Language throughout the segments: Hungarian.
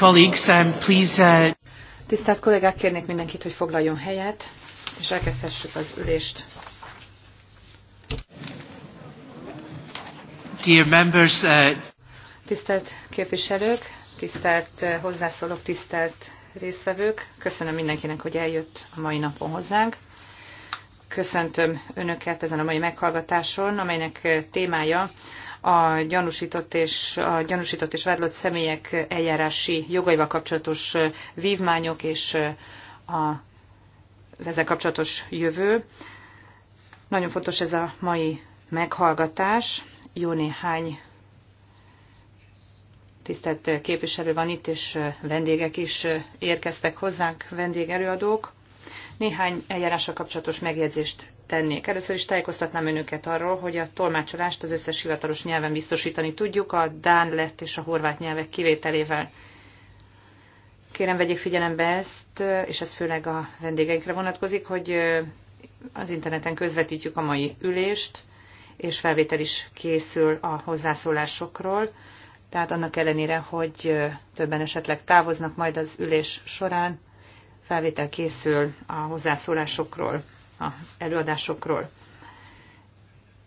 colleagues, um, please, uh... Tisztelt kollégák, kérnék mindenkit, hogy foglaljon helyet, és elkezdhessük az ülést. Dear members, uh... Tisztelt képviselők, tisztelt uh, hozzászólók, tisztelt résztvevők, köszönöm mindenkinek, hogy eljött a mai napon hozzánk. Köszöntöm Önöket ezen a mai meghallgatáson, amelynek uh, témája a gyanúsított és, a gyanúsított és vádlott személyek eljárási jogaival kapcsolatos vívmányok és a, az ezzel kapcsolatos jövő. Nagyon fontos ez a mai meghallgatás. Jó néhány tisztelt képviselő van itt, és vendégek is érkeztek hozzánk, vendégelőadók. Néhány eljárással kapcsolatos megjegyzést tennék. Először is tájékoztatnám önöket arról, hogy a tolmácsolást az összes hivatalos nyelven biztosítani tudjuk, a dán, lett és a horvát nyelvek kivételével. Kérem, vegyék figyelembe ezt, és ez főleg a vendégeinkre vonatkozik, hogy az interneten közvetítjük a mai ülést, és felvétel is készül a hozzászólásokról. Tehát annak ellenére, hogy többen esetleg távoznak majd az ülés során, felvétel készül a hozzászólásokról az előadásokról.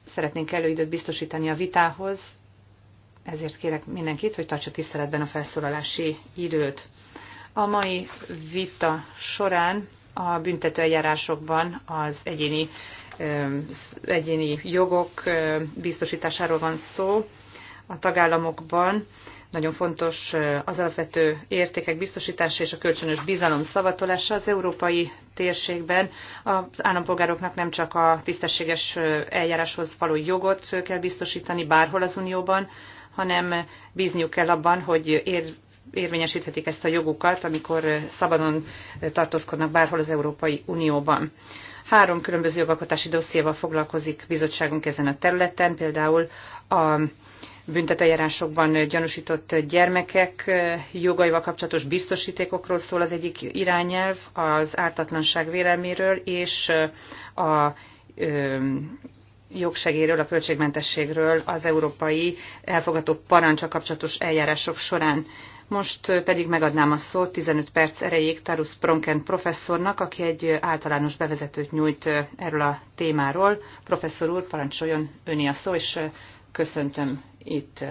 Szeretnénk előidőt biztosítani a vitához, ezért kérek mindenkit, hogy tartsa tiszteletben a felszólalási időt. A mai vita során a büntetőeljárásokban az egyéni, egyéni jogok biztosításáról van szó a tagállamokban. Nagyon fontos az alapvető értékek biztosítása és a kölcsönös bizalom szavatolása az európai térségben. Az állampolgároknak nem csak a tisztességes eljáráshoz való jogot kell biztosítani bárhol az Unióban, hanem bízniuk kell abban, hogy ér, érvényesíthetik ezt a jogukat, amikor szabadon tartózkodnak bárhol az Európai Unióban. Három különböző jogalkotási dossziéval foglalkozik bizottságunk ezen a területen, például a büntetőjárásokban gyanúsított gyermekek jogaival kapcsolatos biztosítékokról szól az egyik irányelv, az ártatlanság vélelméről és a jogsegéről, a költségmentességről az európai elfogadó parancsa kapcsolatos eljárások során. Most pedig megadnám a szót 15 perc erejéig Tarus Pronken professzornak, aki egy általános bevezetőt nyújt erről a témáról. Professzor úr, parancsoljon öni a szó, és köszöntöm itt.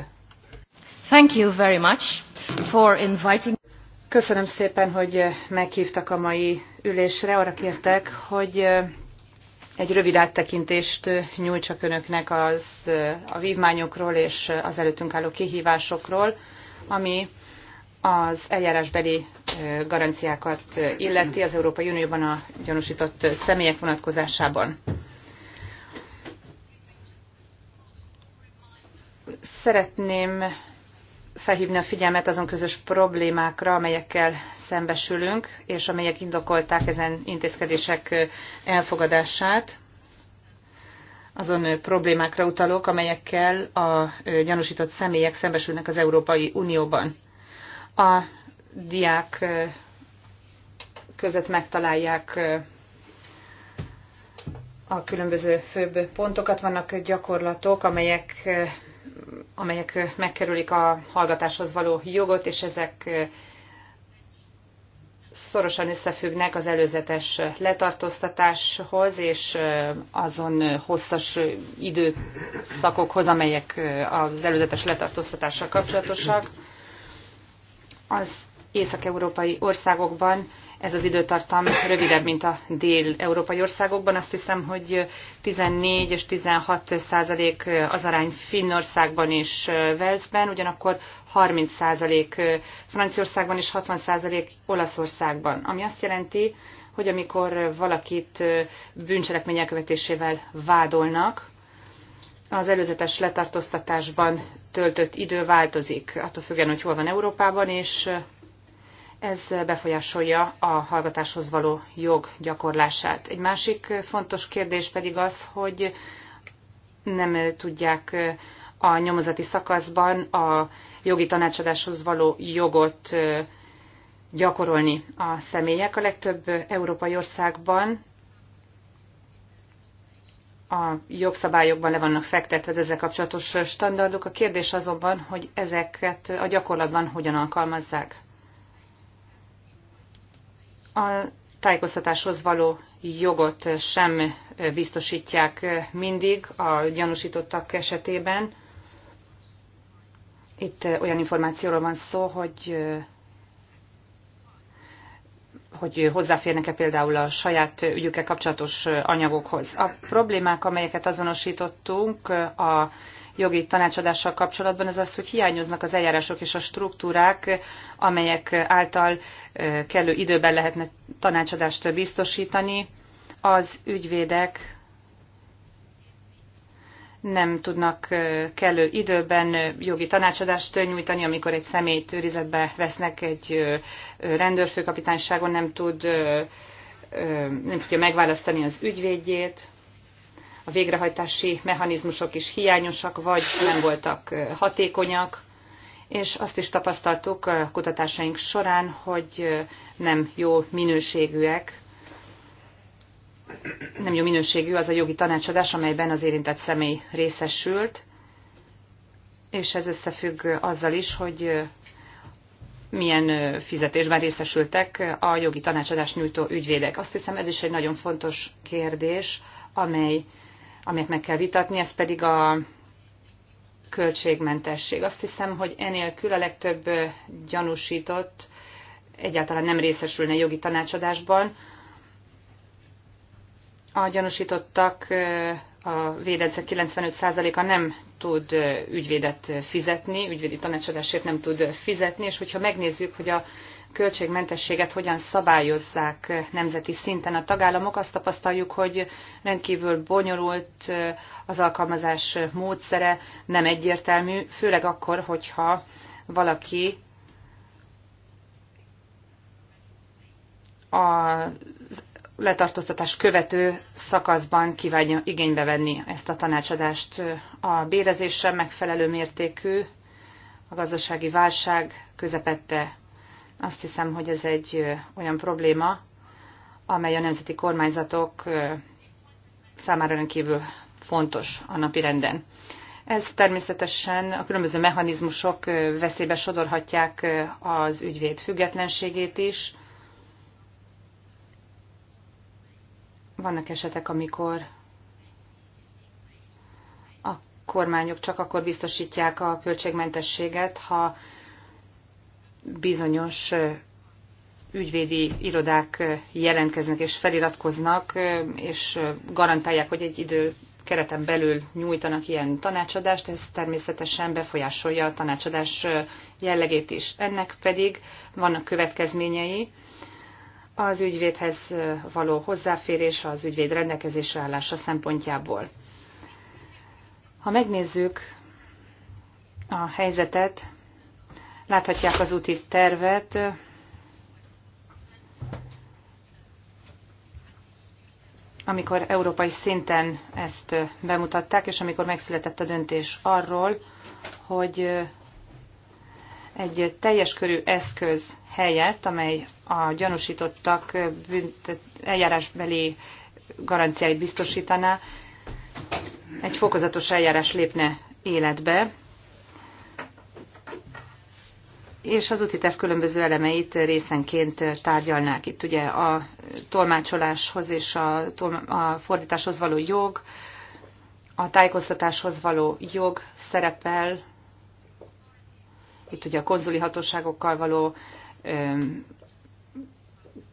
Thank you very much for inviting Köszönöm szépen, hogy meghívtak a mai ülésre. Arra kértek, hogy egy rövid áttekintést nyújtsak önöknek az, a vívmányokról és az előttünk álló kihívásokról, ami az eljárásbeli garanciákat illeti az Európai Unióban a gyanúsított személyek vonatkozásában. Szeretném felhívni a figyelmet azon közös problémákra, amelyekkel szembesülünk, és amelyek indokolták ezen intézkedések elfogadását. Azon problémákra utalok, amelyekkel a gyanúsított személyek szembesülnek az Európai Unióban. A diák között megtalálják a különböző főbb pontokat, vannak gyakorlatok, amelyek amelyek megkerülik a hallgatáshoz való jogot, és ezek szorosan összefüggnek az előzetes letartóztatáshoz és azon hosszas időszakokhoz, amelyek az előzetes letartóztatással kapcsolatosak. Az észak-európai országokban ez az időtartam rövidebb, mint a dél-európai országokban. Azt hiszem, hogy 14 és 16 százalék az arány Finnországban és Velszben, ugyanakkor 30 százalék Franciaországban és 60 százalék Olaszországban. Ami azt jelenti, hogy amikor valakit bűncselekmény elkövetésével vádolnak, az előzetes letartóztatásban töltött idő változik, attól függően, hogy hol van Európában, és ez befolyásolja a hallgatáshoz való jog gyakorlását. Egy másik fontos kérdés pedig az, hogy nem tudják a nyomozati szakaszban a jogi tanácsadáshoz való jogot gyakorolni a személyek. A legtöbb európai országban a jogszabályokban le vannak fektetve az ezzel kapcsolatos standardok. A kérdés azonban, hogy ezeket a gyakorlatban hogyan alkalmazzák a tájékoztatáshoz való jogot sem biztosítják mindig a gyanúsítottak esetében. Itt olyan információról van szó, hogy hogy hozzáférnek-e például a saját ügyükkel kapcsolatos anyagokhoz. A problémák, amelyeket azonosítottunk, a jogi tanácsadással kapcsolatban, az az, hogy hiányoznak az eljárások és a struktúrák, amelyek által kellő időben lehetne tanácsadást biztosítani. Az ügyvédek nem tudnak kellő időben jogi tanácsadást nyújtani, amikor egy személyt őrizetbe vesznek, egy rendőrfőkapitányságon nem tud nem tudja megválasztani az ügyvédjét a végrehajtási mechanizmusok is hiányosak, vagy nem voltak hatékonyak, és azt is tapasztaltuk a kutatásaink során, hogy nem jó minőségűek, nem jó minőségű az a jogi tanácsadás, amelyben az érintett személy részesült, és ez összefügg azzal is, hogy milyen fizetésben részesültek a jogi tanácsadás nyújtó ügyvédek. Azt hiszem ez is egy nagyon fontos kérdés, amely amit meg kell vitatni, ez pedig a költségmentesség. Azt hiszem, hogy enélkül a legtöbb gyanúsított egyáltalán nem részesülne jogi tanácsadásban. A gyanúsítottak a védedzek 95%-a nem tud ügyvédet fizetni, ügyvédi tanácsadásért nem tud fizetni, és hogyha megnézzük, hogy a költségmentességet hogyan szabályozzák nemzeti szinten a tagállamok. Azt tapasztaljuk, hogy rendkívül bonyolult az alkalmazás módszere, nem egyértelmű, főleg akkor, hogyha valaki a letartóztatás követő szakaszban kívánja igénybe venni ezt a tanácsadást. A bérezéssel megfelelő mértékű a gazdasági válság közepette azt hiszem, hogy ez egy olyan probléma, amely a nemzeti kormányzatok számára rendkívül fontos a napi renden. Ez természetesen a különböző mechanizmusok veszélybe sodorhatják az ügyvéd függetlenségét is. Vannak esetek, amikor a kormányok csak akkor biztosítják a költségmentességet, ha bizonyos ügyvédi irodák jelentkeznek és feliratkoznak, és garantálják, hogy egy idő kereten belül nyújtanak ilyen tanácsadást, ez természetesen befolyásolja a tanácsadás jellegét is. Ennek pedig vannak következményei. Az ügyvédhez való hozzáférés, az ügyvéd rendelkezésre állása szempontjából. Ha megnézzük a helyzetet, Láthatják az úti tervet. amikor európai szinten ezt bemutatták, és amikor megszületett a döntés arról, hogy egy teljes körű eszköz helyett, amely a gyanúsítottak eljárásbeli garanciáit biztosítaná, egy fokozatos eljárás lépne életbe, és az úti terv különböző elemeit részenként tárgyalnák. Itt ugye a tolmácsoláshoz és a, a fordításhoz való jog, a tájékoztatáshoz való jog szerepel, itt ugye a konzuli hatóságokkal való ö,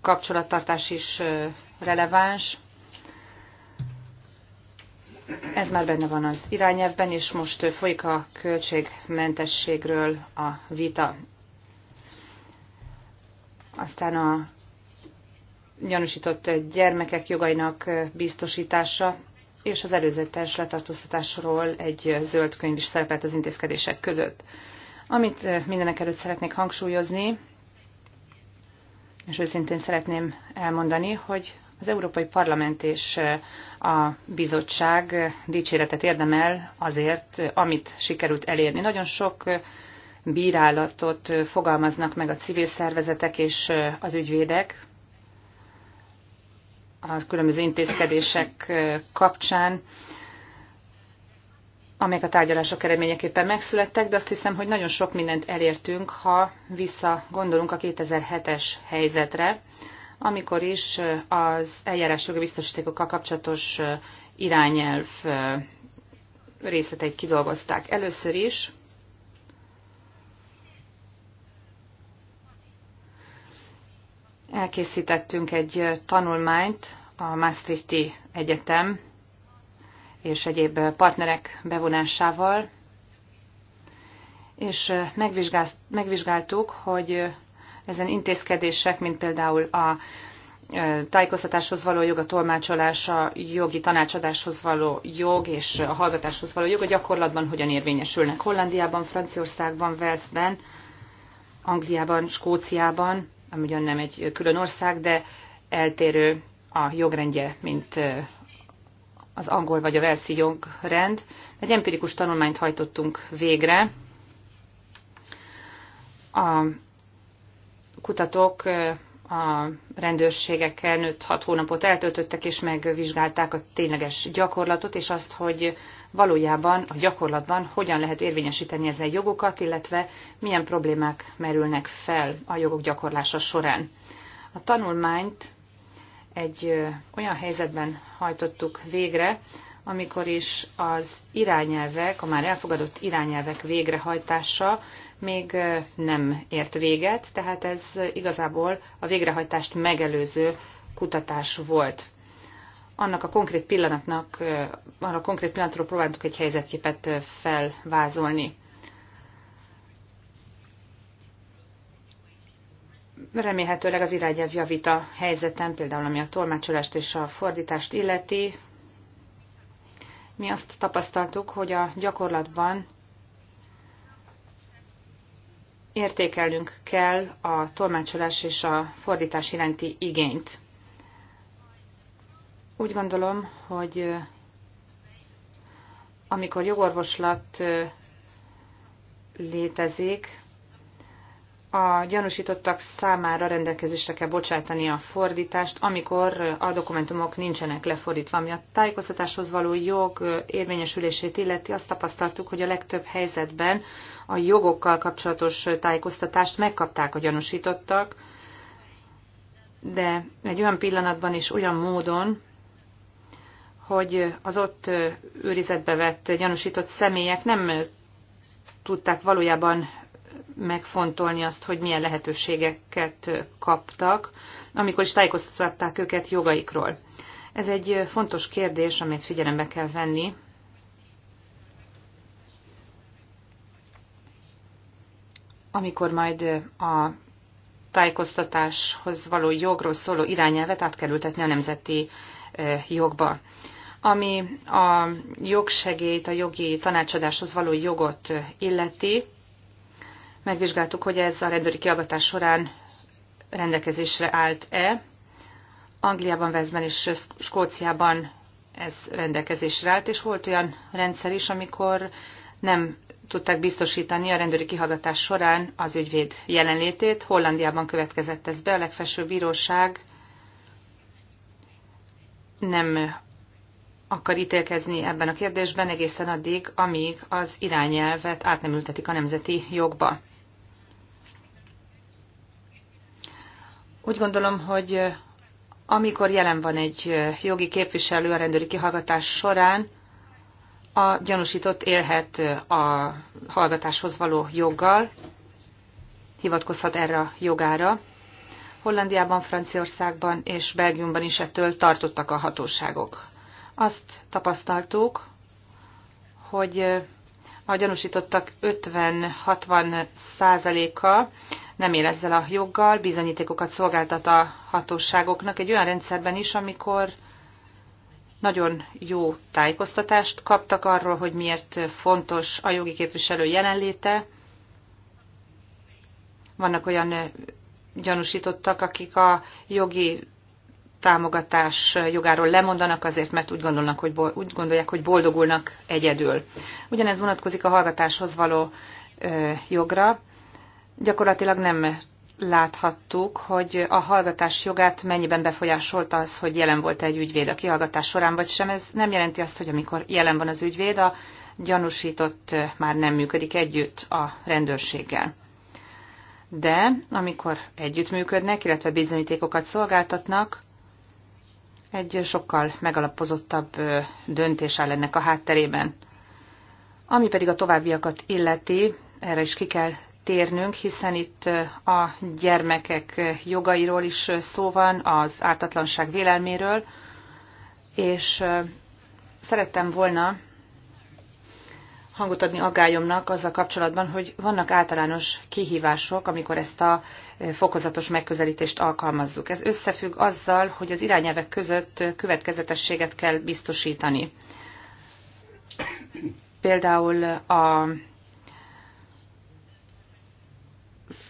kapcsolattartás is ö, releváns. Ez már benne van az irányelvben, és most folyik a költségmentességről a vita aztán a gyanúsított gyermekek jogainak biztosítása, és az előzetes letartóztatásról egy zöld könyv is szerepelt az intézkedések között. Amit mindenek előtt szeretnék hangsúlyozni, és őszintén szeretném elmondani, hogy az Európai Parlament és a bizottság dicséretet érdemel azért, amit sikerült elérni. Nagyon sok bírálatot fogalmaznak meg a civil szervezetek és az ügyvédek a különböző intézkedések kapcsán, amelyek a tárgyalások eredményeképpen megszülettek, de azt hiszem, hogy nagyon sok mindent elértünk, ha visszagondolunk a 2007-es helyzetre, amikor is az eljárásjogi biztosítékokkal kapcsolatos irányelv részleteit kidolgozták. Először is Elkészítettünk egy tanulmányt a Maastrichti Egyetem és egyéb partnerek bevonásával, és megvizsgáltuk, hogy ezen intézkedések, mint például a tájékoztatáshoz való jog, a tolmácsolás, a jogi tanácsadáshoz való jog és a hallgatáshoz való jog a gyakorlatban hogyan érvényesülnek Hollandiában, Franciaországban, Velszben, Angliában, Skóciában, ami ugyan nem egy külön ország, de eltérő a jogrendje, mint az angol vagy a velszi jogrend. Egy empirikus tanulmányt hajtottunk végre. A kutatók a rendőrségekkel 5-6 hónapot eltöltöttek, és megvizsgálták a tényleges gyakorlatot, és azt, hogy valójában a gyakorlatban hogyan lehet érvényesíteni ezen jogokat, illetve milyen problémák merülnek fel a jogok gyakorlása során. A tanulmányt egy olyan helyzetben hajtottuk végre, amikor is az irányelvek, a már elfogadott irányelvek végrehajtása még nem ért véget, tehát ez igazából a végrehajtást megelőző kutatás volt. Annak a konkrét pillanatnak, arra a konkrét pillanatról próbáltuk egy helyzetképet felvázolni. remélhetőleg az irányelv javít a helyzeten, például ami a tolmácsolást és a fordítást illeti. Mi azt tapasztaltuk, hogy a gyakorlatban értékelnünk kell a tolmácsolás és a fordítás iránti igényt. Úgy gondolom, hogy amikor jogorvoslat létezik, a gyanúsítottak számára rendelkezésre kell bocsátani a fordítást, amikor a dokumentumok nincsenek lefordítva. Ami a tájékoztatáshoz való jog érvényesülését illeti, azt tapasztaltuk, hogy a legtöbb helyzetben a jogokkal kapcsolatos tájékoztatást megkapták a gyanúsítottak, de egy olyan pillanatban és olyan módon, hogy az ott őrizetbe vett gyanúsított személyek nem tudták valójában megfontolni azt, hogy milyen lehetőségeket kaptak, amikor is tájékoztatták őket jogaikról. Ez egy fontos kérdés, amit figyelembe kell venni. Amikor majd a tájékoztatáshoz való jogról szóló irányelvet átkerültetni kell ültetni a nemzeti eh, jogba. Ami a jogsegélyt, a jogi tanácsadáshoz való jogot eh, illeti, Megvizsgáltuk, hogy ez a rendőri kiallgatás során rendelkezésre állt-e. Angliában, Veszben és Skóciában ez rendelkezésre állt, és volt olyan rendszer is, amikor nem tudták biztosítani a rendőri kihallgatás során az ügyvéd jelenlétét. Hollandiában következett ez be, a legfelsőbb bíróság nem akar ítélkezni ebben a kérdésben egészen addig, amíg az irányelvet át nem ültetik a nemzeti jogba. Úgy gondolom, hogy eh, amikor jelen van egy eh, jogi képviselő a rendőri kihallgatás során, a gyanúsított élhet eh, a hallgatáshoz való joggal, hivatkozhat erre a jogára. Hollandiában, Franciaországban és Belgiumban is ettől tartottak a hatóságok. Azt tapasztaltuk, hogy a gyanúsítottak 50-60 százaléka nem él ezzel a joggal, bizonyítékokat szolgáltat a hatóságoknak egy olyan rendszerben is, amikor nagyon jó tájékoztatást kaptak arról, hogy miért fontos a jogi képviselő jelenléte. Vannak olyan gyanúsítottak, akik a jogi támogatás jogáról lemondanak azért, mert úgy, gondolnak, hogy úgy gondolják, hogy boldogulnak egyedül. Ugyanez vonatkozik a hallgatáshoz való jogra gyakorlatilag nem láthattuk, hogy a hallgatás jogát mennyiben befolyásolta az, hogy jelen volt -e egy ügyvéd a kihallgatás során, vagy sem. Ez nem jelenti azt, hogy amikor jelen van az ügyvéd, a gyanúsított már nem működik együtt a rendőrséggel. De amikor együtt működnek, illetve bizonyítékokat szolgáltatnak, egy sokkal megalapozottabb döntés áll ennek a hátterében. Ami pedig a továbbiakat illeti, erre is ki kell térnünk, hiszen itt a gyermekek jogairól is szó van, az ártatlanság vélelméről, és szerettem volna hangot adni agályomnak azzal kapcsolatban, hogy vannak általános kihívások, amikor ezt a fokozatos megközelítést alkalmazzuk. Ez összefügg azzal, hogy az irányelvek között következetességet kell biztosítani. Például a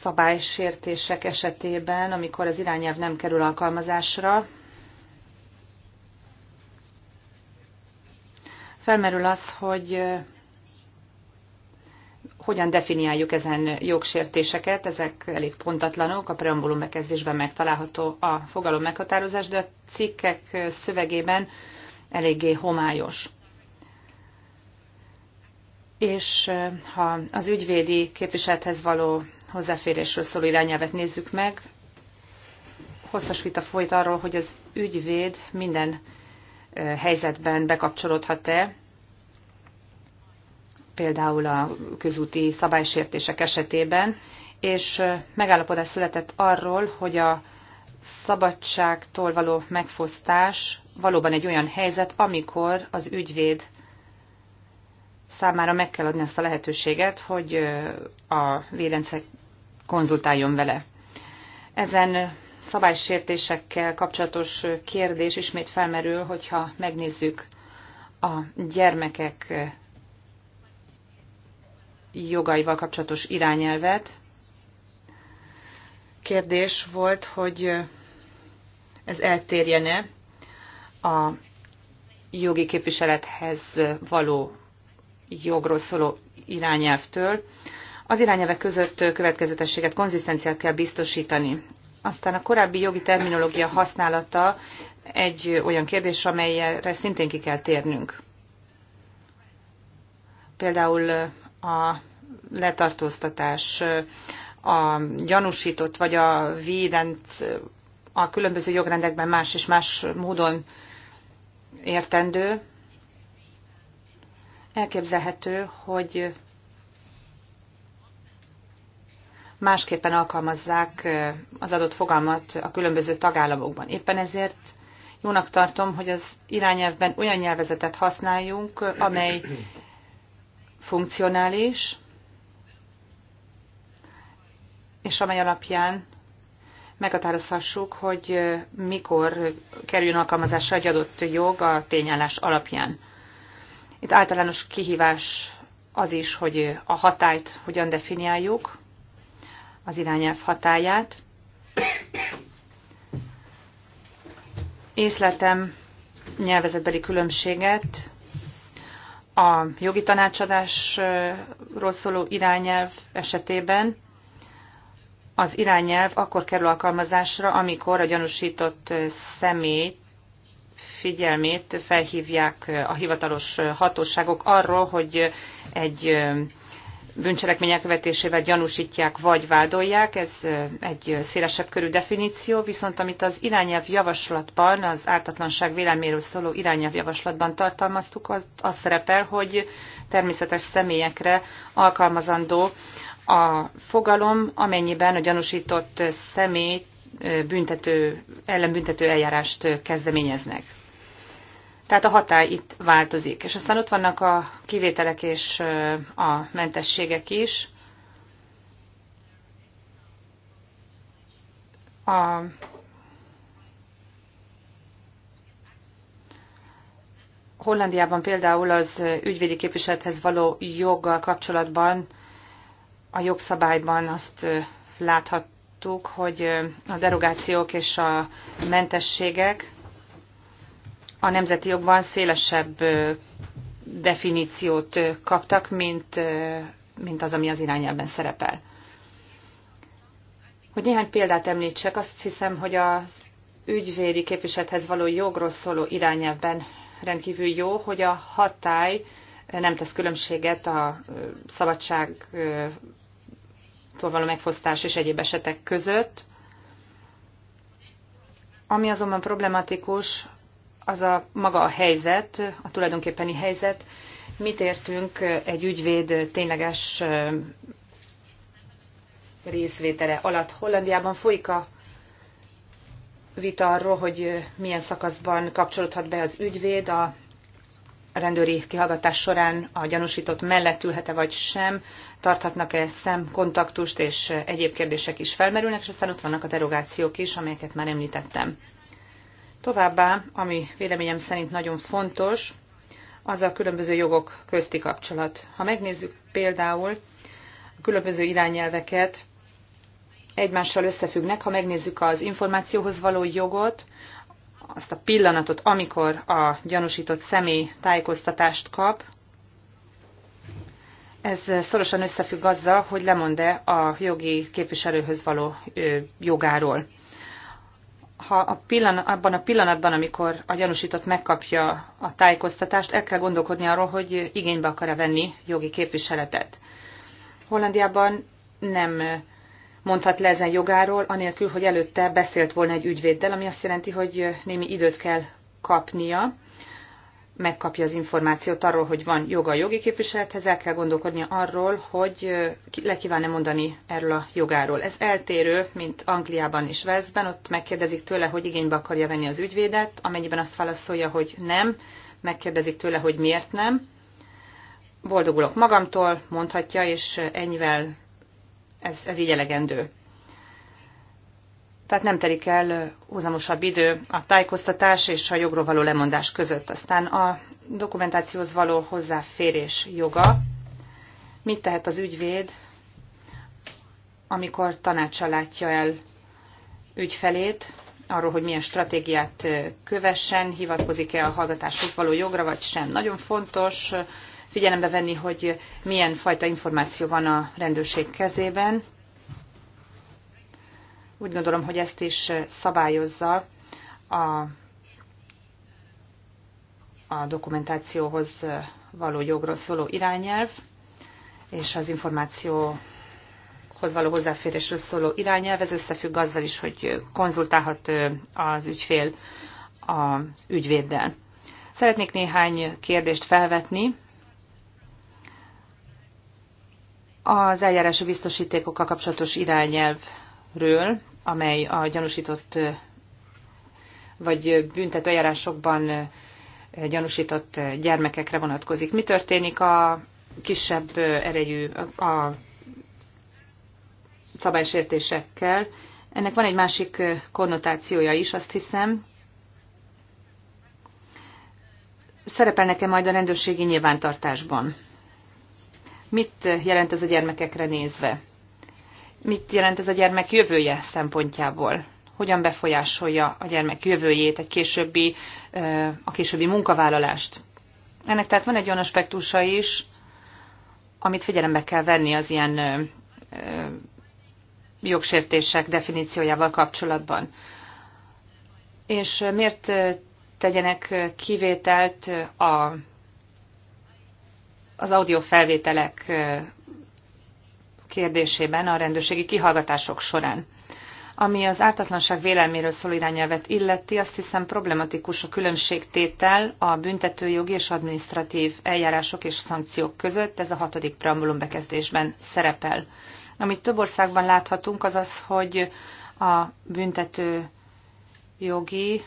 szabálysértések esetében, amikor az irányelv nem kerül alkalmazásra, felmerül az, hogy hogyan definiáljuk ezen jogsértéseket, ezek elég pontatlanok, a preambulum bekezdésben megtalálható a fogalom meghatározás, de a cikkek szövegében eléggé homályos. És ha az ügyvédi képviselethez való hozzáférésről szóló irányelvet nézzük meg, hosszas vita folyt arról, hogy az ügyvéd minden helyzetben bekapcsolódhat-e, például a közúti szabálysértések esetében, és megállapodás született arról, hogy a szabadságtól való megfosztás valóban egy olyan helyzet, amikor az ügyvéd számára meg kell adni azt a lehetőséget, hogy a konzultáljon vele. Ezen szabálysértésekkel kapcsolatos kérdés ismét felmerül, hogyha megnézzük a gyermekek jogaival kapcsolatos irányelvet. Kérdés volt, hogy ez eltérjene a jogi képviselethez való jogról szóló irányelvtől. Az irányelvek között következetességet, konzisztenciát kell biztosítani. Aztán a korábbi jogi terminológia használata egy olyan kérdés, amelyre szintén ki kell térnünk. Például a letartóztatás, a gyanúsított vagy a védent a különböző jogrendekben más és más módon értendő. Elképzelhető, hogy másképpen alkalmazzák az adott fogalmat a különböző tagállamokban. Éppen ezért jónak tartom, hogy az irányelvben olyan nyelvezetet használjunk, amely funkcionális, és amely alapján meghatározhassuk, hogy mikor kerüljön alkalmazásra egy adott jog a tényállás alapján. Itt általános kihívás az is, hogy a hatályt hogyan definiáljuk, az irányelv hatáját. Észletem nyelvezetbeli különbséget a jogi tanácsadásról szóló irányelv esetében, az irányelv akkor kerül alkalmazásra, amikor a gyanúsított személy figyelmét felhívják a hivatalos hatóságok arról, hogy egy bűncselekmények követésével gyanúsítják vagy vádolják, ez egy szélesebb körű definíció, viszont amit az irányelv javaslatban, az ártatlanság véleméről szóló irányelv javaslatban tartalmaztuk, az, az szerepel, hogy természetes személyekre alkalmazandó a fogalom, amennyiben a gyanúsított személy büntető, ellenbüntető eljárást kezdeményeznek. Tehát a hatály itt változik. És aztán ott vannak a kivételek és a mentességek is. A Hollandiában például az ügyvédi képviselethez való joggal kapcsolatban a jogszabályban azt láthattuk, hogy a derogációk és a mentességek a nemzeti jogban szélesebb definíciót kaptak, mint, mint az, ami az irányelben szerepel. Hogy néhány példát említsek, azt hiszem, hogy az ügyvédi képviselethez való jogról szóló irányelvben rendkívül jó, hogy a hatály nem tesz különbséget a szabadságtól való megfosztás és egyéb esetek között. Ami azonban problematikus, az a maga a helyzet, a tulajdonképpeni helyzet, mit értünk egy ügyvéd tényleges részvétele alatt. Hollandiában folyik a vita arról, hogy milyen szakaszban kapcsolódhat be az ügyvéd a rendőri kihallgatás során a gyanúsított mellett ülhet-e vagy sem, tarthatnak-e szemkontaktust, és egyéb kérdések is felmerülnek, és aztán ott vannak a derogációk is, amelyeket már említettem. Továbbá, ami véleményem szerint nagyon fontos, az a különböző jogok közti kapcsolat. Ha megnézzük például a különböző irányelveket, egymással összefüggnek, ha megnézzük az információhoz való jogot, azt a pillanatot, amikor a gyanúsított személy tájékoztatást kap, ez szorosan összefügg azzal, hogy lemond-e a jogi képviselőhöz való jogáról ha a pillanat, abban a pillanatban, amikor a gyanúsított megkapja a tájékoztatást, el kell gondolkodni arról, hogy igénybe akar-e venni jogi képviseletet. Hollandiában nem mondhat le ezen jogáról, anélkül, hogy előtte beszélt volna egy ügyvéddel, ami azt jelenti, hogy némi időt kell kapnia, megkapja az információt arról, hogy van joga a jogi képviselethez, el kell gondolkodni arról, hogy le kíván-e mondani erről a jogáról. Ez eltérő, mint Angliában és Velszben, ott megkérdezik tőle, hogy igénybe akarja venni az ügyvédet, amennyiben azt válaszolja, hogy nem, megkérdezik tőle, hogy miért nem. Boldogulok magamtól, mondhatja, és ennyivel ez, ez így elegendő tehát nem telik el húzamosabb idő a tájékoztatás és a jogról való lemondás között. Aztán a dokumentációhoz való hozzáférés joga. Mit tehet az ügyvéd, amikor tanácsa látja el ügyfelét, arról, hogy milyen stratégiát kövessen, hivatkozik-e a hallgatáshoz való jogra, vagy sem. Nagyon fontos figyelembe venni, hogy milyen fajta információ van a rendőrség kezében, úgy gondolom, hogy ezt is szabályozza a, a dokumentációhoz való jogról szóló irányelv, és az információ való hozzáférésről szóló irányelv, ez összefügg azzal is, hogy konzultálhat az ügyfél az ügyvéddel. Szeretnék néhány kérdést felvetni. Az eljárási biztosítékokkal kapcsolatos irányelvről amely a gyanúsított vagy büntetőjárásokban eljárásokban gyanúsított gyermekekre vonatkozik. Mi történik a kisebb erejű a szabálysértésekkel? Ennek van egy másik konnotációja is, azt hiszem. Szerepel nekem majd a rendőrségi nyilvántartásban. Mit jelent ez a gyermekekre nézve? mit jelent ez a gyermek jövője szempontjából? Hogyan befolyásolja a gyermek jövőjét, egy későbbi, a későbbi munkavállalást? Ennek tehát van egy olyan aspektusa is, amit figyelembe kell venni az ilyen jogsértések definíciójával kapcsolatban. És miért tegyenek kivételt a, az audio felvételek kérdésében a rendőrségi kihallgatások során. Ami az ártatlanság vélelméről szól irányelvet illeti, azt hiszem problematikus a különbségtétel a büntetőjogi és administratív eljárások és szankciók között, ez a hatodik preambulum bekezdésben szerepel. Amit több országban láthatunk, az az, hogy a büntető jogi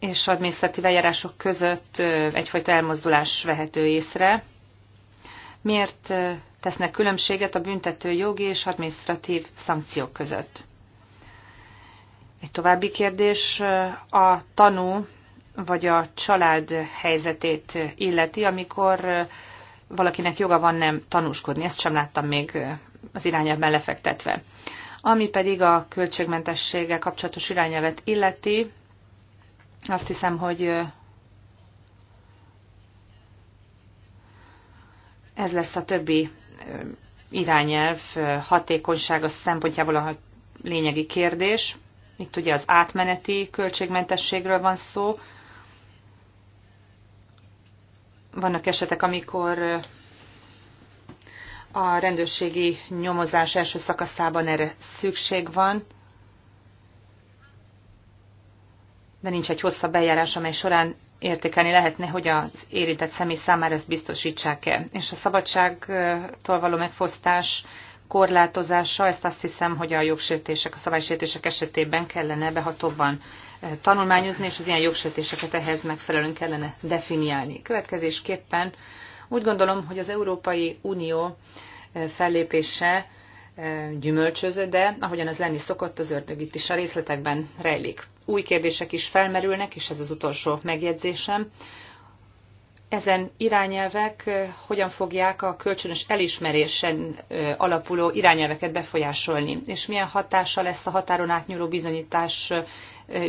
és adminisztratív eljárások között egyfajta elmozdulás vehető észre, Miért tesznek különbséget a büntető jogi és administratív szankciók között? Egy további kérdés a tanú vagy a család helyzetét illeti, amikor valakinek joga van nem tanúskodni. Ezt sem láttam még az irányelvben lefektetve. Ami pedig a költségmentességgel kapcsolatos irányelvet illeti, azt hiszem, hogy Ez lesz a többi irányelv hatékonysága szempontjából a lényegi kérdés. Itt ugye az átmeneti költségmentességről van szó. Vannak esetek, amikor a rendőrségi nyomozás első szakaszában erre szükség van, de nincs egy hosszabb eljárás, amely során értékelni lehetne, hogy az érintett személy számára ezt biztosítsák-e. És a szabadságtól való megfosztás korlátozása, ezt azt hiszem, hogy a jogsértések, a szabálysértések esetében kellene behatóbban eh, tanulmányozni, és az ilyen jogsértéseket ehhez megfelelően kellene definiálni. Következésképpen úgy gondolom, hogy az Európai Unió eh, fellépése gyümölcsöző, de ahogyan az lenni szokott, az ördög itt is a részletekben rejlik. Új kérdések is felmerülnek, és ez az utolsó megjegyzésem. Ezen irányelvek hogyan fogják a kölcsönös elismerésen alapuló irányelveket befolyásolni, és milyen hatása lesz a határon átnyúló bizonyítás,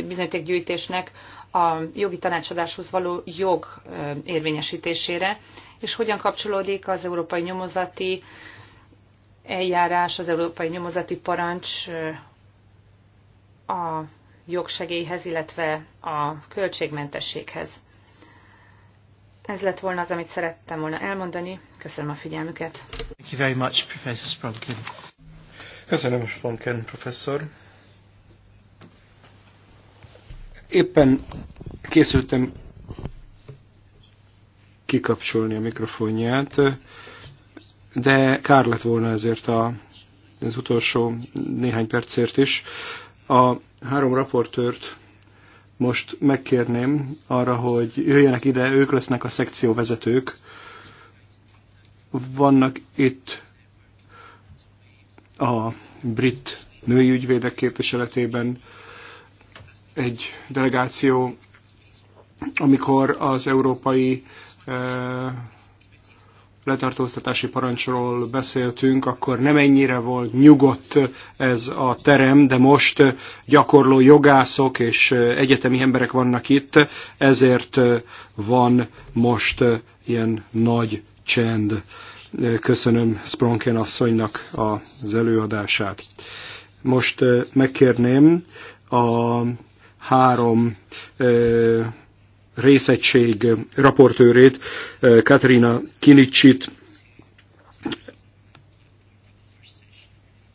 bizonyítékgyűjtésnek a jogi tanácsadáshoz való jog érvényesítésére, és hogyan kapcsolódik az európai nyomozati eljárás, az európai nyomozati parancs a jogsegélyhez, illetve a költségmentességhez. Ez lett volna az, amit szerettem volna elmondani. Köszönöm a figyelmüket. Thank you very much, Professor Spronkin. Köszönöm, Spronkin professzor. Éppen készültem kikapcsolni a mikrofonját de kár lett volna ezért a, az utolsó néhány percért is. A három raportőrt most megkérném arra, hogy jöjjenek ide, ők lesznek a szekcióvezetők. Vannak itt a brit női ügyvédek képviseletében egy delegáció, amikor az európai eh, letartóztatási parancsról beszéltünk, akkor nem ennyire volt nyugodt ez a terem, de most gyakorló jogászok és egyetemi emberek vannak itt, ezért van most ilyen nagy csend. Köszönöm Spronken asszonynak az előadását. Most megkérném a három részegység raportőrét, eh, Katrina Kinicsit,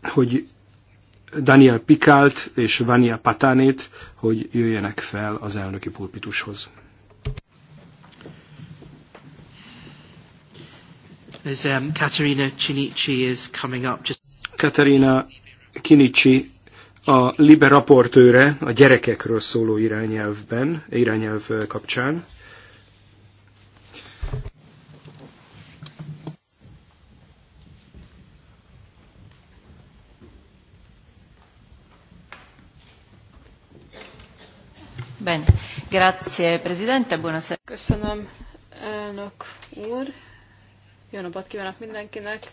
hogy Daniel Pikált és Vania Patánét, hogy jöjjenek fel az elnöki pulpitushoz. As, um, Katerina is coming up just... Katerina Kinicsi a Libe raportőre a gyerekekről szóló irányelvben, irányelv kapcsán. Ben. Grazie, Presidente. Buonasera. Köszönöm, elnök úr. Jó napot kívánok mindenkinek.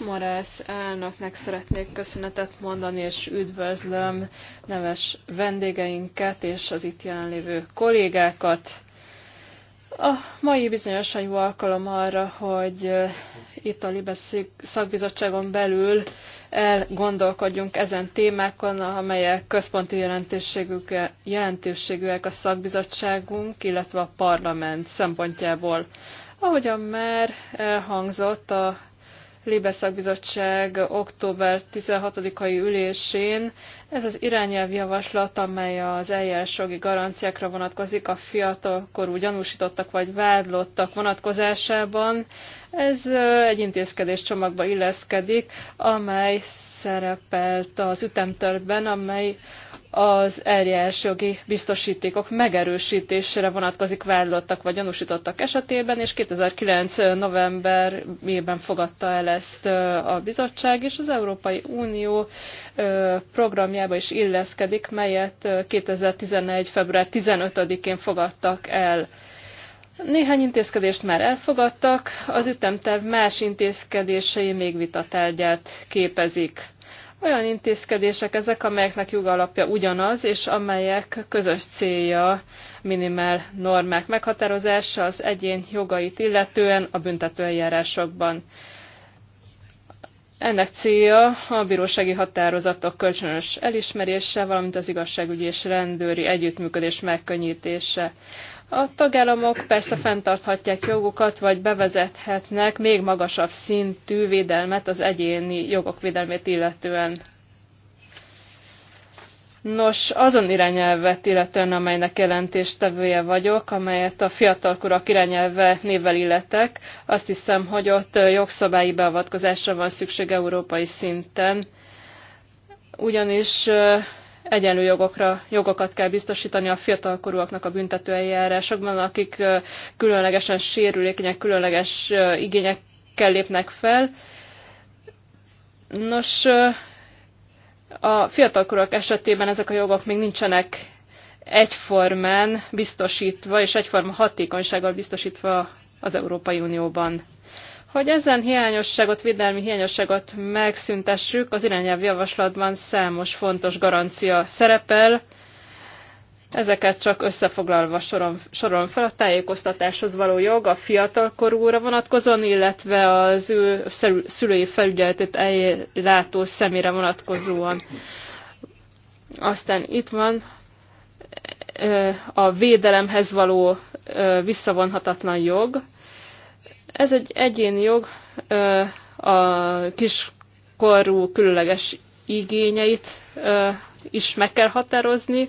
Morász elnöknek szeretnék köszönetet mondani, és üdvözlöm neves vendégeinket és az itt jelenlévő kollégákat. A mai bizonyosan jó alkalom arra, hogy itt a Libes szakbizottságon belül elgondolkodjunk ezen témákon, amelyek központi jelentőségűek a szakbizottságunk, illetve a parlament szempontjából. Ahogyan már elhangzott, a Libe szakbizottság október 16-ai ülésén. Ez az irányelvjavaslat, amely az eljárásjogi garanciákra vonatkozik a fiatalkorú gyanúsítottak vagy vádlottak vonatkozásában. Ez egy intézkedés csomagba illeszkedik, amely szerepelt az ütemtörben, amely az eljárás jogi biztosítékok megerősítésére vonatkozik vádlottak vagy gyanúsítottak esetében, és 2009. novemberében fogadta el ezt a bizottság, és az Európai Unió programjába is illeszkedik, melyet 2011. február 15-én fogadtak el. Néhány intézkedést már elfogadtak, az ütemterv más intézkedései még vitatárgyát képezik. Olyan intézkedések ezek, amelyeknek jogalapja ugyanaz, és amelyek közös célja minimál normák meghatározása az egyén jogait illetően a büntetőeljárásokban. Ennek célja a bírósági határozatok kölcsönös elismerése, valamint az igazságügyi és rendőri együttműködés megkönnyítése. A tagállamok persze fenntarthatják jogukat, vagy bevezethetnek még magasabb szintű védelmet az egyéni jogok védelmét illetően. Nos, azon irányelvet illetően, amelynek jelentéstevője vagyok, amelyet a fiatalkorak irányelve névvel illetek, azt hiszem, hogy ott jogszabályi beavatkozásra van szükség európai szinten, ugyanis egyenlő jogokra, jogokat kell biztosítani a fiatalkorúaknak a büntető eljárásokban, akik különlegesen sérülékenyek, különleges igényekkel lépnek fel. Nos, a fiatalkorúak esetében ezek a jogok még nincsenek egyformán biztosítva és egyforma hatékonysággal biztosítva az Európai Unióban. Hogy ezen hiányosságot, védelmi hiányosságot megszüntessük, az irányelv javaslatban számos fontos garancia szerepel, Ezeket csak összefoglalva soron, soron fel a tájékoztatáshoz való jog a fiatalkorúra vonatkozóan, illetve az ő szülői felügyeletét ellátó szemére vonatkozóan. Aztán itt van a védelemhez való visszavonhatatlan jog, ez egy egyéni jog a kiskorú különleges igényeit is meg kell határozni.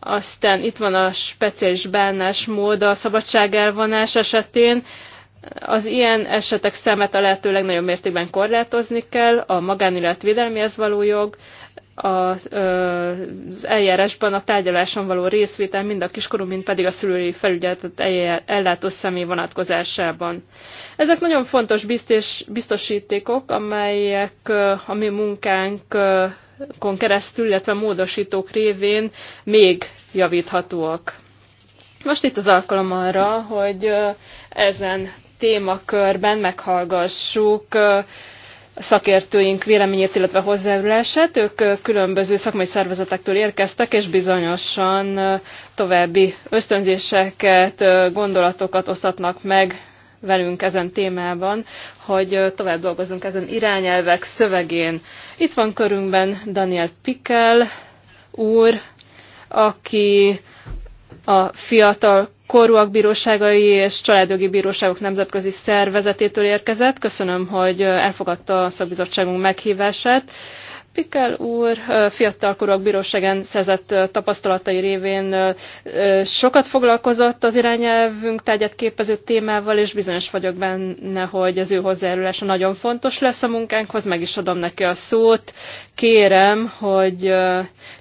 Aztán itt van a speciális bánásmód a szabadság elvonás esetén. Az ilyen esetek szemet a lehető legnagyobb mértékben korlátozni kell, a magánélet védelmihez való jog, az eljárásban a tárgyaláson való részvétel mind a kiskorú, mind pedig a szülői felügyeletet ellátó személy vonatkozásában. Ezek nagyon fontos biztosítékok, amelyek a mi munkánkon keresztül, illetve módosítók révén még javíthatóak. Most itt az alkalom arra, hogy ezen témakörben meghallgassuk szakértőink véleményét, illetve hozzájárulását. Ők különböző szakmai szervezetektől érkeztek, és bizonyosan további ösztönzéseket, gondolatokat osztatnak meg velünk ezen témában, hogy tovább dolgozunk ezen irányelvek szövegén. Itt van körünkben Daniel Pikel úr, aki a fiatal korúak bíróságai és családjogi bíróságok nemzetközi szervezetétől érkezett. Köszönöm, hogy elfogadta a szakbizottságunk meghívását. Pikel úr fiatalkorúak bíróságen szerzett tapasztalatai révén sokat foglalkozott az irányelvünk tárgyát képező témával, és bizonyos vagyok benne, hogy az ő hozzájárulása nagyon fontos lesz a munkánkhoz. Meg is adom neki a szót. Kérem, hogy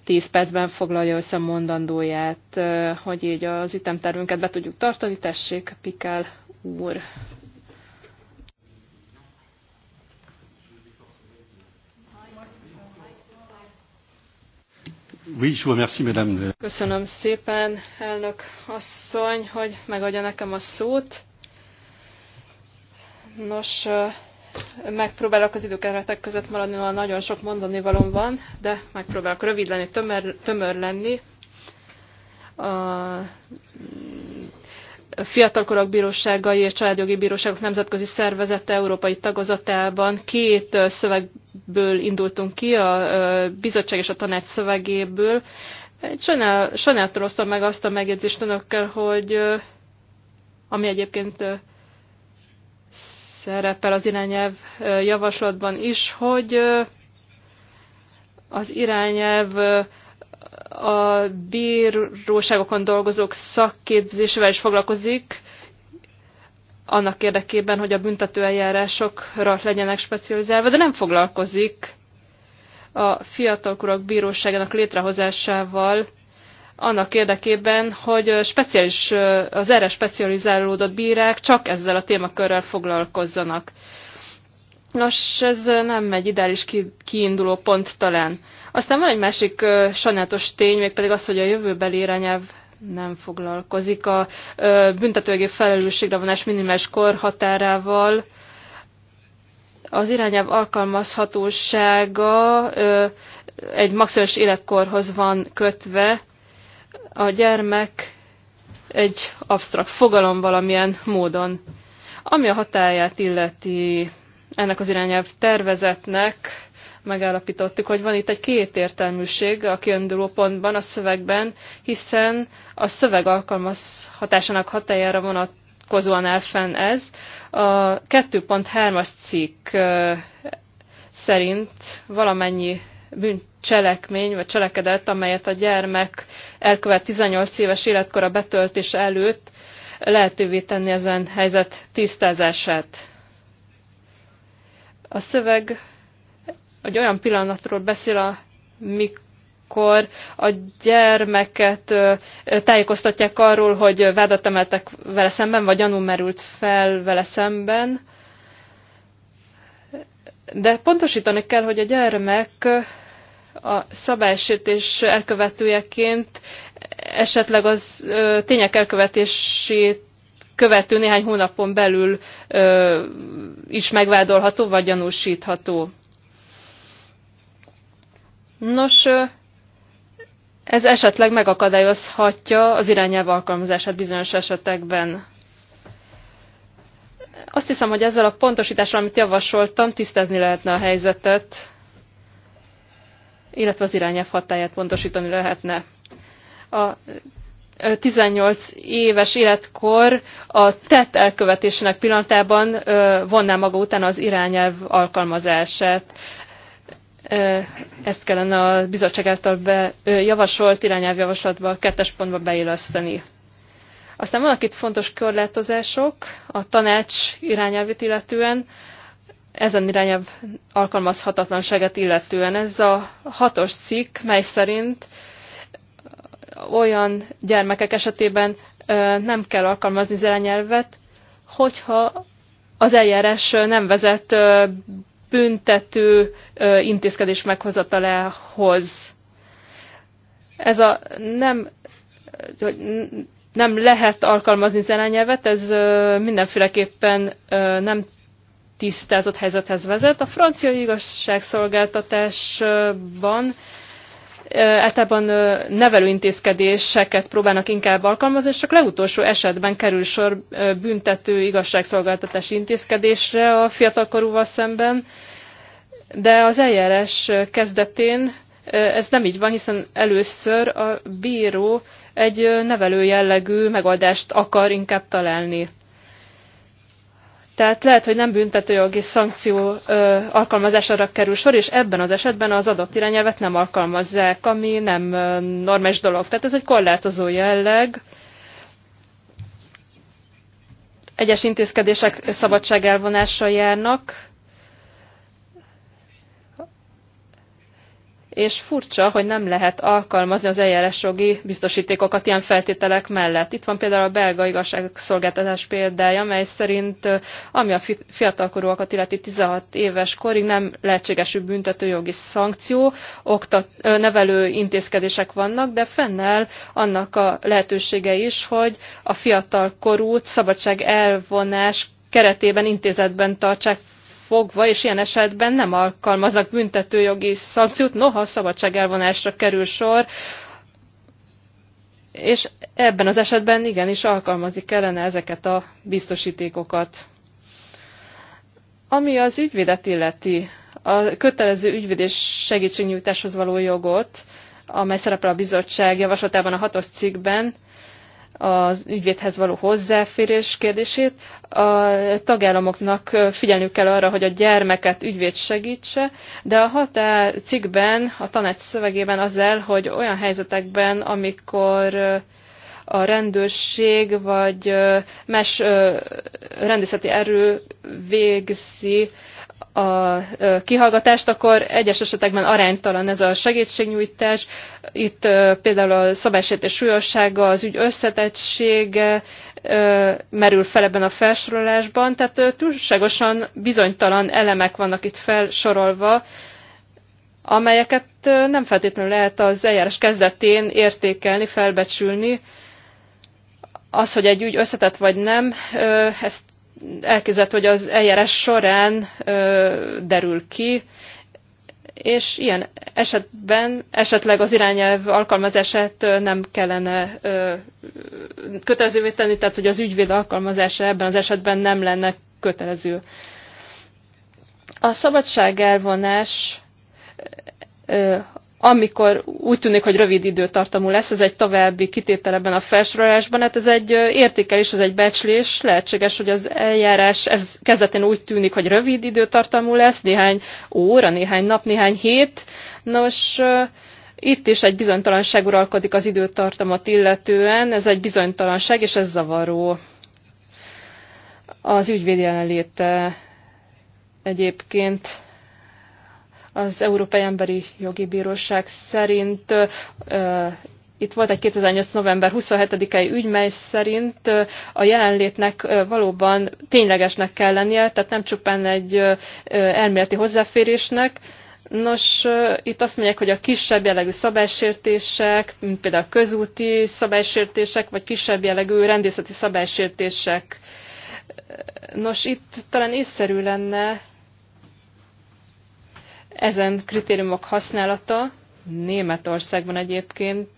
10 percben foglalja össze mondandóját, hogy így az ütemtervünket be tudjuk tartani. Tessék, Pikel úr. Oui, je vous remercie, madame. Köszönöm szépen, elnök asszony, hogy megadja nekem a szót. Nos, megpróbálok az időkeretek között maradni, mert nagyon sok mondani valom van, de megpróbálok rövid lenni, tömör, tömör lenni. A fiatalkorok bíróságai és családjogi bíróságok nemzetközi szervezete európai tagozatában két szövegből indultunk ki, a bizottság és a tanács szövegéből. Sajnálattal osztom meg azt a megjegyzést önökkel, hogy ami egyébként szerepel az irányelv javaslatban is, hogy az irányelv a bíróságokon dolgozók szakképzésével is foglalkozik, annak érdekében, hogy a büntetőeljárásokra legyenek specializálva, de nem foglalkozik a fiatalkorok bíróságának létrehozásával, annak érdekében, hogy speciális, az erre specializálódott bírák csak ezzel a témakörrel foglalkozzanak. Nos, ez nem egy ideális kiinduló pont talán. Aztán van egy másik sajnálatos tény, mégpedig az, hogy a jövőbeli irányelv nem foglalkozik a büntetőjogi felelősségre vonás minimális korhatárával. Az irányelv alkalmazhatósága egy maximális életkorhoz van kötve. A gyermek egy absztrakt fogalom valamilyen módon. Ami a hatáját illeti ennek az irányelv tervezetnek, megállapítottuk, hogy van itt egy kétértelműség a kiönduló pontban, a szövegben, hiszen a szöveg alkalmazhatásának hatájára vonatkozóan áll fenn ez. A 2.3-as cikk szerint valamennyi bűncselekmény vagy cselekedet, amelyet a gyermek elkövet 18 éves életkora betöltése előtt, lehetővé tenni ezen helyzet tisztázását. A szöveg egy olyan pillanatról beszél, amikor a gyermeket tájékoztatják arról, hogy vádat emeltek vele szemben, vagy gyanú merült fel vele szemben. De pontosítani kell, hogy a gyermek a szabálysértés elkövetőjeként esetleg az ö, tények elkövetését követő néhány hónapon belül ö, is megvádolható vagy gyanúsítható. Nos, ez esetleg megakadályozhatja az irányelv alkalmazását bizonyos esetekben. Azt hiszem, hogy ezzel a pontosítással, amit javasoltam, tisztázni lehetne a helyzetet, illetve az irányelv hatáját pontosítani lehetne. A 18 éves életkor a tett elkövetésének pillanatában vonná maga után az irányelv alkalmazását ezt kellene a bizottság által be, javasolt irányelvjavaslatba a kettes pontba beilleszteni. Aztán vannak itt fontos körlátozások a tanács irányelvét illetően, ezen irányelv alkalmazhatatlanságát illetően. Ez a hatos cikk, mely szerint olyan gyermekek esetében nem kell alkalmazni az irányelvet, hogyha az eljárás nem vezet büntető intézkedés meghozatalához. Ez a nem, nem lehet alkalmazni az ez mindenféleképpen nem tisztázott helyzethez vezet. A francia igazságszolgáltatásban általában nevelőintézkedéseket próbálnak inkább alkalmazni, és csak legutolsó esetben kerül sor büntető igazságszolgáltatási intézkedésre a fiatalkorúval szemben, de az eljárás kezdetén ez nem így van, hiszen először a bíró egy nevelő jellegű megoldást akar inkább találni. Tehát lehet, hogy nem büntetőjogi szankció ö, alkalmazására kerül sor, és ebben az esetben az adott irányelvet nem alkalmazzák, ami nem ö, normális dolog. Tehát ez egy korlátozó jelleg. Egyes intézkedések szabadság járnak, és furcsa, hogy nem lehet alkalmazni az e jogi biztosítékokat ilyen feltételek mellett. Itt van például a belga igazságszolgáltatás példája, mely szerint ami a fiatalkorúakat illeti 16 éves korig nem lehetségesű büntetőjogi szankció, oktat, nevelő intézkedések vannak, de fennel annak a lehetősége is, hogy a fiatalkorút szabadság elvonás keretében intézetben tartsák fogva, és ilyen esetben nem alkalmaznak büntetőjogi szankciót, noha a szabadság elvonásra kerül sor, és ebben az esetben igenis alkalmazni kellene ezeket a biztosítékokat. Ami az ügyvédet illeti, a kötelező ügyvéd és segítségnyújtáshoz való jogot, amely szerepel a bizottság javaslatában a hatos cikkben, az ügyvédhez való hozzáférés kérdését. A tagállamoknak figyelniük kell arra, hogy a gyermeket ügyvéd segítse, de a határ cikkben, a tanács szövegében az el, hogy olyan helyzetekben, amikor a rendőrség vagy más rendészeti erő végzi a kihallgatást, akkor egyes esetekben aránytalan ez a segítségnyújtás. Itt például a szabálysértés súlyossága, az ügy összetettsége merül fel ebben a felsorolásban, tehát túlságosan bizonytalan elemek vannak itt felsorolva, amelyeket nem feltétlenül lehet az eljárás kezdetén értékelni, felbecsülni. Az, hogy egy ügy összetett vagy nem, ezt elképzelhető, hogy az eljárás során ö, derül ki, és ilyen esetben esetleg az irányelv alkalmazását nem kellene ö, kötelezővé tenni, tehát hogy az ügyvéd alkalmazása ebben az esetben nem lenne kötelező. A szabadság elvonás ö, amikor úgy tűnik, hogy rövid időtartamú lesz, ez egy további kitétel ebben a felsorolásban, hát ez egy értékelés, ez egy becslés, lehetséges, hogy az eljárás ez kezdetén úgy tűnik, hogy rövid időtartamú lesz, néhány óra, néhány nap, néhány hét. Nos, itt is egy bizonytalanság uralkodik az időtartamot illetően, ez egy bizonytalanság, és ez zavaró. Az ügyvéd jelenléte egyébként az Európai Emberi Jogi Bíróság szerint itt volt egy 2008. november 27-i ügy, mely szerint a jelenlétnek valóban ténylegesnek kell lennie, tehát nem csupán egy elméleti hozzáférésnek, Nos, itt azt mondják, hogy a kisebb jellegű szabálysértések, mint például közúti szabálysértések, vagy kisebb jellegű rendészeti szabálysértések. Nos, itt talán észszerű lenne ezen kritériumok használata Németországban egyébként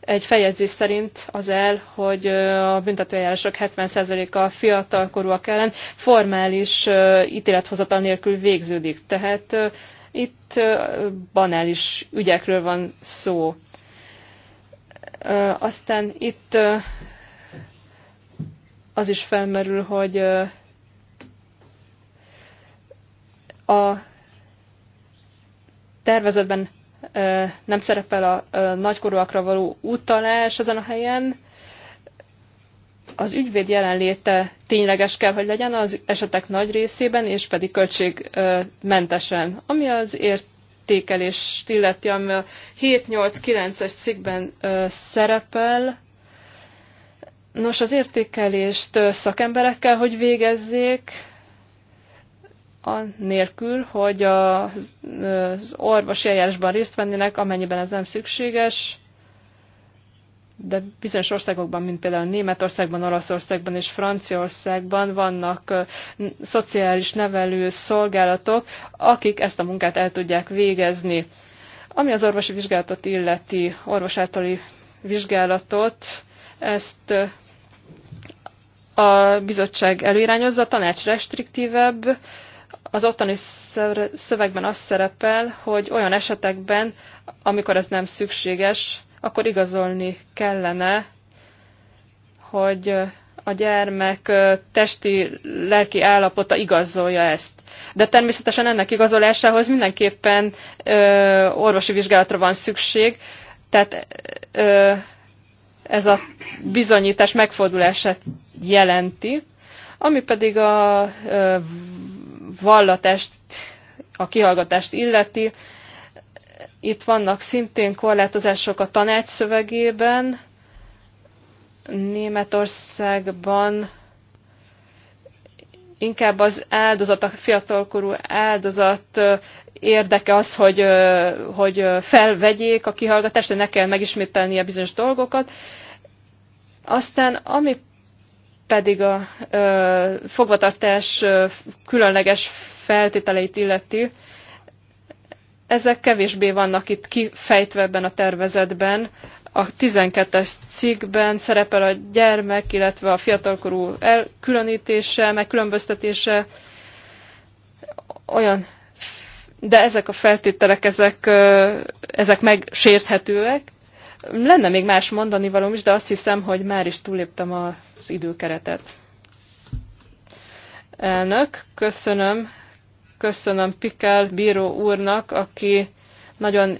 egy feljegyzés szerint az el, hogy a büntetőjárások 70%-a fiatalkorúak ellen formális ítélethozatal nélkül végződik. Tehát itt banális ügyekről van szó. Aztán itt az is felmerül, hogy a tervezetben nem szerepel a nagykorúakra való utalás ezen a helyen. Az ügyvéd jelenléte tényleges kell, hogy legyen az esetek nagy részében, és pedig költségmentesen. Ami az értékelést illeti, ami a 7-8-9-es cikkben szerepel, Nos, az értékelést szakemberekkel hogy végezzék, anélkül, hogy az orvosi eljárásban részt vennének, amennyiben ez nem szükséges, de bizonyos országokban, mint például Németországban, Olaszországban és Franciaországban vannak szociális nevelő szolgálatok, akik ezt a munkát el tudják végezni. Ami az orvosi vizsgálatot illeti, orvos általi vizsgálatot, ezt a bizottság előirányozza, a tanács restriktívebb, az ottani szövegben az szerepel, hogy olyan esetekben, amikor ez nem szükséges, akkor igazolni kellene, hogy a gyermek testi, lelki állapota igazolja ezt. De természetesen ennek igazolásához mindenképpen ö, orvosi vizsgálatra van szükség, tehát ö, ez a bizonyítás megfordulását jelenti, ami pedig a ö, vallatást, a kihallgatást illeti. Itt vannak szintén korlátozások a tanács szövegében. Németországban inkább az áldozat, a fiatalkorú áldozat érdeke az, hogy, hogy felvegyék a kihallgatást, hogy ne kell megismételnie bizonyos dolgokat. Aztán, ami pedig a ö, fogvatartás ö, különleges feltételeit illeti, ezek kevésbé vannak itt kifejtve ebben a tervezetben. A 12-es cikkben szerepel a gyermek, illetve a fiatalkorú elkülönítése, megkülönböztetése, olyan, de ezek a feltételek, ezek, ö, ezek megsérthetőek. Lenne még más mondani valóm is, de azt hiszem, hogy már is túléptem a az időkeretet. Elnök, köszönöm, köszönöm Pikel bíró úrnak, aki nagyon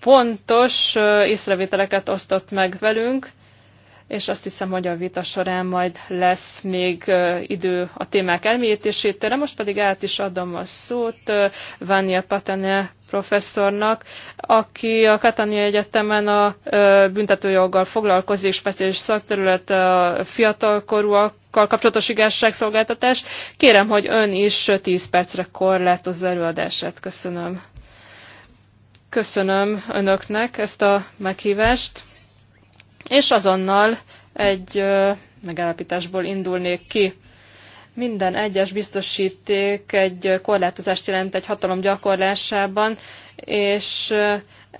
pontos észrevételeket osztott meg velünk és azt hiszem, hogy a vita során majd lesz még idő a témák de Most pedig át is adom a szót Vania Patene professzornak, aki a Katania Egyetemen a büntetőjoggal foglalkozik, speciális szakterület a fiatalkorúakkal kapcsolatos igazságszolgáltatás. Kérem, hogy ön is 10 percre korlátozza előadását. Köszönöm. Köszönöm önöknek ezt a meghívást és azonnal egy megállapításból indulnék ki. Minden egyes biztosíték egy korlátozást jelent egy hatalom gyakorlásában, és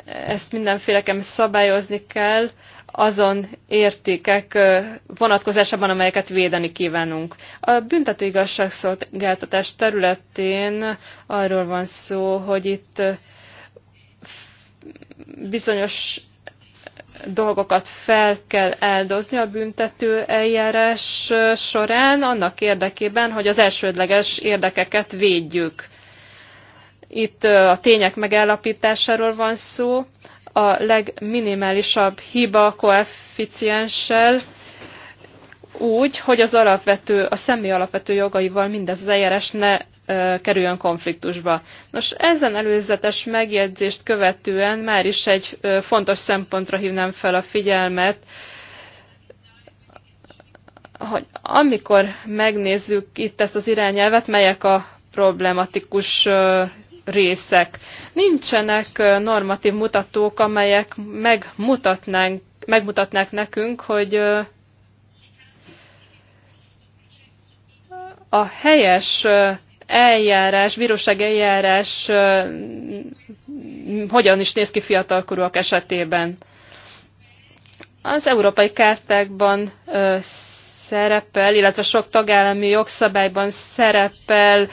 ezt mindenféleképpen szabályozni kell azon értékek vonatkozásában, amelyeket védeni kívánunk. A büntető igazságszolgáltatás területén arról van szó, hogy itt bizonyos dolgokat fel kell eldozni a büntető eljárás során, annak érdekében, hogy az elsődleges érdekeket védjük. Itt a tények megállapításáról van szó, a legminimálisabb hiba koeficienssel, úgy, hogy az alapvető, a személy alapvető jogaival mindez az eljárás ne kerüljön konfliktusba. Nos, ezen előzetes megjegyzést követően már is egy fontos szempontra hívnám fel a figyelmet, hogy amikor megnézzük itt ezt az irányelvet, melyek a problematikus részek. Nincsenek normatív mutatók, amelyek megmutatnánk, megmutatnák nekünk, hogy a helyes eljárás, bíróság eljárás hogyan is néz ki fiatalkorúak esetében. Az európai kártákban szerepel, illetve sok tagállami jogszabályban szerepel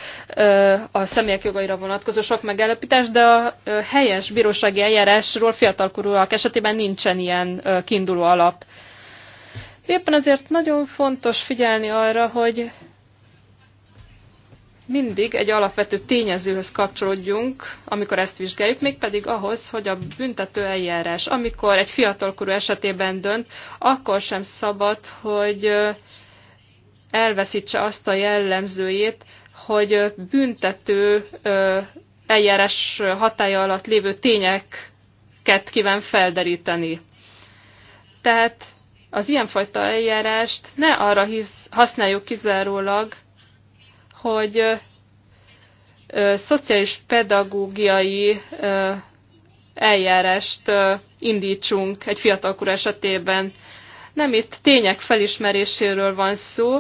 a személyek jogaira vonatkozó sok megállapítás, de a helyes bírósági eljárásról fiatalkorúak esetében nincsen ilyen kiinduló alap. Éppen azért nagyon fontos figyelni arra, hogy mindig egy alapvető tényezőhöz kapcsolódjunk, amikor ezt vizsgáljuk, mégpedig ahhoz, hogy a büntető eljárás, amikor egy fiatalkorú esetében dönt, akkor sem szabad, hogy elveszítse azt a jellemzőjét, hogy büntető eljárás hatája alatt lévő tényeket kíván felderíteni. Tehát az ilyenfajta eljárást ne arra hisz, használjuk kizárólag, hogy szociális pedagógiai eljárást indítsunk egy fiatalkor esetében. Nem itt tények felismeréséről van szó,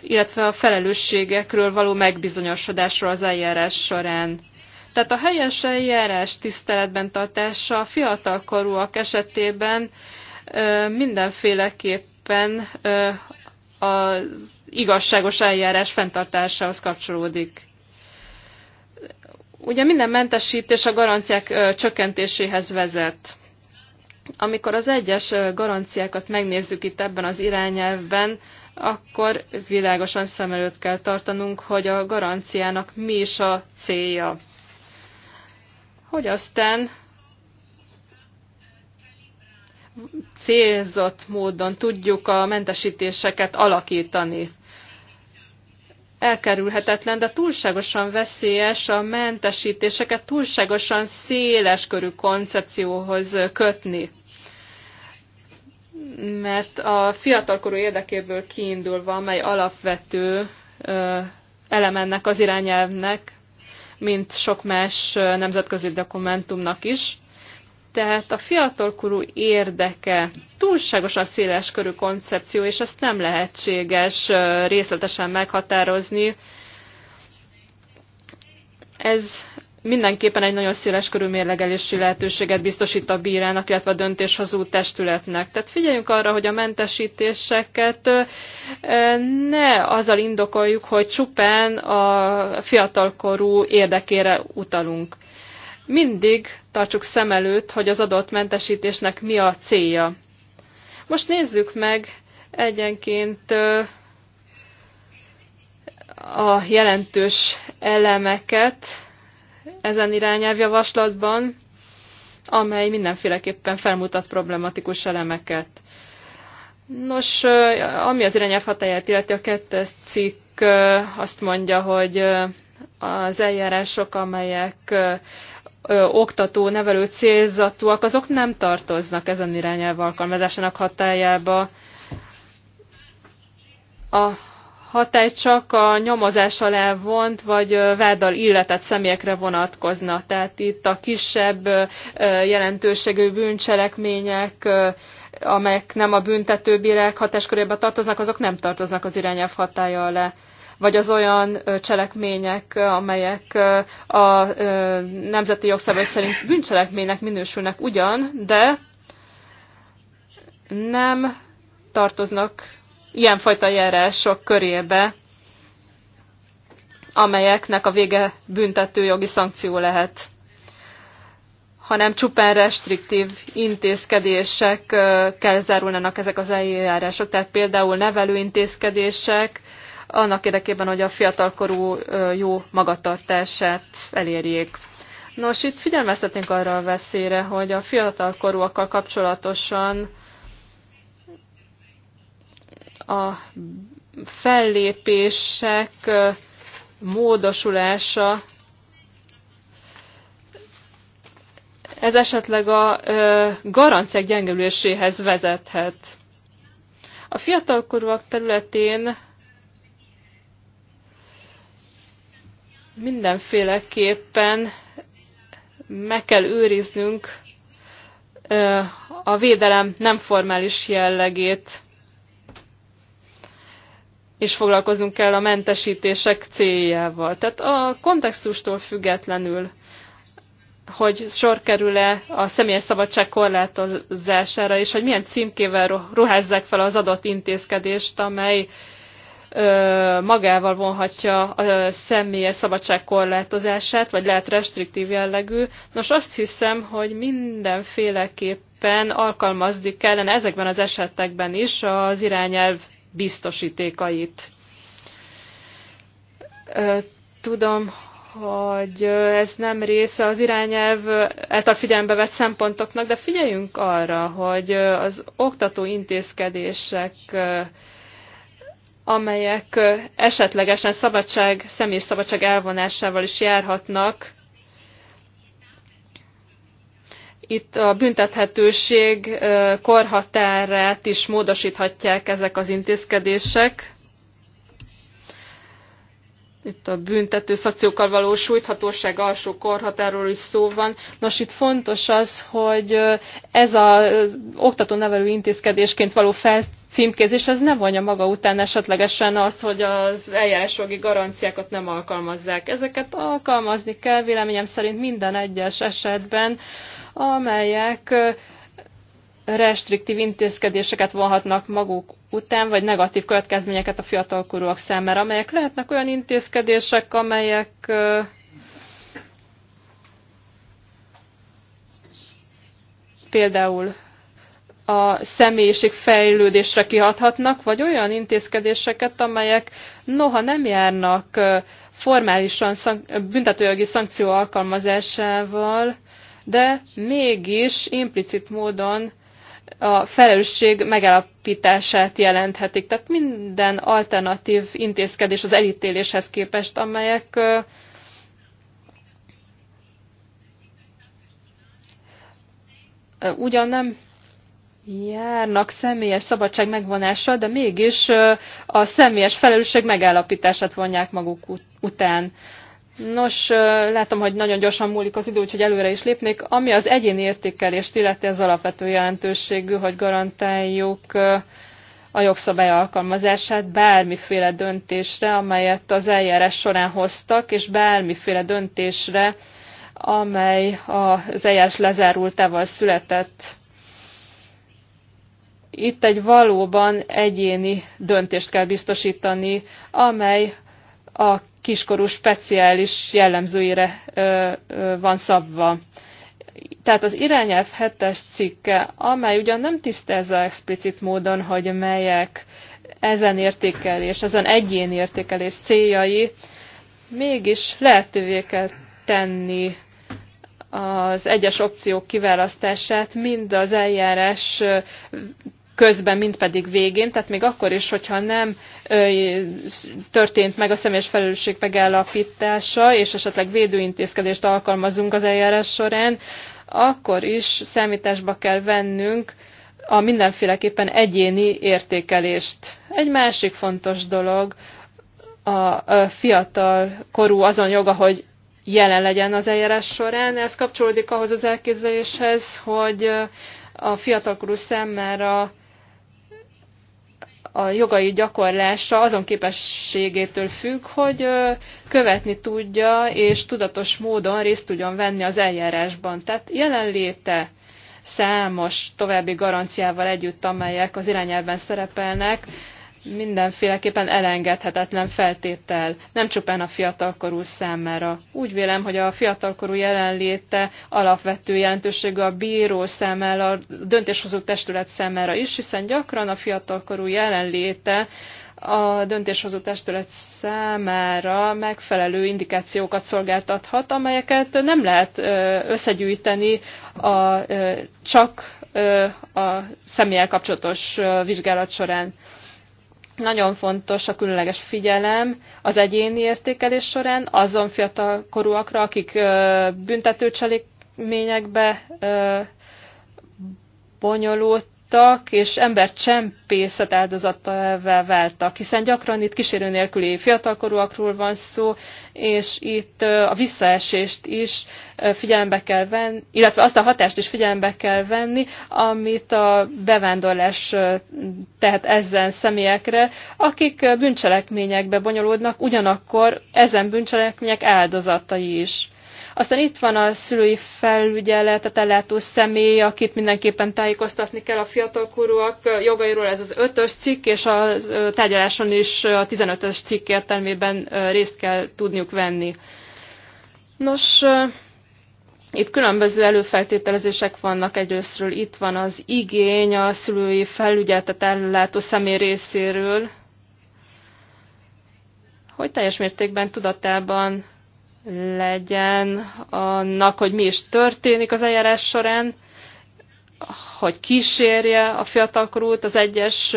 illetve a felelősségekről való megbizonyosodásról az eljárás során. Tehát a helyes eljárás tiszteletben tartása a fiatalkorúak esetében mindenféleképpen az igazságos eljárás fenntartásához kapcsolódik. Ugye minden mentesítés a garanciák csökkentéséhez vezet. Amikor az egyes garanciákat megnézzük itt ebben az irányelvben, akkor világosan szem előtt kell tartanunk, hogy a garanciának mi is a célja. Hogy aztán célzott módon tudjuk a mentesítéseket alakítani. Elkerülhetetlen, de túlságosan veszélyes a mentesítéseket túlságosan széles körű koncepcióhoz kötni. Mert a fiatalkorú érdekéből kiindulva, amely alapvető elemennek az irányelvnek, mint sok más nemzetközi dokumentumnak is, tehát a fiatalkorú érdeke túlságosan széles körű koncepció, és ezt nem lehetséges részletesen meghatározni. Ez mindenképpen egy nagyon széles körű mérlegelési lehetőséget biztosít a bírának, illetve a döntéshozó testületnek. Tehát figyeljünk arra, hogy a mentesítéseket ne azzal indokoljuk, hogy csupán a fiatalkorú érdekére utalunk mindig tartsuk szem előtt, hogy az adott mentesítésnek mi a célja. Most nézzük meg egyenként a jelentős elemeket ezen irányelvjavaslatban, amely mindenféleképpen felmutat problematikus elemeket. Nos, ami az irányelv hatáját illeti, a kettes cikk azt mondja, hogy az eljárások, amelyek oktató, nevelő célzatúak, azok nem tartoznak ezen irányelv alkalmazásának hatájába. A hatály csak a nyomozás alá vont, vagy váddal illetett személyekre vonatkozna. Tehát itt a kisebb jelentőségű bűncselekmények, amelyek nem a büntetőbírák hatáskörébe tartoznak, azok nem tartoznak az irányelv hatája alá vagy az olyan cselekmények, amelyek a nemzeti jogszabályok szerint bűncselekménynek minősülnek ugyan, de nem tartoznak ilyenfajta járások körébe, amelyeknek a vége büntető jogi szankció lehet hanem csupán restriktív kell zárulnának ezek az eljárások, tehát például nevelő intézkedések, annak érdekében, hogy a fiatalkorú jó magatartását elérjék. Nos, itt figyelmeztetünk arra a veszélyre, hogy a fiatalkorúakkal kapcsolatosan a fellépések módosulása ez esetleg a garanciák gyengülőséhez vezethet. A fiatalkorúak területén mindenféleképpen meg kell őriznünk a védelem nem formális jellegét, és foglalkoznunk kell a mentesítések céljával. Tehát a kontextustól függetlenül, hogy sor kerül-e a személyes szabadság korlátozására, és hogy milyen címkével ruházzák fel az adott intézkedést, amely magával vonhatja a személyes szabadság korlátozását, vagy lehet restriktív jellegű. Nos, azt hiszem, hogy mindenféleképpen alkalmazni kellene ezekben az esetekben is az irányelv biztosítékait. Tudom, hogy ez nem része az irányelv által figyelembe vett szempontoknak, de figyeljünk arra, hogy az oktató intézkedések amelyek esetlegesen szabadság, személyis szabadság elvonásával is járhatnak. Itt a büntethetőség korhatárát is módosíthatják ezek az intézkedések. Itt a büntető szakciókkal való sújthatóság alsó korhatáról is szó van. Nos, itt fontos az, hogy ez az oktató-nevelő intézkedésként való felt címkézés ez nem vonja maga után esetlegesen azt, hogy az eljárásjogi garanciákat nem alkalmazzák. Ezeket alkalmazni kell véleményem szerint minden egyes esetben, amelyek restriktív intézkedéseket vonhatnak maguk után, vagy negatív következményeket a fiatalkorúak számára, amelyek lehetnek olyan intézkedések, amelyek például a személyiség fejlődésre kihathatnak, vagy olyan intézkedéseket, amelyek noha nem járnak formálisan szank- büntetőjogi szankció alkalmazásával, de mégis implicit módon a felelősség megállapítását jelenthetik. Tehát minden alternatív intézkedés az elítéléshez képest, amelyek ugyan nem járnak személyes szabadság megvonása, de mégis a személyes felelősség megállapítását vonják maguk után. Nos, látom, hogy nagyon gyorsan múlik az idő, úgyhogy előre is lépnék. Ami az egyéni értékelést illeti, ez alapvető jelentőségű, hogy garantáljuk a jogszabály alkalmazását bármiféle döntésre, amelyet az eljárás során hoztak, és bármiféle döntésre, amely az eljárás lezárultával született itt egy valóban egyéni döntést kell biztosítani, amely a kiskorú speciális jellemzőire ö, ö, van szabva. Tehát az irányelv hetes cikke, amely ugyan nem tisztelze explicit módon, hogy melyek ezen értékelés, ezen egyén értékelés céljai, mégis lehetővé kell tenni az egyes opciók kiválasztását, mind az eljárás közben, mint pedig végén, tehát még akkor is, hogyha nem történt meg a személyes felelősség megállapítása, és esetleg védőintézkedést alkalmazunk az eljárás során, akkor is számításba kell vennünk a mindenféleképpen egyéni értékelést. Egy másik fontos dolog a fiatal korú azon joga, hogy jelen legyen az eljárás során. Ez kapcsolódik ahhoz az elképzeléshez, hogy a fiatalkorú számára a jogai gyakorlása azon képességétől függ, hogy követni tudja és tudatos módon részt tudjon venni az eljárásban. Tehát jelenléte számos további garanciával együtt, amelyek az irányelven szerepelnek, mindenféleképpen elengedhetetlen feltétel, nem csupán a fiatalkorú számára. Úgy vélem, hogy a fiatalkorú jelenléte alapvető jelentőségű a bíró számára, a döntéshozó testület számára is, hiszen gyakran a fiatalkorú jelenléte a döntéshozó testület számára megfelelő indikációkat szolgáltathat, amelyeket nem lehet összegyűjteni a, csak a személyel kapcsolatos vizsgálat során. Nagyon fontos a különleges figyelem az egyéni értékelés során azon fiatal korúakra, akik büntetőcselekményekbe bonyolult váltak, és embercsempészet áldozatává váltak, hiszen gyakran itt kísérő nélküli fiatalkorúakról van szó, és itt a visszaesést is figyelembe kell venni, illetve azt a hatást is figyelembe kell venni, amit a bevándorlás tehet ezen személyekre, akik bűncselekményekbe bonyolódnak, ugyanakkor ezen bűncselekmények áldozatai is. Aztán itt van a szülői felügyelet a telátó személy, akit mindenképpen tájékoztatni kell a fiatalkorúak jogairól. Ez az ötös cikk, és a tárgyaláson is a 15-ös cikk értelmében részt kell tudniuk venni. Nos, itt különböző előfeltételezések vannak. Egyrésztről itt van az igény a szülői felügyeltet ellátó személy részéről, hogy teljes mértékben tudatában legyen annak, hogy mi is történik az eljárás során, hogy kísérje a fiatalkorút az egyes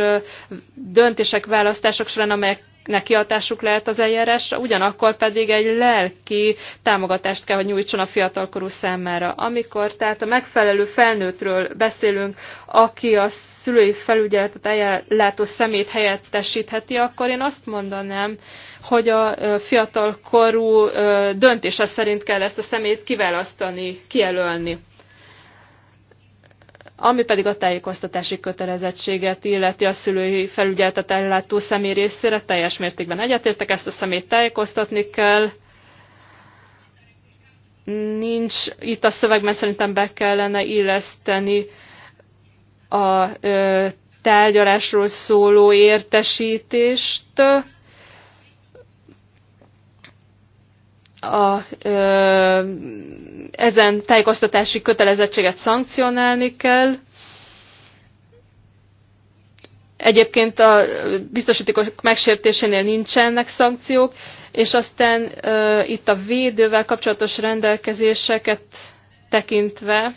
döntések, választások során, amelyeknek kihatásuk lehet az eljárásra, ugyanakkor pedig egy lelki támogatást kell, hogy nyújtson a fiatalkorú számára. Amikor tehát a megfelelő felnőttről beszélünk, aki a szülői felügyeletet ellátó szemét helyettesítheti, akkor én azt mondanám, hogy a fiatalkorú döntése szerint kell ezt a szemét kiválasztani, kijelölni. Ami pedig a tájékoztatási kötelezettséget illeti a szülői felügyeletet ellátó személy részére, teljes mértékben egyetértek, ezt a szemét tájékoztatni kell, nincs itt a szövegben, szerintem be kellene illeszteni a ö, tárgyalásról szóló értesítést. a, ö, ezen tájékoztatási kötelezettséget szankcionálni kell. Egyébként a biztosítékok megsértésénél nincsenek szankciók, és aztán ö, itt a védővel kapcsolatos rendelkezéseket tekintve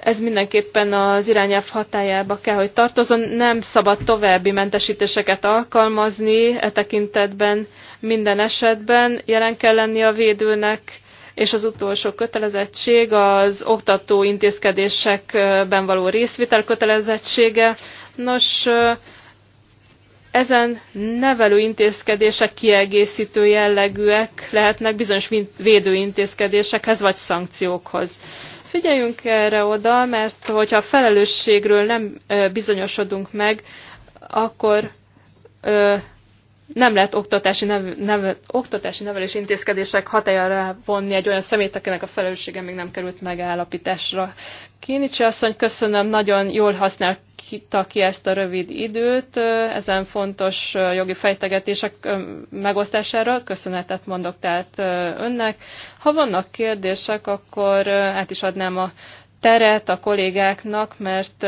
ez mindenképpen az irányelv hatájába kell, hogy tartozon. Nem szabad további mentesítéseket alkalmazni e tekintetben minden esetben jelen kell lenni a védőnek, és az utolsó kötelezettség az oktató intézkedésekben való részvétel kötelezettsége. Nos, ezen nevelő intézkedések kiegészítő jellegűek lehetnek bizonyos védőintézkedésekhez vagy szankciókhoz. Figyeljünk erre oda, mert hogyha a felelősségről nem bizonyosodunk meg, akkor nem lehet oktatási, nev, nev, oktatási nevelési intézkedések hatájára vonni egy olyan szemét, akinek a felelőssége még nem került megállapításra. Kénicsi asszony, köszönöm, nagyon jól használ ki ezt a rövid időt ezen fontos jogi fejtegetések megosztására. Köszönetet mondok tehát önnek. Ha vannak kérdések, akkor át is adnám a teret a kollégáknak, mert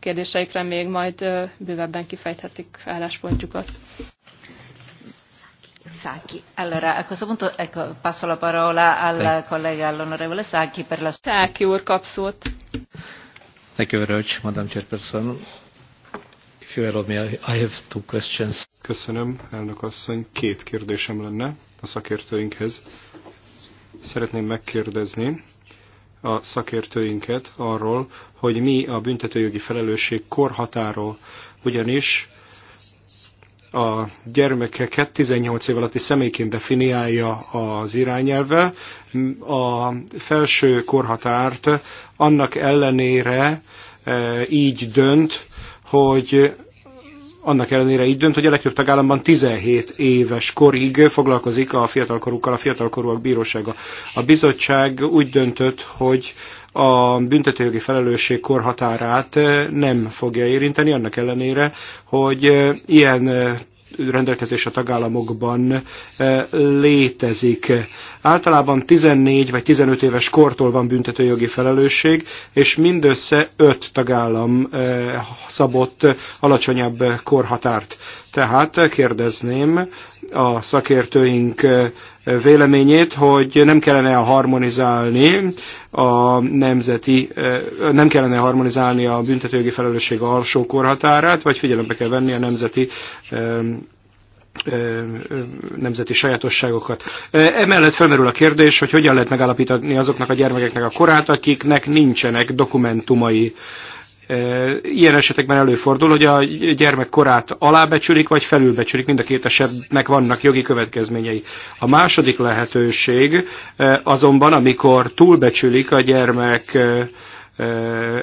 kérdéseikre még majd bővebben kifejthetik álláspontjukat. Sacchi. Allora, a questo punto ecco, passo la parola al sì. collega, all'onorevole Sacchi per la sua... Sacchi úr kap Thank you very much, Madam Chairperson. If you allow me, I, I have two questions. Köszönöm, elnök asszony. Két kérdésem lenne a szakértőinkhez. Szeretném megkérdezni, a szakértőinket arról, hogy mi a büntetőjogi felelősség korhatáról, ugyanis a gyermekeket 18 év alatti személyként definiálja az irányelve. A felső korhatárt annak ellenére e, így dönt, hogy annak ellenére így dönt, hogy a legtöbb tagállamban 17 éves korig foglalkozik a fiatalkorúkkal a fiatalkorúak bírósága. A bizottság úgy döntött, hogy a büntetőjogi felelősség korhatárát eh, nem fogja érinteni, annak ellenére, hogy eh, ilyen eh, rendelkezés a tagállamokban létezik. Általában 14 vagy 15 éves kortól van büntetőjogi felelősség, és mindössze 5 tagállam szabott alacsonyabb korhatárt. Tehát kérdezném a szakértőink véleményét, hogy nem kellene harmonizálni a nemzeti, nem kellene harmonizálni a büntetőjogi felelősség alsó korhatárát, vagy figyelembe kell venni a nemzeti nemzeti sajátosságokat. Emellett felmerül a kérdés, hogy hogyan lehet megállapítani azoknak a gyermekeknek a korát, akiknek nincsenek dokumentumai ilyen esetekben előfordul, hogy a gyermek korát alábecsülik, vagy felülbecsülik, mind a két esetnek vannak jogi következményei. A második lehetőség azonban, amikor túlbecsülik a gyermek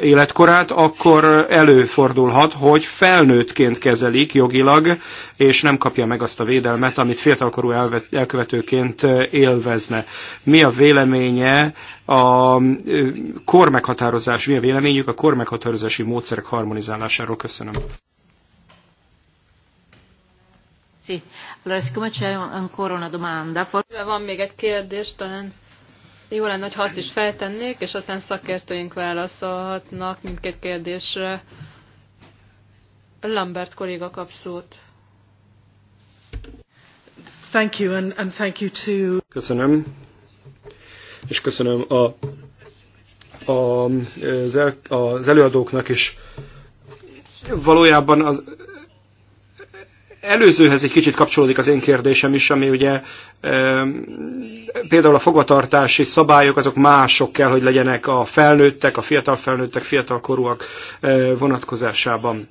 életkorát, akkor előfordulhat, hogy felnőttként kezelik jogilag, és nem kapja meg azt a védelmet, amit fiatalkorú elkövetőként élvezne. Mi a véleménye a kormeghatározás, mi a véleményük a kormeghatározási módszerek harmonizálásáról? Köszönöm. Sí. allora siccome c'è ancora una domanda, forse van még egy kérdés, talán jó lenne, ha azt is feltennék, és aztán szakértőink válaszolhatnak mindkét kérdésre. Lambert kolléga kap szót. Thank you and, and thank you to... Köszönöm. És köszönöm a, a, az, el, az előadóknak is. Valójában az előzőhez egy kicsit kapcsolódik az én kérdésem is, ami ugye például a fogatartási szabályok, azok mások kell, hogy legyenek a felnőttek, a fiatal felnőttek, fiatalkorúak eh, vonatkozásában.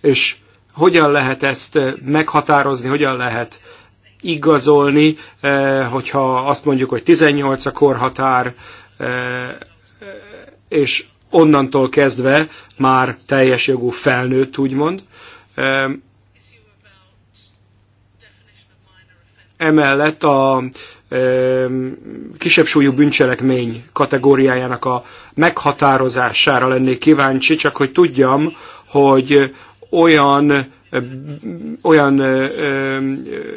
És hogyan lehet ezt eh, meghatározni, hogyan lehet igazolni, eh, hogyha azt mondjuk, hogy 18 a korhatár, és onnantól kezdve már teljes jogú felnőtt, úgymond. Emellett a kisebb súlyú bűncselekmény kategóriájának a meghatározására lennék kíváncsi, csak hogy tudjam, hogy olyan olyan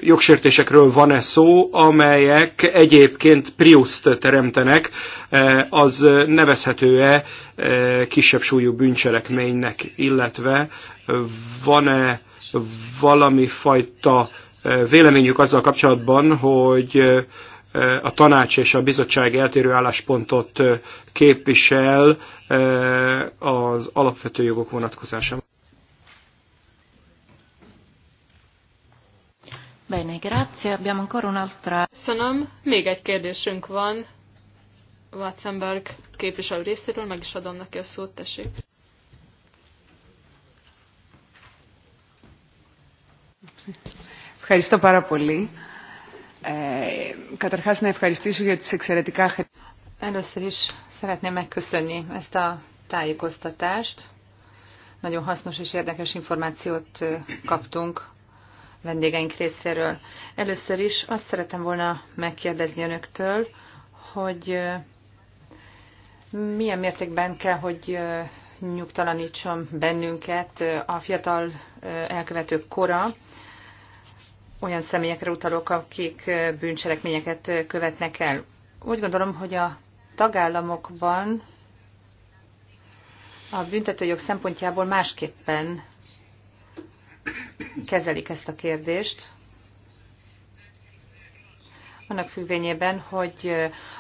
jogsértésekről van-e szó, amelyek egyébként priuszt teremtenek, az nevezhető-e kisebb súlyú bűncselekménynek, illetve van-e valami fajta véleményük azzal kapcsolatban, hogy a tanács és a bizottság eltérő álláspontot képvisel az alapvető jogok vonatkozásában. Bene, grazie. Abbiamo ancora un'altra. Köszönöm. Még egy kérdésünk van. Watzenberg képviselő részéről, meg is adom neki a szót, tessék. Ευχαριστώ πάρα πολύ. Ε, καταρχάς να ευχαριστήσω για τις εξαιρετικά Először is szeretném megköszönni ezt a tájékoztatást. Nagyon hasznos és érdekes információt kaptunk vendégeink részéről. Először is azt szeretem volna megkérdezni önöktől, hogy milyen mértékben kell, hogy nyugtalanítson bennünket a fiatal elkövetők kora, olyan személyekre utalok, akik bűncselekményeket követnek el. Úgy gondolom, hogy a tagállamokban a büntetőjog szempontjából másképpen kezelik ezt a kérdést, annak függvényében, hogy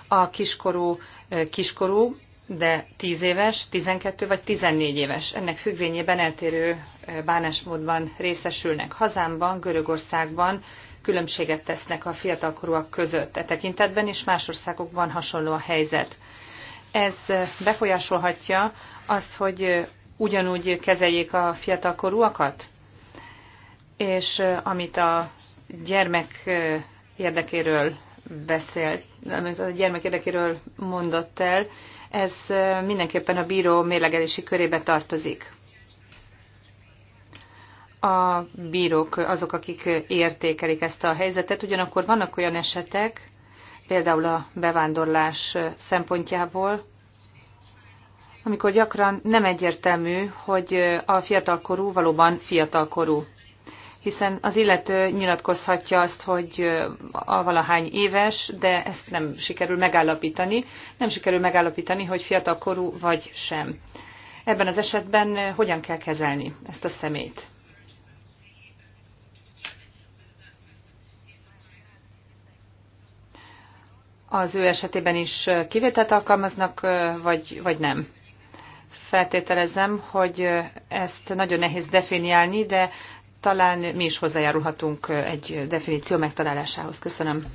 a kiskorú kiskorú, de 10 éves, 12 vagy 14 éves. Ennek függvényében eltérő bánásmódban részesülnek. Hazámban, Görögországban különbséget tesznek a fiatalkorúak között e tekintetben, és más országokban hasonló a helyzet. Ez befolyásolhatja azt, hogy ugyanúgy kezeljék a fiatalkorúakat? és amit a gyermek érdekéről beszélt, amit a gyermek érdekéről mondott el, ez mindenképpen a bíró mérlegelési körébe tartozik. A bírók azok, akik értékelik ezt a helyzetet, ugyanakkor vannak olyan esetek, például a bevándorlás szempontjából, amikor gyakran nem egyértelmű, hogy a fiatalkorú valóban fiatalkorú hiszen az illető nyilatkozhatja azt, hogy a valahány éves, de ezt nem sikerül megállapítani. Nem sikerül megállapítani, hogy fiatalkorú vagy sem. Ebben az esetben hogyan kell kezelni ezt a szemét? az ő esetében is kivételt alkalmaznak, vagy, vagy nem? Feltételezem, hogy ezt nagyon nehéz definiálni, de talán mi is hozzájárulhatunk egy definíció megtalálásához. Köszönöm.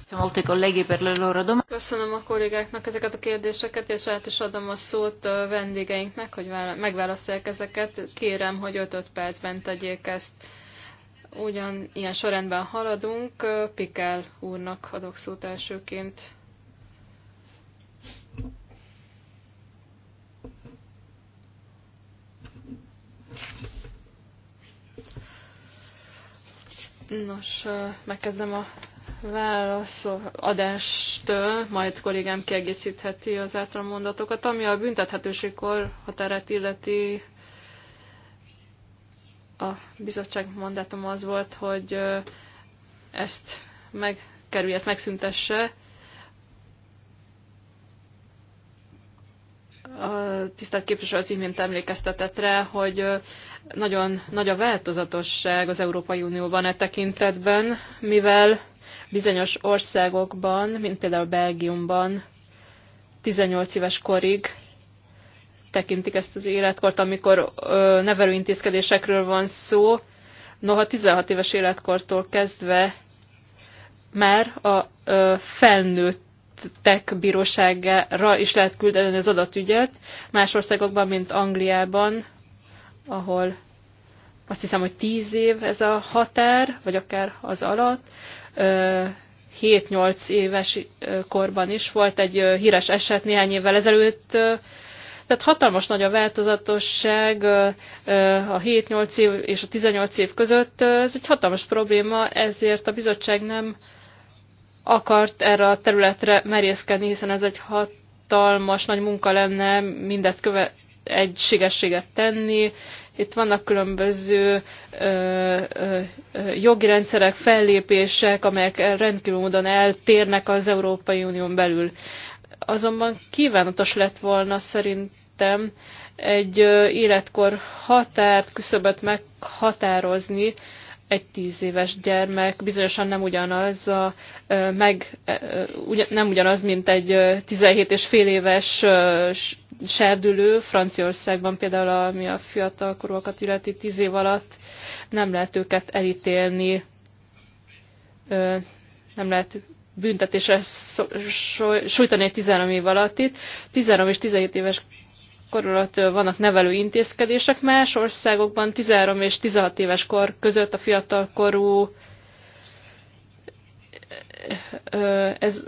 Köszönöm a kollégáknak ezeket a kérdéseket, és át is adom a szót a vendégeinknek, hogy megválaszolják ezeket. Kérem, hogy 5-5 percben tegyék ezt. Ugyan ilyen sorrendben haladunk. Pikel úrnak adok szót elsőként. Nos, megkezdem a válaszadást, majd kollégám kiegészítheti az általam mondatokat. Ami a büntethetőségkor határát illeti, a bizottság mandátum az volt, hogy ezt megkerülje, ezt megszüntesse. A tisztelt képviselő az imént emlékeztetett rá, hogy nagyon nagy a változatosság az Európai Unióban e tekintetben, mivel bizonyos országokban, mint például Belgiumban, 18 éves korig tekintik ezt az életkort, amikor ö, nevelőintézkedésekről van szó. Noha 16 éves életkortól kezdve már a ö, tek bíróságára is lehet küldeni az adatügyet. Más országokban, mint Angliában ahol azt hiszem, hogy 10 év ez a határ, vagy akár az alatt, 7-8 éves korban is volt egy híres eset néhány évvel ezelőtt, tehát hatalmas nagy a változatosság a 7-8 év és a 18 év között. Ez egy hatalmas probléma, ezért a bizottság nem akart erre a területre merészkedni, hiszen ez egy hatalmas nagy munka lenne mindezt köve- egységességet tenni. Itt vannak különböző ö, ö, jogi rendszerek, fellépések, amelyek rendkívül módon eltérnek az Európai Unión belül. Azonban kívánatos lett volna szerintem egy életkor határt, küszöböt meghatározni, egy tíz éves gyermek bizonyosan nem ugyanaz, a, meg, nem ugyanaz, mint egy 17 és fél éves serdülő. Franciaországban például, ami a fiatal korúakat illeti tíz év alatt, nem lehet őket elítélni, nem lehet büntetésre sújtani egy 13 év alatt itt. 13 és 17 éves korulattól vannak nevelő intézkedések. Más országokban 13 és 16 éves kor között a fiatalkorú ez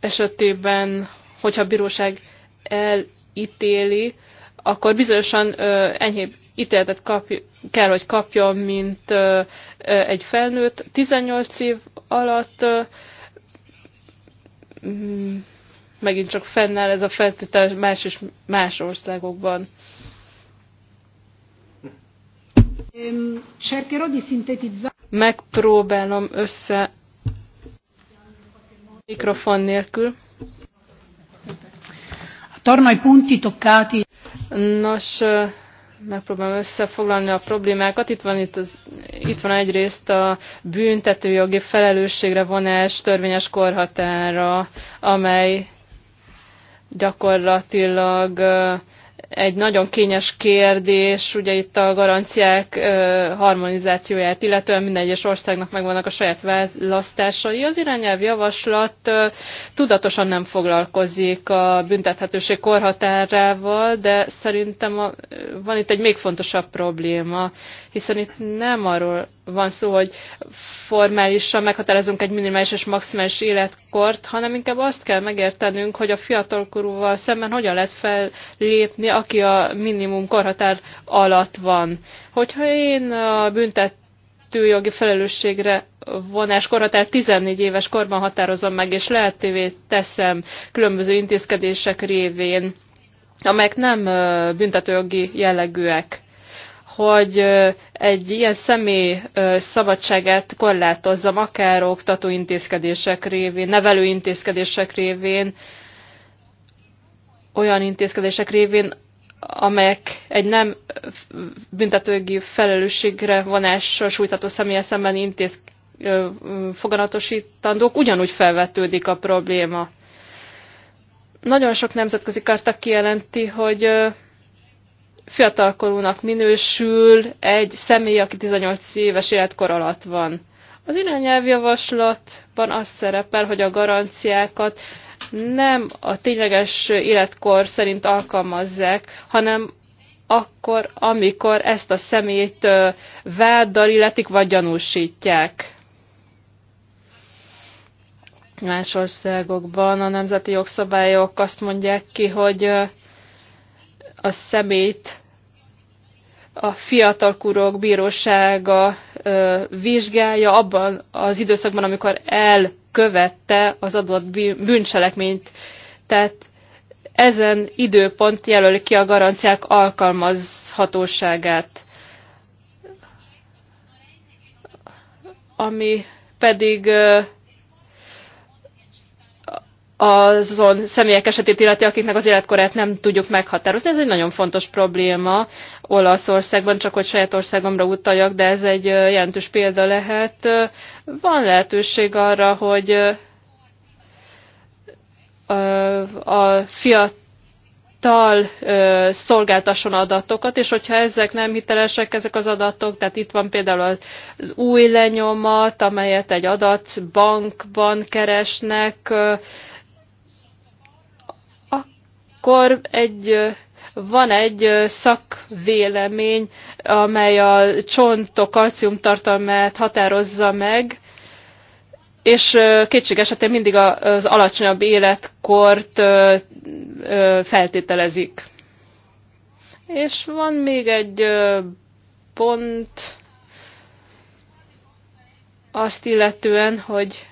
esetében, hogyha a bíróság elítéli, akkor bizonyosan enyhébb ítéletet kap, kell, hogy kapjon, mint egy felnőtt. 18 év alatt ö, Mm, megint csak fennáll ez a feltétel más és más országokban. Ehm, Megpróbálom össze mikrofon nélkül. Tornai punti toccati. Nos, megpróbálom összefoglalni a problémákat. Itt van, itt az, itt van egyrészt a büntetőjogi felelősségre vonás törvényes korhatára, amely gyakorlatilag uh, egy nagyon kényes kérdés, ugye itt a garanciák harmonizációját, illetően minden egyes országnak megvannak a saját választásai. Az irányelv javaslat tudatosan nem foglalkozik a büntethetőség korhatárával, de szerintem a, van itt egy még fontosabb probléma, hiszen itt nem arról van szó, hogy formálisan meghatározunk egy minimális és maximális életkort, hanem inkább azt kell megértenünk, hogy a fiatalkorúval szemben hogyan lehet fellépni, aki a minimum korhatár alatt van. Hogyha én a büntet jogi felelősségre vonás korhatár 14 éves korban határozom meg, és lehetővé teszem különböző intézkedések révén, amelyek nem büntetőjogi jellegűek hogy egy ilyen személy szabadságát korlátozzam, akár oktató intézkedések révén, nevelő intézkedések révén, olyan intézkedések révén, amelyek egy nem büntetőgi felelősségre vonásra sújtató személye szemben intéz, foganatosítandók, ugyanúgy felvetődik a probléma. Nagyon sok nemzetközi karta kijelenti, hogy fiatalkorúnak minősül egy személy, aki 18 éves életkor alatt van. Az irányelvjavaslatban az szerepel, hogy a garanciákat nem a tényleges életkor szerint alkalmazzák, hanem akkor, amikor ezt a szemét váddal illetik, vagy gyanúsítják. Más országokban a nemzeti jogszabályok azt mondják ki, hogy a szemét a fiatalkurok bírósága ö, vizsgálja abban az időszakban, amikor elkövette az adott bűncselekményt. Tehát ezen időpont jelöli ki a garanciák alkalmazhatóságát. Ami pedig ö, azon személyek esetét illeti, akiknek az életkorát nem tudjuk meghatározni. Ez egy nagyon fontos probléma Olaszországban, csak hogy saját országomra utaljak, de ez egy jelentős példa lehet. Van lehetőség arra, hogy a fiatal szolgáltasson adatokat, és hogyha ezek nem hitelesek, ezek az adatok, tehát itt van például az új lenyomat, amelyet egy adatbankban keresnek, akkor egy van egy szakvélemény, amely a csontok kalcium tartalmát határozza meg, és kétség esetén mindig az alacsonyabb életkort feltételezik. És van még egy pont azt illetően, hogy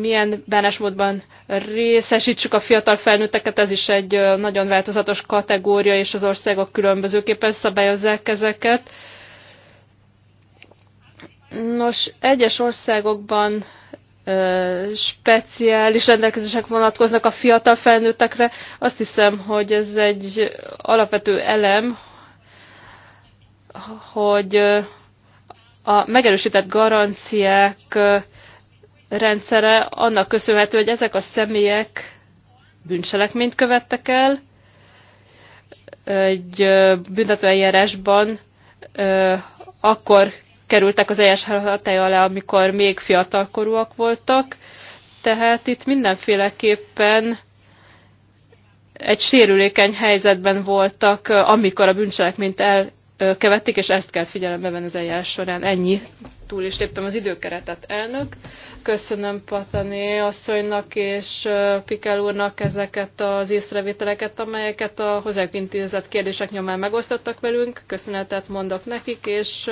milyen bánásmódban részesítsük a fiatal felnőtteket, ez is egy nagyon változatos kategória, és az országok különbözőképpen szabályozzák ezeket. Nos, egyes országokban speciális rendelkezések vonatkoznak a fiatal felnőttekre. Azt hiszem, hogy ez egy alapvető elem, hogy a megerősített garanciák rendszere annak köszönhető, hogy ezek a személyek bűncselekményt követtek el, egy büntetőeljárásban akkor kerültek az eljárás hatája alá, amikor még fiatalkorúak voltak, tehát itt mindenféleképpen egy sérülékeny helyzetben voltak, amikor a bűncselekményt el követik, és ezt kell figyelembe venni az eljárás során. Ennyi. Túl is léptem az időkeretet, elnök. Köszönöm Patané asszonynak és Pikel úrnak ezeket az észrevételeket, amelyeket a hozzájuk intézett kérdések nyomán megosztottak velünk. Köszönetet mondok nekik, és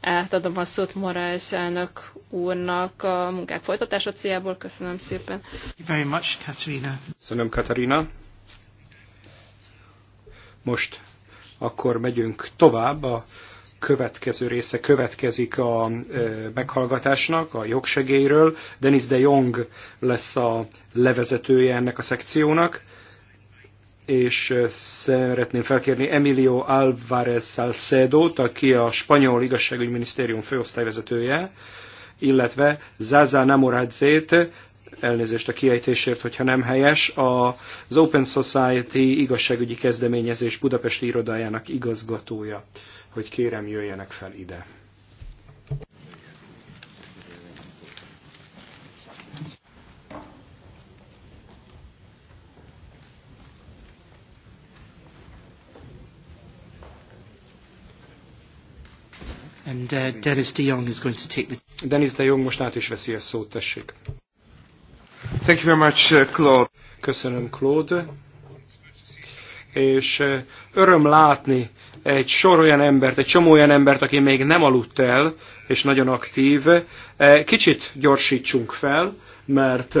átadom a szót Morales elnök úrnak a munkák folytatása céljából. Köszönöm szépen. Very much, Katarina. Köszönöm, Katarina. Most akkor megyünk tovább. A következő része következik a e, meghallgatásnak, a jogsegélyről. Denis de Jong lesz a levezetője ennek a szekciónak és e, szeretném felkérni Emilio Álvarez salcedo aki a spanyol igazságügyminisztérium főosztályvezetője, illetve Zaza Namoradzét, elnézést a kiejtésért, hogyha nem helyes, az Open Society igazságügyi kezdeményezés Budapesti irodájának igazgatója, hogy kérem jöjjenek fel ide. And uh, Dennis de Jong is going to take the... Dennis de Jong most át is veszi a szót, tessék. Thank you very much, uh, Claude. Köszönöm, Claude. És uh, öröm látni egy sor olyan embert, egy csomó olyan embert, aki még nem aludt el, és nagyon aktív. Uh, kicsit gyorsítsunk fel, mert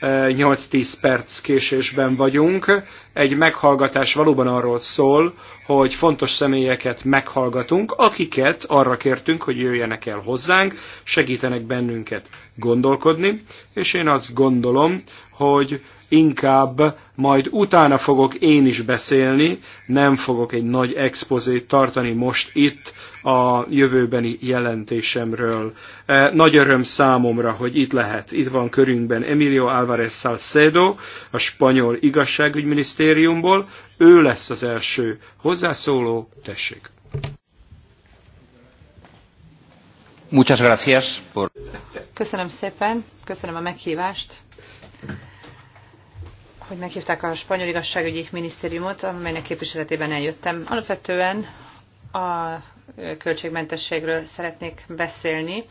8-10 perc késésben vagyunk. Egy meghallgatás valóban arról szól, hogy fontos személyeket meghallgatunk, akiket arra kértünk, hogy jöjjenek el hozzánk, segítenek bennünket gondolkodni, és én azt gondolom, hogy inkább majd utána fogok én is beszélni, nem fogok egy nagy expozét tartani most itt a jövőbeni jelentésemről. Nagy öröm számomra, hogy itt lehet, itt van körünkben Emilio Alves, Álvarez Salcedo a spanyol igazságügyminisztériumból. Ő lesz az első hozzászóló. Tessék! Muchas gracias por... Köszönöm szépen, köszönöm a meghívást hogy meghívták a spanyol igazságügyi minisztériumot, amelynek képviseletében eljöttem. Alapvetően a költségmentességről szeretnék beszélni,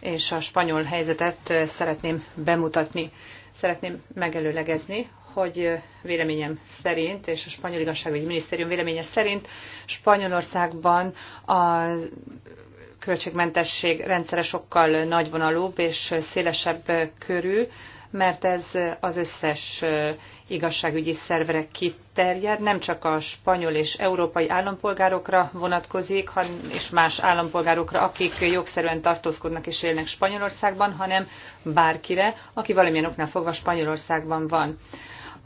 és a spanyol helyzetet szeretném bemutatni. Szeretném megelőlegezni, hogy véleményem szerint, és a spanyol igazságügyi minisztérium véleménye szerint Spanyolországban a költségmentesség rendszere sokkal nagyvonalúbb és szélesebb körű, mert ez az összes igazságügyi szervre kiterjed, nem csak a spanyol és európai állampolgárokra vonatkozik, és más állampolgárokra, akik jogszerűen tartózkodnak és élnek Spanyolországban, hanem bárkire, aki valamilyen oknál fogva Spanyolországban van.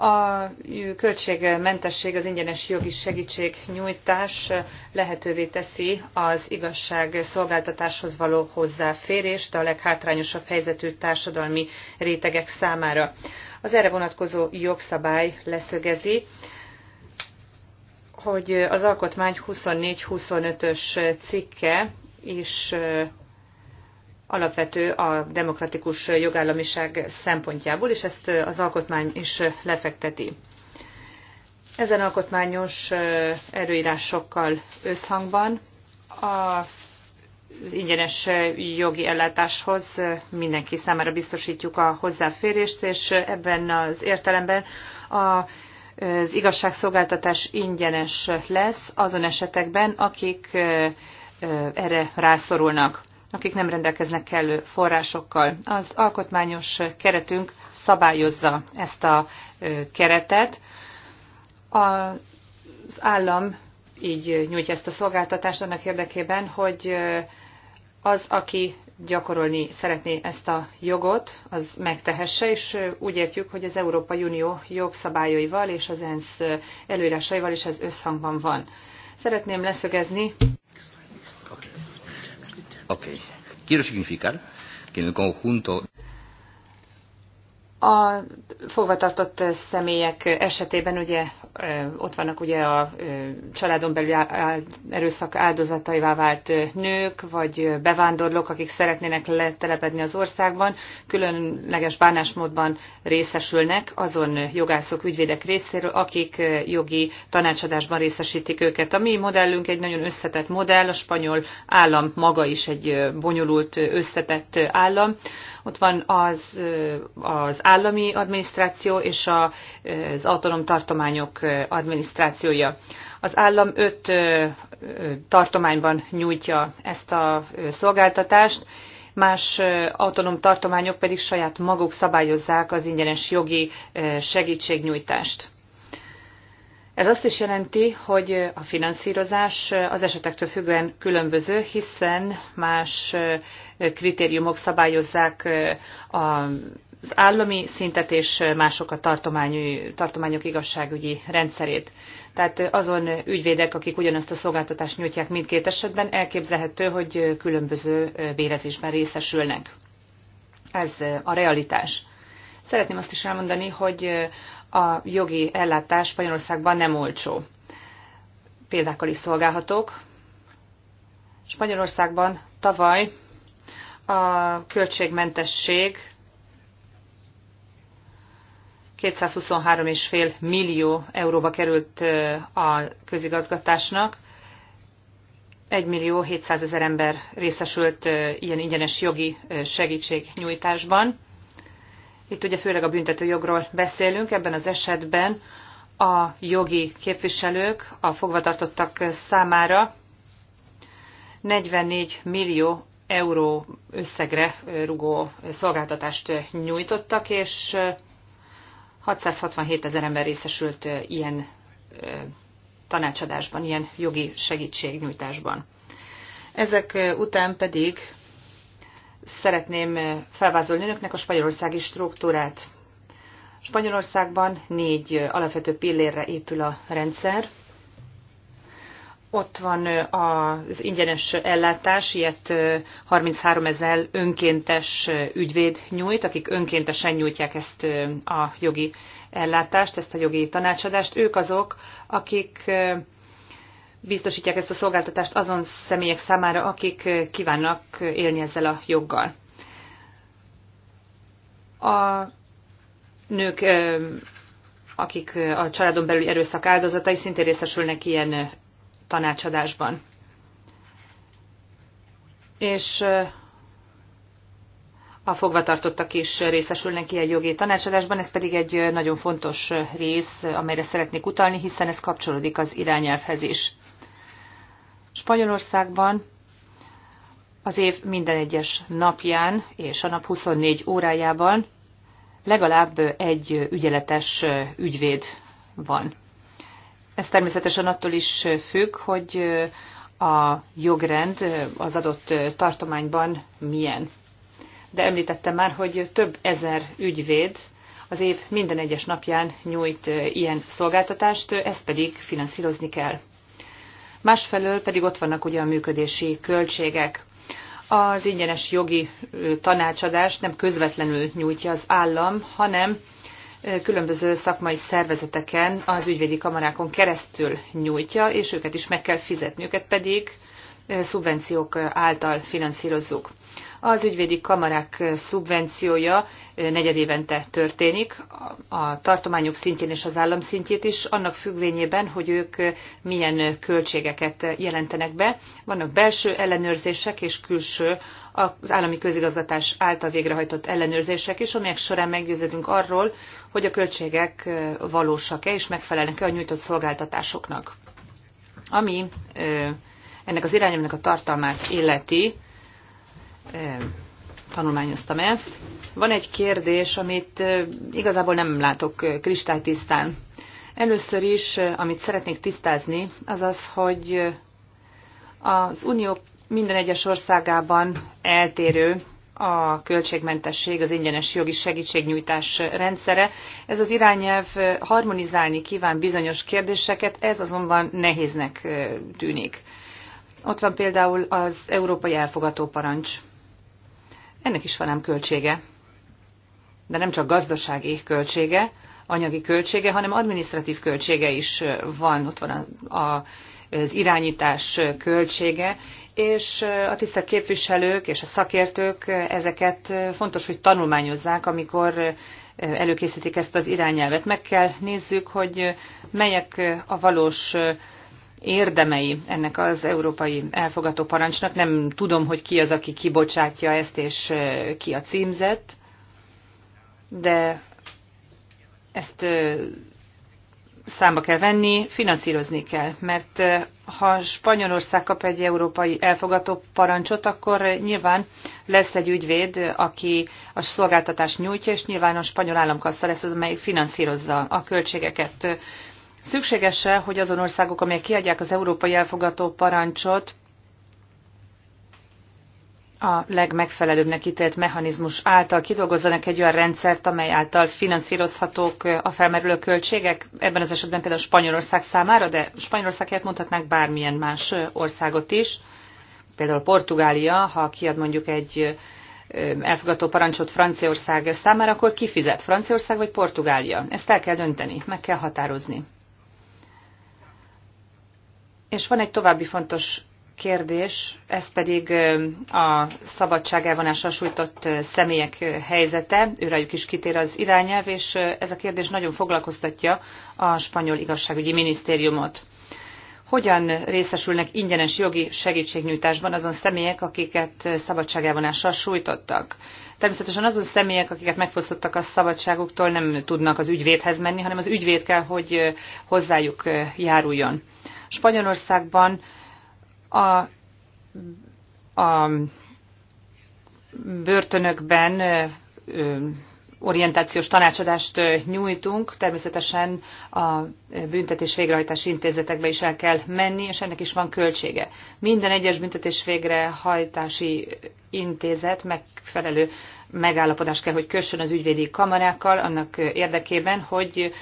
A költségmentesség, az ingyenes jogi segítségnyújtás lehetővé teszi az igazságszolgáltatáshoz való hozzáférést a leghátrányosabb helyzetű társadalmi rétegek számára. Az erre vonatkozó jogszabály leszögezi, hogy az alkotmány 24-25-ös cikke is alapvető a demokratikus jogállamiság szempontjából, és ezt az alkotmány is lefekteti. Ezen alkotmányos erőírásokkal összhangban az ingyenes jogi ellátáshoz mindenki számára biztosítjuk a hozzáférést, és ebben az értelemben az igazságszolgáltatás ingyenes lesz azon esetekben, akik erre rászorulnak akik nem rendelkeznek kellő forrásokkal. Az alkotmányos keretünk szabályozza ezt a keretet. Az állam így nyújtja ezt a szolgáltatást annak érdekében, hogy az, aki gyakorolni szeretné ezt a jogot, az megtehesse, és úgy értjük, hogy az Európai Unió jogszabályaival és az ENSZ előírásaival is ez összhangban van. Szeretném leszögezni, Ok. Quiero significar que en el conjunto. A fogvatartott személyek esetében ugye ott vannak ugye a családon belül erőszak áldozataivá vált nők, vagy bevándorlók, akik szeretnének letelepedni az országban, különleges bánásmódban részesülnek azon jogászok, ügyvédek részéről, akik jogi tanácsadásban részesítik őket. A mi modellünk egy nagyon összetett modell, a spanyol állam maga is egy bonyolult, összetett állam. Ott van az, az állami adminisztráció és az autonóm tartományok adminisztrációja. Az állam öt tartományban nyújtja ezt a szolgáltatást, más autonóm tartományok pedig saját maguk szabályozzák az ingyenes jogi segítségnyújtást. Ez azt is jelenti, hogy a finanszírozás az esetektől függően különböző, hiszen más kritériumok szabályozzák a az állami szintet és mások a tartományok igazságügyi rendszerét. Tehát azon ügyvédek, akik ugyanazt a szolgáltatást nyújtják mindkét esetben, elképzelhető, hogy különböző bérezésben részesülnek. Ez a realitás. Szeretném azt is elmondani, hogy a jogi ellátás Spanyolországban nem olcsó. Példákkal is szolgálhatok. Spanyolországban tavaly a költségmentesség 223,5 millió euróba került a közigazgatásnak, 1 millió 700 ezer ember részesült ilyen ingyenes jogi segítségnyújtásban. Itt ugye főleg a büntetőjogról beszélünk, ebben az esetben a jogi képviselők a fogvatartottak számára 44 millió euró összegre rugó szolgáltatást nyújtottak, és 667 ezer ember részesült ilyen tanácsadásban, ilyen jogi segítségnyújtásban. Ezek után pedig szeretném felvázolni önöknek a spanyolországi struktúrát. Spanyolországban négy alapvető pillérre épül a rendszer – ott van az ingyenes ellátás, ilyet 33 ezer önkéntes ügyvéd nyújt, akik önkéntesen nyújtják ezt a jogi ellátást, ezt a jogi tanácsadást. Ők azok, akik biztosítják ezt a szolgáltatást azon személyek számára, akik kívánnak élni ezzel a joggal. A nők, akik a családon belüli erőszak áldozatai, szintén részesülnek ilyen tanácsadásban. És a fogvatartottak is részesülnek ki egy jogi tanácsadásban, ez pedig egy nagyon fontos rész, amelyre szeretnék utalni, hiszen ez kapcsolódik az irányelvhez is. Spanyolországban az év minden egyes napján és a nap 24 órájában legalább egy ügyeletes ügyvéd van. Ez természetesen attól is függ, hogy a jogrend az adott tartományban milyen. De említettem már, hogy több ezer ügyvéd az év minden egyes napján nyújt ilyen szolgáltatást, ezt pedig finanszírozni kell. Másfelől pedig ott vannak ugye a működési költségek. Az ingyenes jogi tanácsadást nem közvetlenül nyújtja az állam, hanem különböző szakmai szervezeteken, az ügyvédi kamarákon keresztül nyújtja, és őket is meg kell fizetni, őket pedig szubvenciók által finanszírozzuk. Az ügyvédi kamarák szubvenciója negyedévente történik, a tartományok szintjén és az állam szintjét is, annak függvényében, hogy ők milyen költségeket jelentenek be. Vannak belső ellenőrzések és külső az állami közigazgatás által végrehajtott ellenőrzések is, amelyek során meggyőződünk arról, hogy a költségek valósak-e és megfelelnek-e a nyújtott szolgáltatásoknak. Ami ennek az irányomnak a tartalmát illeti, tanulmányoztam ezt. Van egy kérdés, amit igazából nem látok kristálytisztán. Először is, amit szeretnék tisztázni, az az, hogy az unió minden egyes országában eltérő a költségmentesség, az ingyenes jogi segítségnyújtás rendszere. Ez az irányelv harmonizálni kíván bizonyos kérdéseket, ez azonban nehéznek tűnik. Ott van például az európai elfogató parancs. Ennek is van ám költsége. De nem csak gazdasági költsége, anyagi költsége, hanem administratív költsége is van. Ott van a, a az irányítás költsége, és a tisztelt képviselők és a szakértők ezeket fontos, hogy tanulmányozzák, amikor előkészítik ezt az irányelvet. Meg kell nézzük, hogy melyek a valós érdemei ennek az európai elfogató parancsnak. Nem tudom, hogy ki az, aki kibocsátja ezt, és ki a címzett, de ezt számba kell venni, finanszírozni kell, mert eh, ha Spanyolország kap egy európai elfogató parancsot, akkor eh, nyilván lesz egy ügyvéd, eh, aki a szolgáltatást nyújtja, és nyilván a spanyol államkassa lesz az, amely finanszírozza a költségeket. Szükséges-e, hogy azon országok, amelyek kiadják az európai elfogató parancsot, a legmegfelelőbbnek ítélt mechanizmus által kidolgozzanak egy olyan rendszert, amely által finanszírozhatók a felmerülő költségek, ebben az esetben például Spanyolország számára, de Spanyolországért mondhatnánk bármilyen más országot is, például Portugália, ha kiad mondjuk egy elfogadó parancsot Franciaország számára, akkor kifizet Franciaország vagy Portugália. Ezt el kell dönteni, meg kell határozni. És van egy további fontos kérdés, ez pedig a szabadság elvonásra sújtott személyek helyzete, őrájuk is kitér az irányelv, és ez a kérdés nagyon foglalkoztatja a spanyol igazságügyi minisztériumot. Hogyan részesülnek ingyenes jogi segítségnyújtásban azon személyek, akiket szabadságelvonással sújtottak? Természetesen azon személyek, akiket megfosztottak a szabadságuktól, nem tudnak az ügyvédhez menni, hanem az ügyvéd kell, hogy hozzájuk járuljon. Spanyolországban a, a börtönökben orientációs tanácsadást nyújtunk. Természetesen a büntetés végrehajtási intézetekbe is el kell menni, és ennek is van költsége. Minden egyes büntetés végrehajtási intézet megfelelő megállapodást kell, hogy kössön az ügyvédi kamarákkal annak érdekében, hogy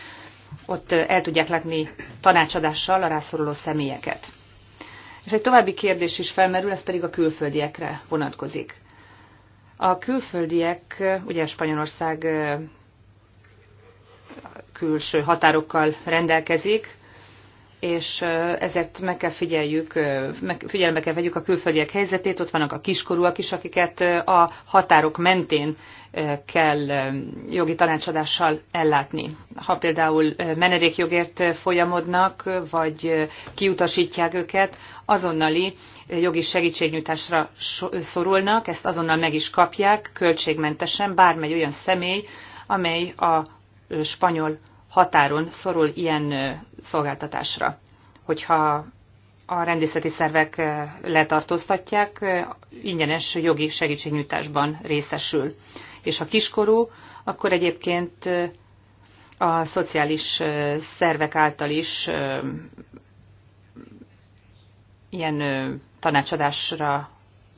ott el tudják látni tanácsadással a rászoruló személyeket. És egy további kérdés is felmerül, ez pedig a külföldiekre vonatkozik. A külföldiek, ugye Spanyolország külső határokkal rendelkezik, és ezért meg kell figyeljük, meg, figyelembe kell vegyük a külföldiek helyzetét, ott vannak a kiskorúak is, akiket a határok mentén kell jogi tanácsadással ellátni. Ha például menedékjogért folyamodnak, vagy kiutasítják őket, azonnali jogi segítségnyújtásra szorulnak, ezt azonnal meg is kapják, költségmentesen, bármely olyan személy, amely a spanyol határon szorul ilyen szolgáltatásra. Hogyha a rendészeti szervek letartóztatják, ingyenes jogi segítségnyújtásban részesül. És ha kiskorú, akkor egyébként a szociális szervek által is ilyen tanácsadásra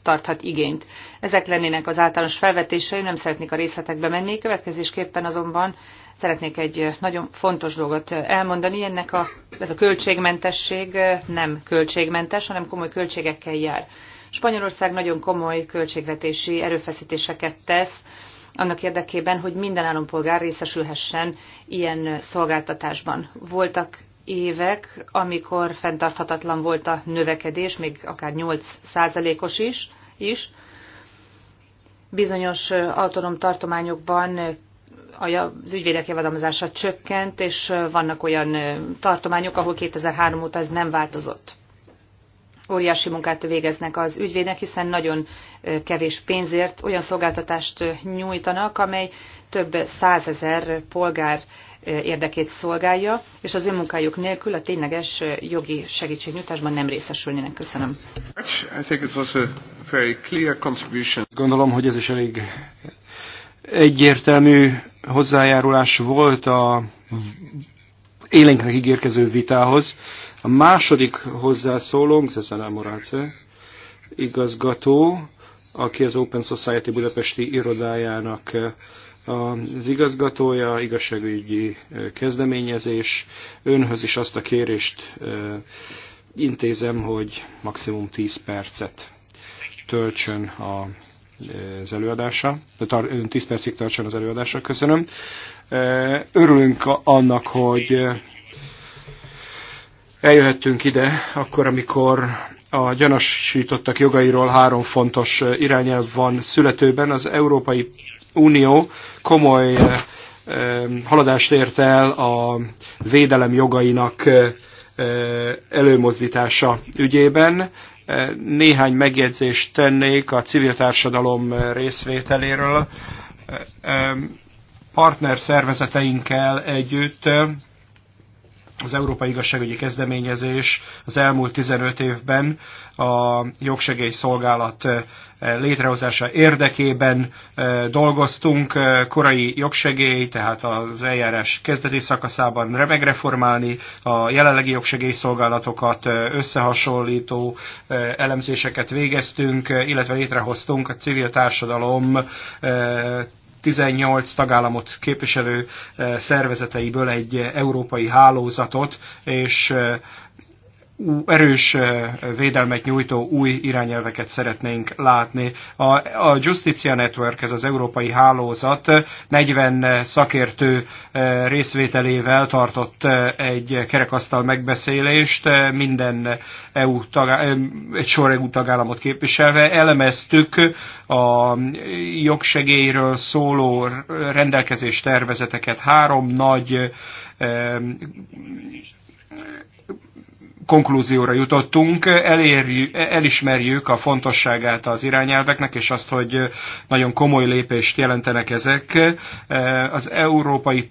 tarthat igényt. Ezek lennének az általános felvetései, nem szeretnék a részletekbe menni, következésképpen azonban szeretnék egy nagyon fontos dolgot elmondani. Ennek a, ez a költségmentesség nem költségmentes, hanem komoly költségekkel jár. Spanyolország nagyon komoly költségvetési erőfeszítéseket tesz, annak érdekében, hogy minden állampolgár részesülhessen ilyen szolgáltatásban. Voltak évek, amikor fenntarthatatlan volt a növekedés, még akár 8 százalékos is, is. Bizonyos autonóm tartományokban az ügyvédek javadalmazása csökkent, és vannak olyan tartományok, ahol 2003 óta ez nem változott. Óriási munkát végeznek az ügyvédek, hiszen nagyon kevés pénzért olyan szolgáltatást nyújtanak, amely több százezer polgár érdekét szolgálja, és az ő munkájuk nélkül a tényleges jogi segítségnyújtásban nem részesülnének. Köszönöm. Gondolom, hogy ez is elég egyértelmű hozzájárulás volt a élénknek ígérkező vitához. A második hozzászólónk, Zezana Moráce, igazgató, aki az Open Society Budapesti irodájának az igazgatója, igazságügyi kezdeményezés. Önhöz is azt a kérést intézem, hogy maximum 10 percet töltsön a az előadása, ön 10 percig tartson az előadása, köszönöm. Örülünk annak, hogy eljöhettünk ide, akkor, amikor a gyanúsítottak jogairól három fontos irányelv van születőben. Az Európai Unió komoly haladást ért el a védelem jogainak előmozdítása ügyében. Néhány megjegyzést tennék a civil társadalom részvételéről. Partner szervezeteinkkel együtt az Európai Igazságügyi Kezdeményezés az elmúlt 15 évben a jogsegélyszolgálat létrehozása érdekében dolgoztunk, korai jogsegély, tehát az eljárás kezdeti szakaszában megreformálni a jelenlegi jogsegélyszolgálatokat, összehasonlító elemzéseket végeztünk, illetve létrehoztunk a civil társadalom 18 tagállamot képviselő eh, szervezeteiből egy eh, európai hálózatot, és eh, erős védelmet nyújtó új irányelveket szeretnénk látni. A, a Justicia Network, ez az európai hálózat 40 szakértő részvételével tartott egy kerekasztal megbeszélést, minden EU tagá- egy sor EU tagállamot képviselve. Elemeztük a jogsegélyről szóló rendelkezés tervezeteket, három nagy konklúzióra jutottunk, elérjük, elismerjük a fontosságát az irányelveknek, és azt, hogy nagyon komoly lépést jelentenek ezek. Az Európai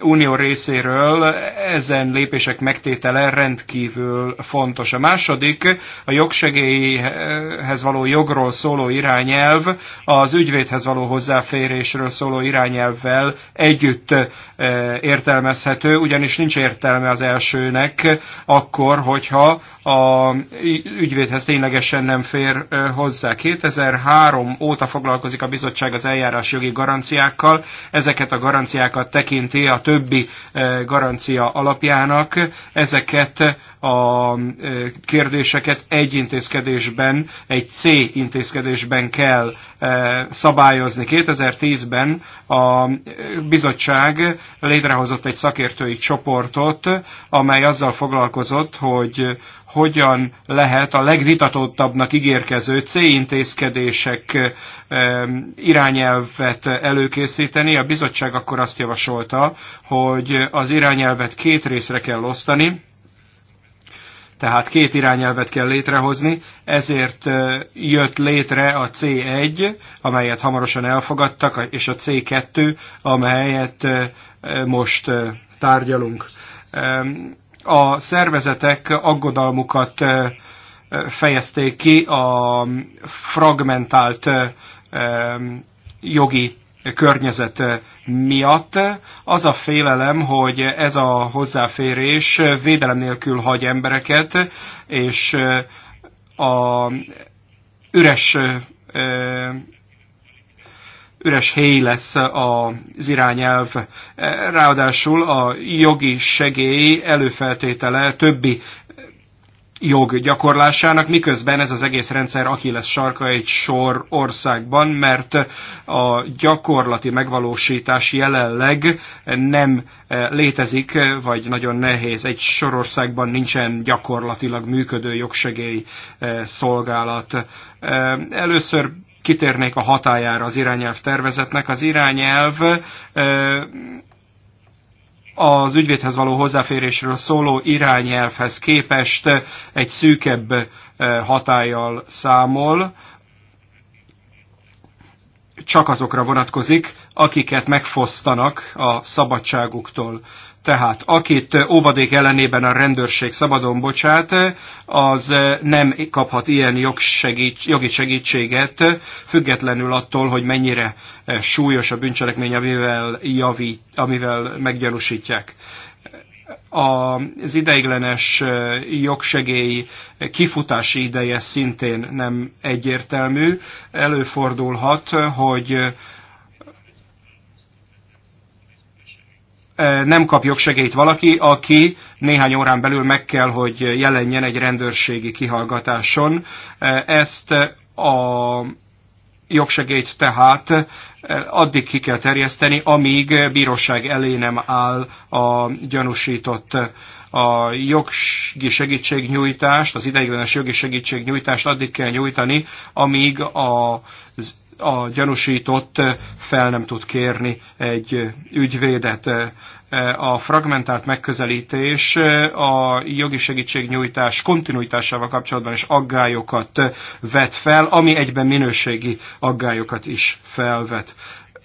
Unió részéről ezen lépések megtétele rendkívül fontos. A második a jogsegélyhez való jogról szóló irányelv az ügyvédhez való hozzáférésről szóló irányelvvel együtt eh, értelmezhető, ugyanis nincs értelme az elsőnek akkor, hogyha a ügyvédhez ténylegesen nem fér eh, hozzá. 2003 óta foglalkozik a bizottság az eljárás jogi garanciákkal, ezeket a garanciákat tekinti a többi eh, garancia alapjának. Ezeket a eh, kérdéseket egy intézkedésben, egy C intézkedésben kell eh, szabályozni. 2010-ben a bizottság létrehozott egy szakértői csoportot, amely azzal foglalkozott, hogy hogyan lehet a legvitatottabbnak ígérkező C-intézkedések eh, irányelvet előkészíteni. A bizottság akkor azt javasolta, hogy az irányelvet két részre kell osztani, tehát két irányelvet kell létrehozni, ezért eh, jött létre a C1, amelyet hamarosan elfogadtak, és a C2, amelyet eh, most tárgyalunk a szervezetek aggodalmukat fejezték ki a fragmentált jogi környezet miatt. Az a félelem, hogy ez a hozzáférés védelem nélkül hagy embereket, és a üres üres hely lesz az irányelv. Ráadásul a jogi segély előfeltétele többi jog gyakorlásának, miközben ez az egész rendszer lesz sarka egy sor országban, mert a gyakorlati megvalósítás jelenleg nem létezik, vagy nagyon nehéz. Egy sor országban nincsen gyakorlatilag működő jogsegély eh, szolgálat. Eh, először kitérnék a hatájára az irányelv tervezetnek. Az irányelv az ügyvédhez való hozzáférésről szóló irányelvhez képest egy szűkebb hatállyal számol, csak azokra vonatkozik, akiket megfosztanak a szabadságuktól. Tehát akit óvadék ellenében a rendőrség szabadon bocsát, az nem kaphat ilyen jogsegít, jogi segítséget, függetlenül attól, hogy mennyire súlyos a bűncselekmény, amivel, javít, amivel meggyanúsítják az ideiglenes jogsegély kifutási ideje szintén nem egyértelmű. Előfordulhat, hogy nem kap jogsegélyt valaki, aki néhány órán belül meg kell, hogy jelenjen egy rendőrségi kihallgatáson. Ezt a jogsegélyt tehát addig ki kell terjeszteni, amíg bíróság elé nem áll a gyanúsított a jogi segítségnyújtást, az ideiglenes jogi segítségnyújtást addig kell nyújtani, amíg az a gyanúsított eh, fel nem tud kérni egy eh, ügyvédet. Eh, a fragmentált megközelítés a jogi segítségnyújtás kontinuitásával kapcsolatban is aggályokat vet fel, ami egyben minőségi aggályokat is felvet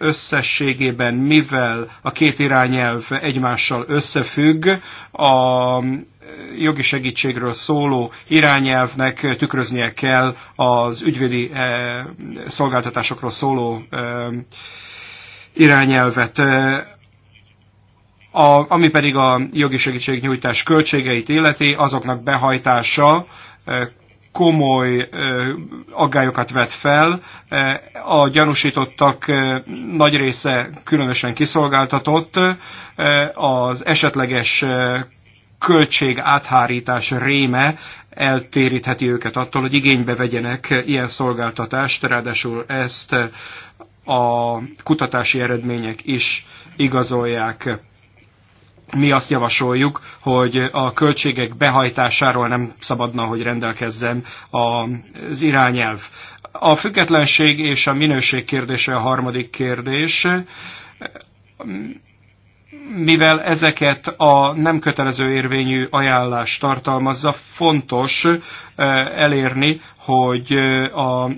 összességében, mivel a két irányelv egymással összefügg, a jogi segítségről szóló irányelvnek tükröznie kell az ügyvédi eh, szolgáltatásokról szóló eh, irányelvet. A, ami pedig a jogi segítségnyújtás költségeit illeti, azoknak behajtása eh, komoly aggályokat vet fel. A gyanúsítottak nagy része különösen kiszolgáltatott. Az esetleges költség áthárítás réme eltérítheti őket attól, hogy igénybe vegyenek ilyen szolgáltatást, ráadásul ezt a kutatási eredmények is igazolják mi azt javasoljuk, hogy a költségek behajtásáról nem szabadna, hogy rendelkezzen az irányelv. A függetlenség és a minőség kérdése a harmadik kérdés. Mivel ezeket a nem kötelező érvényű ajánlást tartalmazza, fontos eh, elérni, hogy eh, a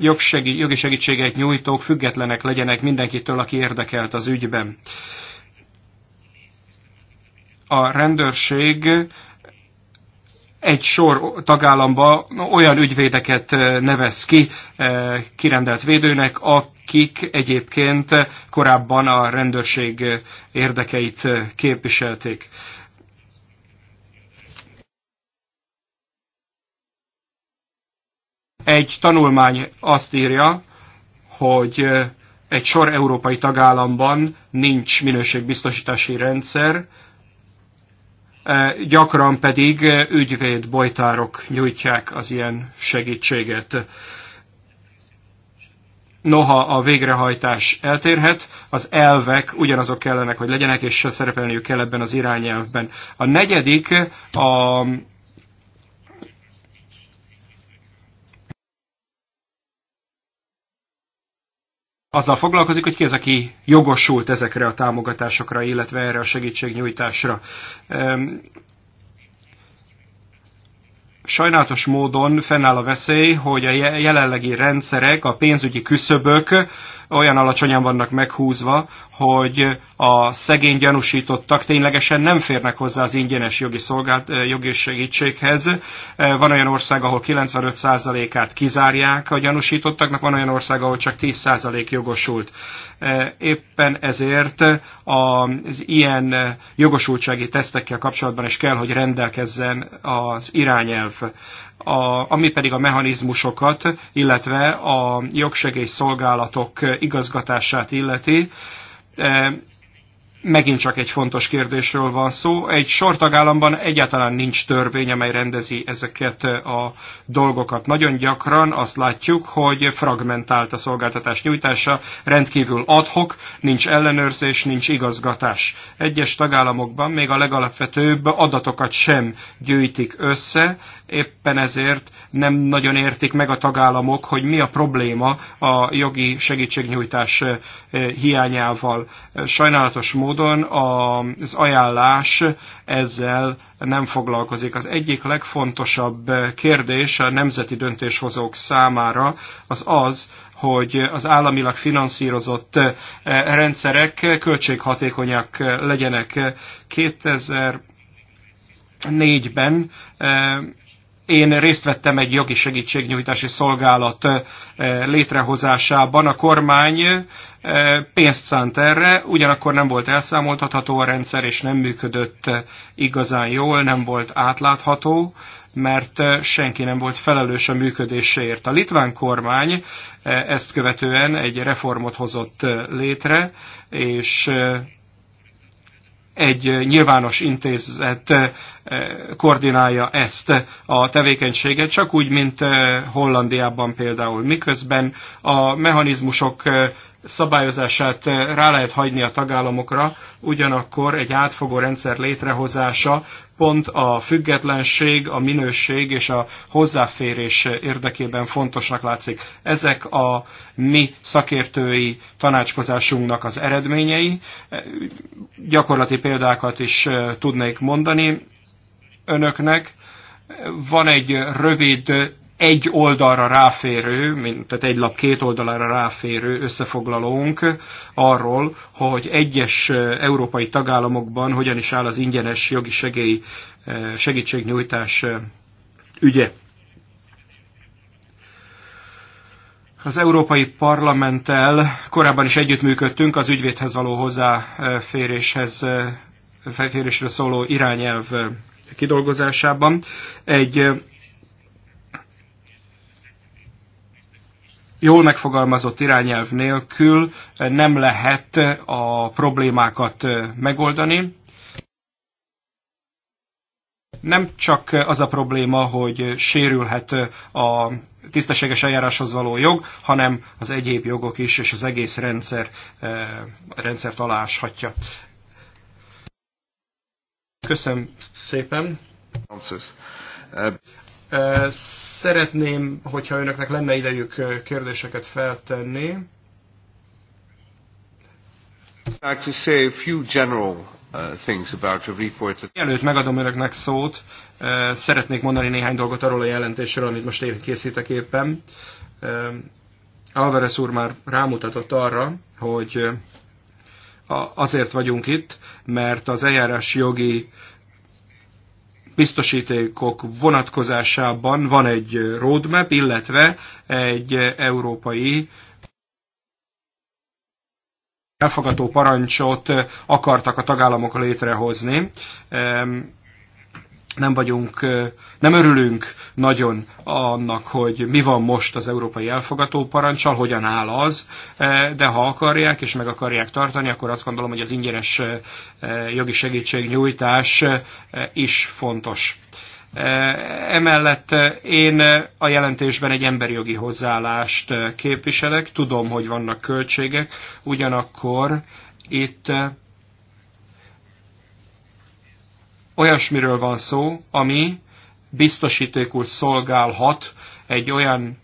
jogi segítséget nyújtók függetlenek legyenek mindenkitől, aki érdekelt az ügyben a rendőrség egy sor tagállamba olyan ügyvédeket nevez ki eh, kirendelt védőnek, akik egyébként korábban a rendőrség érdekeit képviselték. Egy tanulmány azt írja, hogy eh, egy sor európai tagállamban nincs minőségbiztosítási rendszer, E, gyakran pedig e, ügyvéd bojtárok nyújtják az ilyen segítséget. Noha a végrehajtás eltérhet, az elvek ugyanazok kellenek, hogy legyenek, és szerepelniük kell ebben az irányelvben. A negyedik a azzal foglalkozik, hogy ki az, aki jogosult ezekre a támogatásokra, illetve erre a segítségnyújtásra. Ehm, sajnálatos módon fennáll a veszély, hogy a jelenlegi rendszerek, a pénzügyi küszöbök olyan alacsonyan vannak meghúzva, hogy a szegény gyanúsítottak ténylegesen nem férnek hozzá az ingyenes jogi, szolgált, jogi segítséghez. Van olyan ország, ahol 95%-át kizárják a gyanúsítottaknak, van olyan ország, ahol csak 10% jogosult. Éppen ezért az ilyen jogosultsági tesztekkel kapcsolatban is kell, hogy rendelkezzen az irányelv a, ami pedig a mechanizmusokat, illetve a jogsegélyszolgálatok szolgálatok igazgatását illeti. E, megint csak egy fontos kérdésről van szó. Egy sor tagállamban egyáltalán nincs törvény, amely rendezi ezeket a dolgokat. Nagyon gyakran azt látjuk, hogy fragmentált a szolgáltatás nyújtása, rendkívül adhok, nincs ellenőrzés, nincs igazgatás. Egyes tagállamokban még a legalapvetőbb adatokat sem gyűjtik össze, éppen ezért nem nagyon értik meg a tagállamok, hogy mi a probléma a jogi segítségnyújtás eh, hiányával. Sajnálatos módon az ajánlás ezzel nem foglalkozik. Az egyik legfontosabb eh, kérdés a nemzeti döntéshozók számára az az, hogy az államilag finanszírozott eh, rendszerek költséghatékonyak legyenek. 2004-ben én részt vettem egy jogi segítségnyújtási szolgálat létrehozásában. A kormány pénzt szánt erre, ugyanakkor nem volt elszámoltatható a rendszer, és nem működött igazán jól, nem volt átlátható mert senki nem volt felelős a működéséért. A litván kormány ezt követően egy reformot hozott létre, és egy nyilvános intézet koordinálja ezt a tevékenységet, csak úgy, mint Hollandiában például, miközben a mechanizmusok szabályozását rá lehet hagyni a tagállamokra, ugyanakkor egy átfogó rendszer létrehozása pont a függetlenség, a minőség és a hozzáférés érdekében fontosnak látszik. Ezek a mi szakértői tanácskozásunknak az eredményei. Gyakorlati példákat is tudnék mondani önöknek. Van egy rövid egy oldalra ráférő, tehát egy lap két oldalára ráférő összefoglalónk arról, hogy egyes európai tagállamokban hogyan is áll az ingyenes jogi segély segítségnyújtás ügye. Az Európai Parlamenttel korábban is együttműködtünk az ügyvédhez való hozzáféréshez férésre szóló irányelv kidolgozásában. Egy jól megfogalmazott irányelv nélkül nem lehet a problémákat megoldani. Nem csak az a probléma, hogy sérülhet a tisztességes eljáráshoz való jog, hanem az egyéb jogok is, és az egész rendszer, eh, rendszert aláshatja. Köszönöm szépen. Szeretném, hogyha önöknek lenne idejük kérdéseket feltenni. Uh, Mielőtt megadom önöknek szót, szeretnék mondani néhány dolgot arról a jelentésről, amit most én készítek éppen. Alvarez úr már rámutatott arra, hogy azért vagyunk itt, mert az eljárás jogi biztosítékok vonatkozásában van egy roadmap, illetve egy európai elfogató parancsot akartak a tagállamok létrehozni nem vagyunk, nem örülünk nagyon annak, hogy mi van most az európai elfogató parancsal, hogyan áll az, de ha akarják és meg akarják tartani, akkor azt gondolom, hogy az ingyenes jogi segítségnyújtás is fontos. Emellett én a jelentésben egy emberi jogi hozzáállást képviselek, tudom, hogy vannak költségek, ugyanakkor itt olyasmiről van szó, ami biztosítékul szolgálhat egy olyan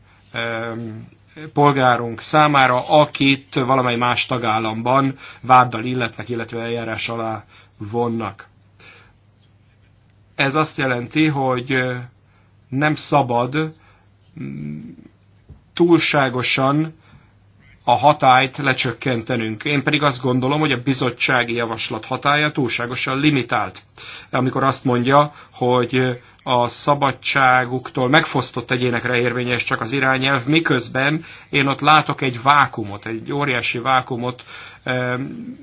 polgárunk számára, akit valamely más tagállamban váddal illetnek, illetve eljárás alá vonnak. Ez azt jelenti, hogy nem szabad túlságosan a hatályt lecsökkentenünk. Én pedig azt gondolom, hogy a bizottsági javaslat hatája túlságosan limitált. Amikor azt mondja, hogy a szabadságuktól megfosztott egyénekre érvényes csak az irányelv, miközben én ott látok egy vákumot, egy óriási vákumot. Ehm,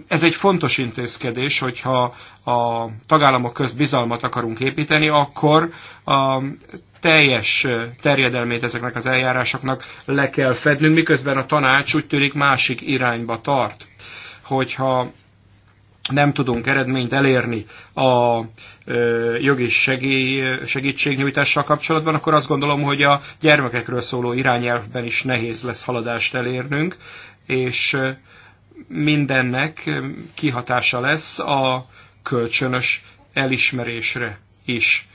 ez egy fontos intézkedés, hogyha a tagállamok közt bizalmat akarunk építeni, akkor a teljes terjedelmét ezeknek az eljárásoknak le kell fednünk, miközben a tanács úgy tűnik másik irányba tart. Hogyha nem tudunk eredményt elérni a ö, jogi segély, segítségnyújtással kapcsolatban, akkor azt gondolom, hogy a gyermekekről szóló irányelvben is nehéz lesz haladást elérnünk, és mindennek kihatása lesz a kölcsönös elismerésre is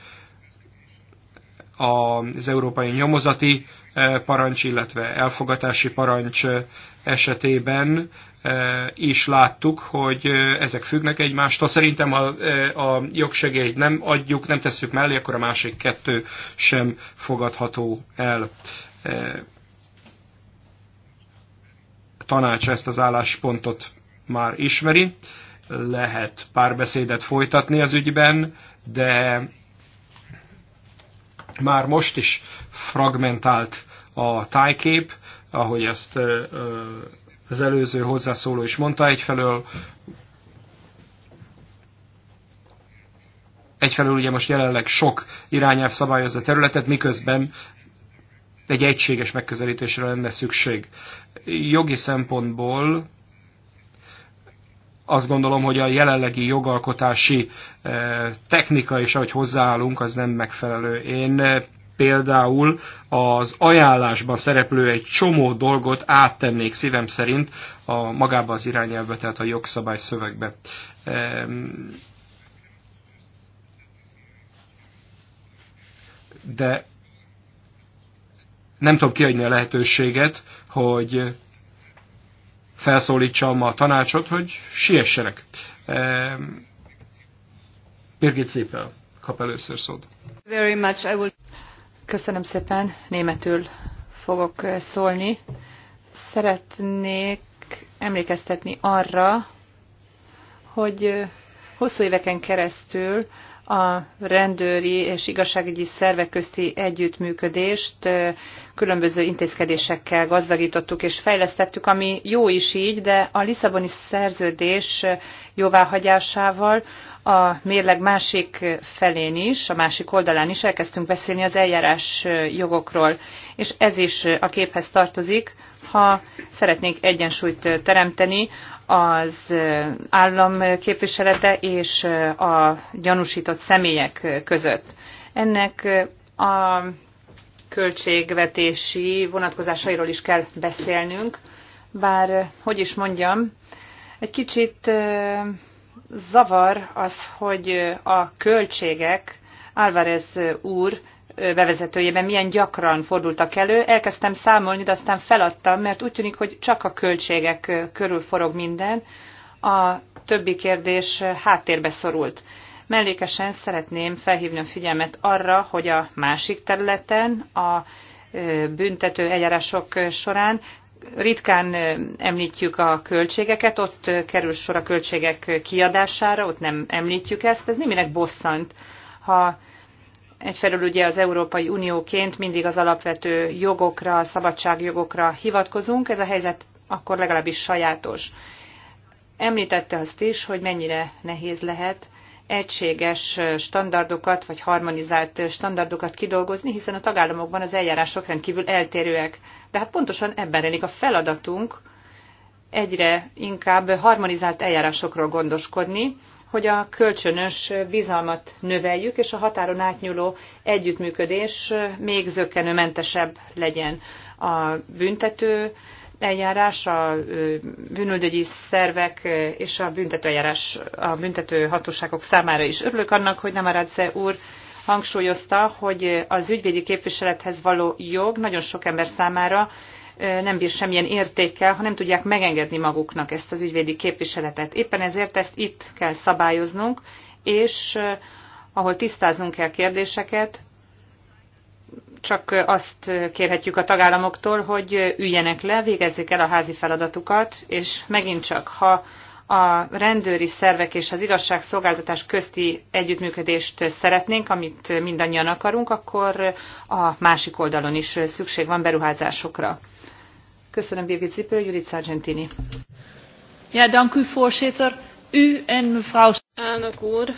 az európai nyomozati eh, parancs, illetve elfogatási parancs eh, esetében eh, is láttuk, hogy ezek függnek egymástól. Szerintem a, a jogsegélyt nem adjuk, nem tesszük mellé, akkor a másik kettő sem fogadható el. A tanács ezt az álláspontot már ismeri, lehet párbeszédet folytatni az ügyben, de már most is fragmentált a tájkép, ahogy ezt az előző hozzászóló is mondta, egyfelől egyfelől ugye most jelenleg sok irányelv szabályozza a területet, miközben egy egységes megközelítésre lenne szükség. Jogi szempontból azt gondolom, hogy a jelenlegi jogalkotási eh, technika és ahogy hozzáállunk, az nem megfelelő. Én eh, például az ajánlásban szereplő egy csomó dolgot áttennék szívem szerint a magába az irányelvbe, tehát a jogszabály szövegbe. De nem tudom kiadni a lehetőséget, hogy felszólítsam a tanácsot, hogy siessenek. Ehm, Birgit Zépel kap először szót. Very much. I will... Köszönöm szépen, németül fogok eh, szólni. Szeretnék emlékeztetni arra, hogy eh, hosszú éveken keresztül a rendőri és igazságügyi szervek közti együttműködést különböző intézkedésekkel gazdagítottuk és fejlesztettük, ami jó is így, de a Lisszaboni szerződés jóváhagyásával a mérleg másik felén is, a másik oldalán is elkezdtünk beszélni az eljárás jogokról, és ez is a képhez tartozik, ha szeretnénk egyensúlyt teremteni az állam képviselete és a gyanúsított személyek között. Ennek a költségvetési vonatkozásairól is kell beszélnünk, bár, hogy is mondjam, egy kicsit zavar az, hogy a költségek Álvarez úr bevezetőjében milyen gyakran fordultak elő. Elkezdtem számolni, de aztán feladtam, mert úgy tűnik, hogy csak a költségek körül forog minden. A többi kérdés háttérbe szorult. Mellékesen szeretném felhívni a figyelmet arra, hogy a másik területen, a büntető eljárások során ritkán említjük a költségeket, ott kerül sor a költségek kiadására, ott nem említjük ezt, ez némileg bosszant, ha egyfelől ugye az Európai Unióként mindig az alapvető jogokra, a szabadságjogokra hivatkozunk, ez a helyzet akkor legalábbis sajátos. Említette azt is, hogy mennyire nehéz lehet egységes standardokat, vagy harmonizált standardokat kidolgozni, hiszen a tagállamokban az eljárások rendkívül eltérőek. De hát pontosan ebben rendik a feladatunk, egyre inkább harmonizált eljárásokról gondoskodni, hogy a kölcsönös bizalmat növeljük, és a határon átnyúló együttműködés még zökkenőmentesebb legyen. A büntető eljárás, a bűnöldögyi szervek és a büntetőeljárás, a büntető hatóságok számára is. Örülök annak, hogy nem Namaradze úr hangsúlyozta, hogy az ügyvédi képviselethez való jog nagyon sok ember számára nem bír semmilyen értékkel, ha nem tudják megengedni maguknak ezt az ügyvédi képviseletet. Éppen ezért ezt itt kell szabályoznunk, és ahol tisztáznunk kell kérdéseket, csak azt kérhetjük a tagállamoktól, hogy üljenek le, végezzék el a házi feladatukat, és megint csak, ha a rendőri szervek és az igazságszolgáltatás közti együttműködést szeretnénk, amit mindannyian akarunk, akkor a másik oldalon is szükség van beruházásokra. Köszönöm Birgit Zipő, Judith Sargentini. Ja, dank u voorzitter. U en mevrouw... Elnök úr,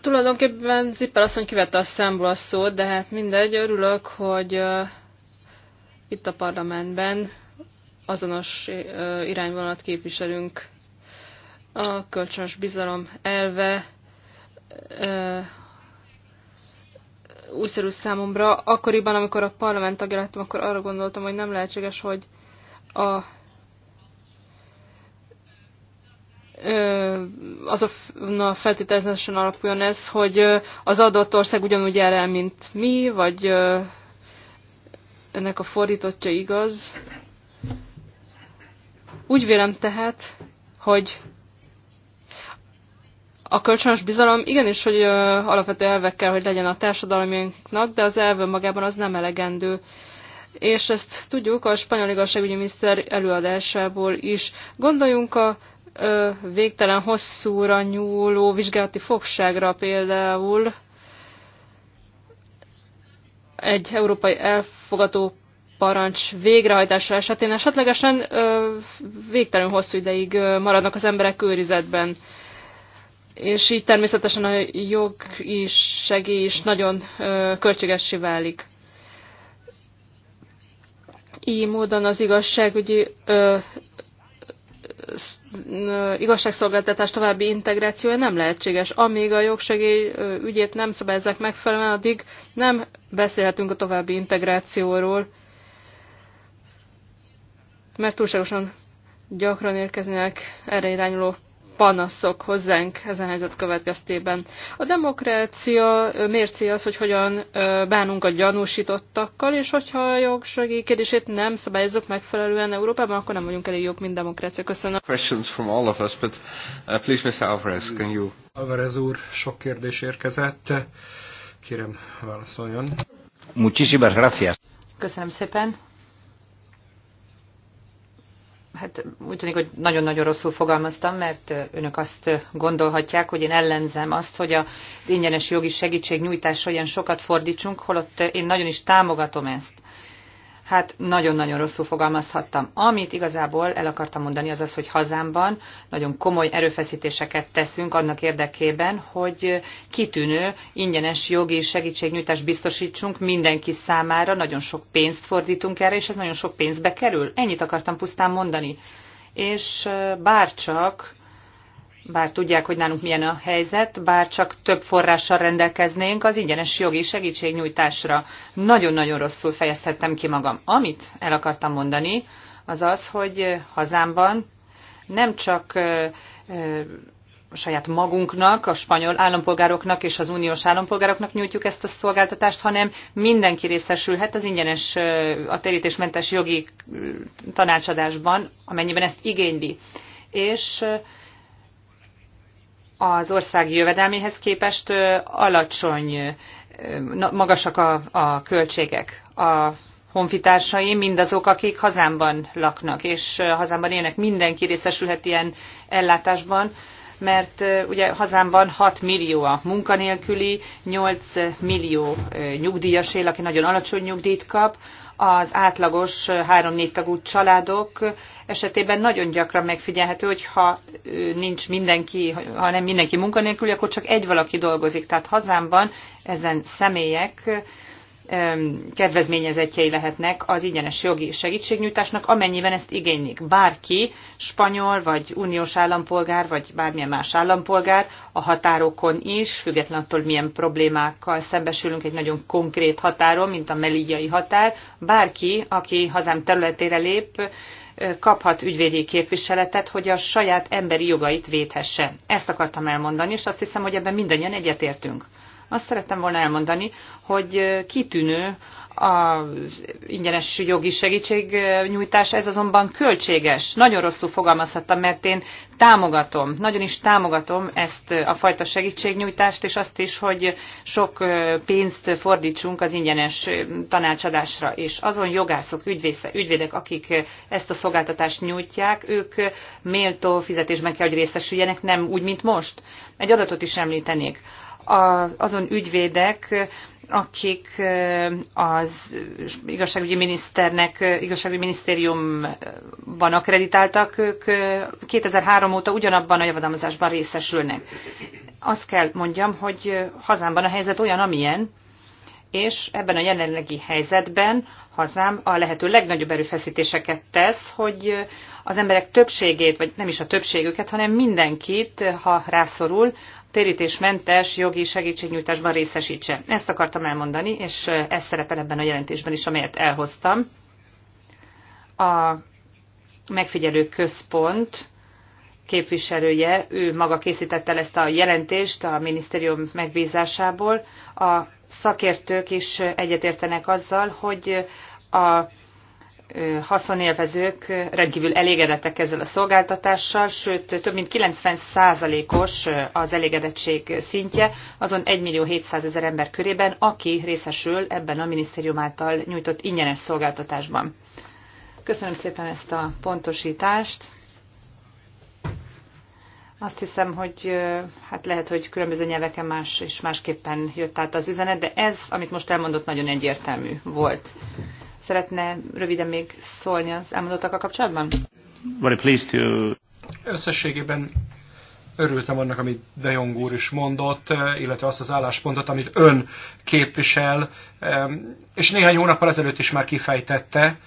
Tulajdonképpen Zipper asszony kivette a számból a szót, de hát mindegy, örülök, hogy uh, itt a parlamentben azonos uh, irányvonalat képviselünk. A kölcsönös bizalom elve uh, újszerű számomra. Akkoriban, amikor a parlament tagja lettem, akkor arra gondoltam, hogy nem lehetséges, hogy a az a feltételezésen alapuljon ez, hogy az adott ország ugyanúgy jár el, mint mi, vagy ennek a fordítottja igaz. Úgy vélem tehát, hogy a kölcsönös bizalom igenis, hogy alapvető elvekkel, hogy legyen a társadalomjánknak, de az elve magában az nem elegendő és ezt tudjuk a spanyol igazságügyi miniszter előadásából is. Gondoljunk a végtelen hosszúra nyúló vizsgálati fogságra például egy európai elfogató parancs végrehajtása esetén esetlegesen ö, végtelen hosszú ideig maradnak az emberek őrizetben. És így természetesen a jog is, segély is nagyon ö, költségessé válik. Így módon az igazságügyi ö, igazságszolgáltatás további integrációja nem lehetséges. Amíg a jogsegély ügyét nem szabályozzák megfelelően, addig nem beszélhetünk a további integrációról, mert túlságosan gyakran érkeznek erre irányuló panaszok hozzánk ezen helyzet következtében. A demokrácia mércé az, hogy hogyan bánunk a gyanúsítottakkal, és hogyha a jogsági kérdését nem szabályozzuk megfelelően Európában, akkor nem vagyunk elég jók, mint demokrácia. Köszönöm. Questions from all of us, but uh, please, Mr. Alvarez, can you... Alvarez úr, sok kérdés érkezett. Kérem, válaszoljon. Muchísimas gracias. Köszönöm szépen hát úgy tűnik, hogy nagyon-nagyon rosszul fogalmaztam, mert önök azt gondolhatják, hogy én ellenzem azt, hogy az ingyenes jogi segítség nyújtása olyan sokat fordítsunk, holott én nagyon is támogatom ezt hát nagyon-nagyon rosszul fogalmazhattam. Amit igazából el akartam mondani, az az, hogy hazámban nagyon komoly erőfeszítéseket teszünk annak érdekében, hogy kitűnő ingyenes jogi segítségnyújtást biztosítsunk mindenki számára, nagyon sok pénzt fordítunk erre, és ez nagyon sok pénzbe kerül. Ennyit akartam pusztán mondani. És bárcsak bár tudják, hogy nálunk milyen a helyzet, bár csak több forrással rendelkeznénk az ingyenes jogi segítségnyújtásra. Nagyon-nagyon rosszul fejezhettem ki magam. Amit el akartam mondani, az az, hogy hazámban nem csak saját magunknak, a spanyol állampolgároknak és az uniós állampolgároknak nyújtjuk ezt a szolgáltatást, hanem mindenki részesülhet az ingyenes, a térítésmentes jogi tanácsadásban, amennyiben ezt igényli. És az ország jövedelméhez képest alacsony, magasak a, a költségek. A honfitársaim mindazok, akik hazámban laknak, és hazámban élnek, mindenki részesülhet ilyen ellátásban, mert ugye hazámban 6 millió a munkanélküli, 8 millió nyugdíjas él, aki nagyon alacsony nyugdíjt kap, az átlagos három-négy tagú családok esetében nagyon gyakran megfigyelhető, hogy ha nincs mindenki, ha nem mindenki munkanélkül, akkor csak egy valaki dolgozik. Tehát hazámban ezen személyek kedvezményezetjei lehetnek az ingyenes jogi segítségnyújtásnak, amennyiben ezt igénylik. Bárki, spanyol vagy uniós állampolgár, vagy bármilyen más állampolgár a határokon is, független attól milyen problémákkal szembesülünk egy nagyon konkrét határon, mint a melígyai határ, bárki, aki hazám területére lép, kaphat ügyvédi képviseletet, hogy a saját emberi jogait védhesse. Ezt akartam elmondani, és azt hiszem, hogy ebben mindannyian egyetértünk. Azt szerettem volna elmondani, hogy kitűnő a ingyenes jogi segítségnyújtás, ez azonban költséges. Nagyon rosszul fogalmazhattam, mert én támogatom, nagyon is támogatom ezt a fajta segítségnyújtást, és azt is, hogy sok pénzt fordítsunk az ingyenes tanácsadásra, és azon jogászok, ügyvésze, ügyvédek, akik ezt a szolgáltatást nyújtják, ők méltó fizetésben kell, hogy részesüljenek, nem úgy, mint most. Egy adatot is említenék azon ügyvédek, akik az igazságügyi miniszternek, igazságügyi minisztériumban akreditáltak, ők 2003 óta ugyanabban a javadalmazásban részesülnek. Azt kell mondjam, hogy hazámban a helyzet olyan, amilyen, és ebben a jelenlegi helyzetben hazám a lehető legnagyobb erőfeszítéseket tesz, hogy az emberek többségét, vagy nem is a többségüket, hanem mindenkit, ha rászorul, térítésmentes jogi segítségnyújtásban részesítse. Ezt akartam elmondani, és ez szerepel ebben a jelentésben is, amelyet elhoztam. A megfigyelő központ képviselője, ő maga készítette el ezt a jelentést a minisztérium megbízásából. A szakértők is egyetértenek azzal, hogy a haszonélvezők rendkívül elégedettek ezzel a szolgáltatással, sőt több mint 90%-os az elégedettség szintje azon 1 millió 700 ezer ember körében, aki részesül ebben a minisztérium által nyújtott ingyenes szolgáltatásban. Köszönöm szépen ezt a pontosítást. Azt hiszem, hogy hát lehet, hogy különböző nyelveken más és másképpen jött át az üzenet, de ez, amit most elmondott, nagyon egyértelmű volt szeretne röviden még szólni az elmondottakkal kapcsolatban? Very pleased to... Összességében örültem annak, amit De Jong úr is mondott, illetve azt az álláspontot, amit ön képvisel, és néhány hónappal ezelőtt is már kifejtette,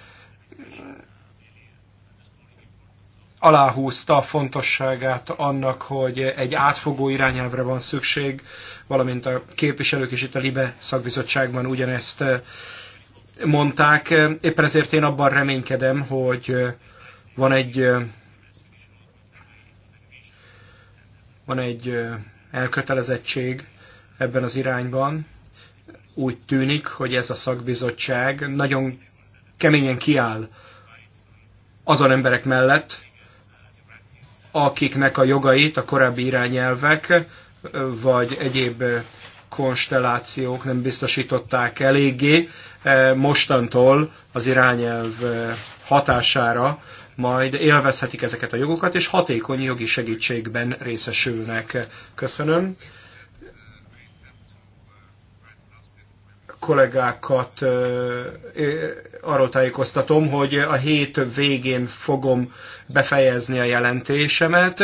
aláhúzta a fontosságát annak, hogy egy átfogó irányelvre van szükség, valamint a képviselők is itt a LIBE szakbizottságban ugyanezt mondták. Eh, éppen ezért én abban reménykedem, hogy eh, van egy eh, van egy elkötelezettség ebben az irányban. Úgy tűnik, hogy ez a szakbizottság nagyon keményen kiáll azon emberek mellett, akiknek a jogait a korábbi irányelvek vagy egyéb konstellációk nem biztosították eléggé. Eh, mostantól az irányelv eh, hatására majd élvezhetik ezeket a jogokat, és hatékony jogi segítségben részesülnek. Köszönöm. kollégákat eh, arról tájékoztatom, hogy a hét végén fogom befejezni a jelentésemet,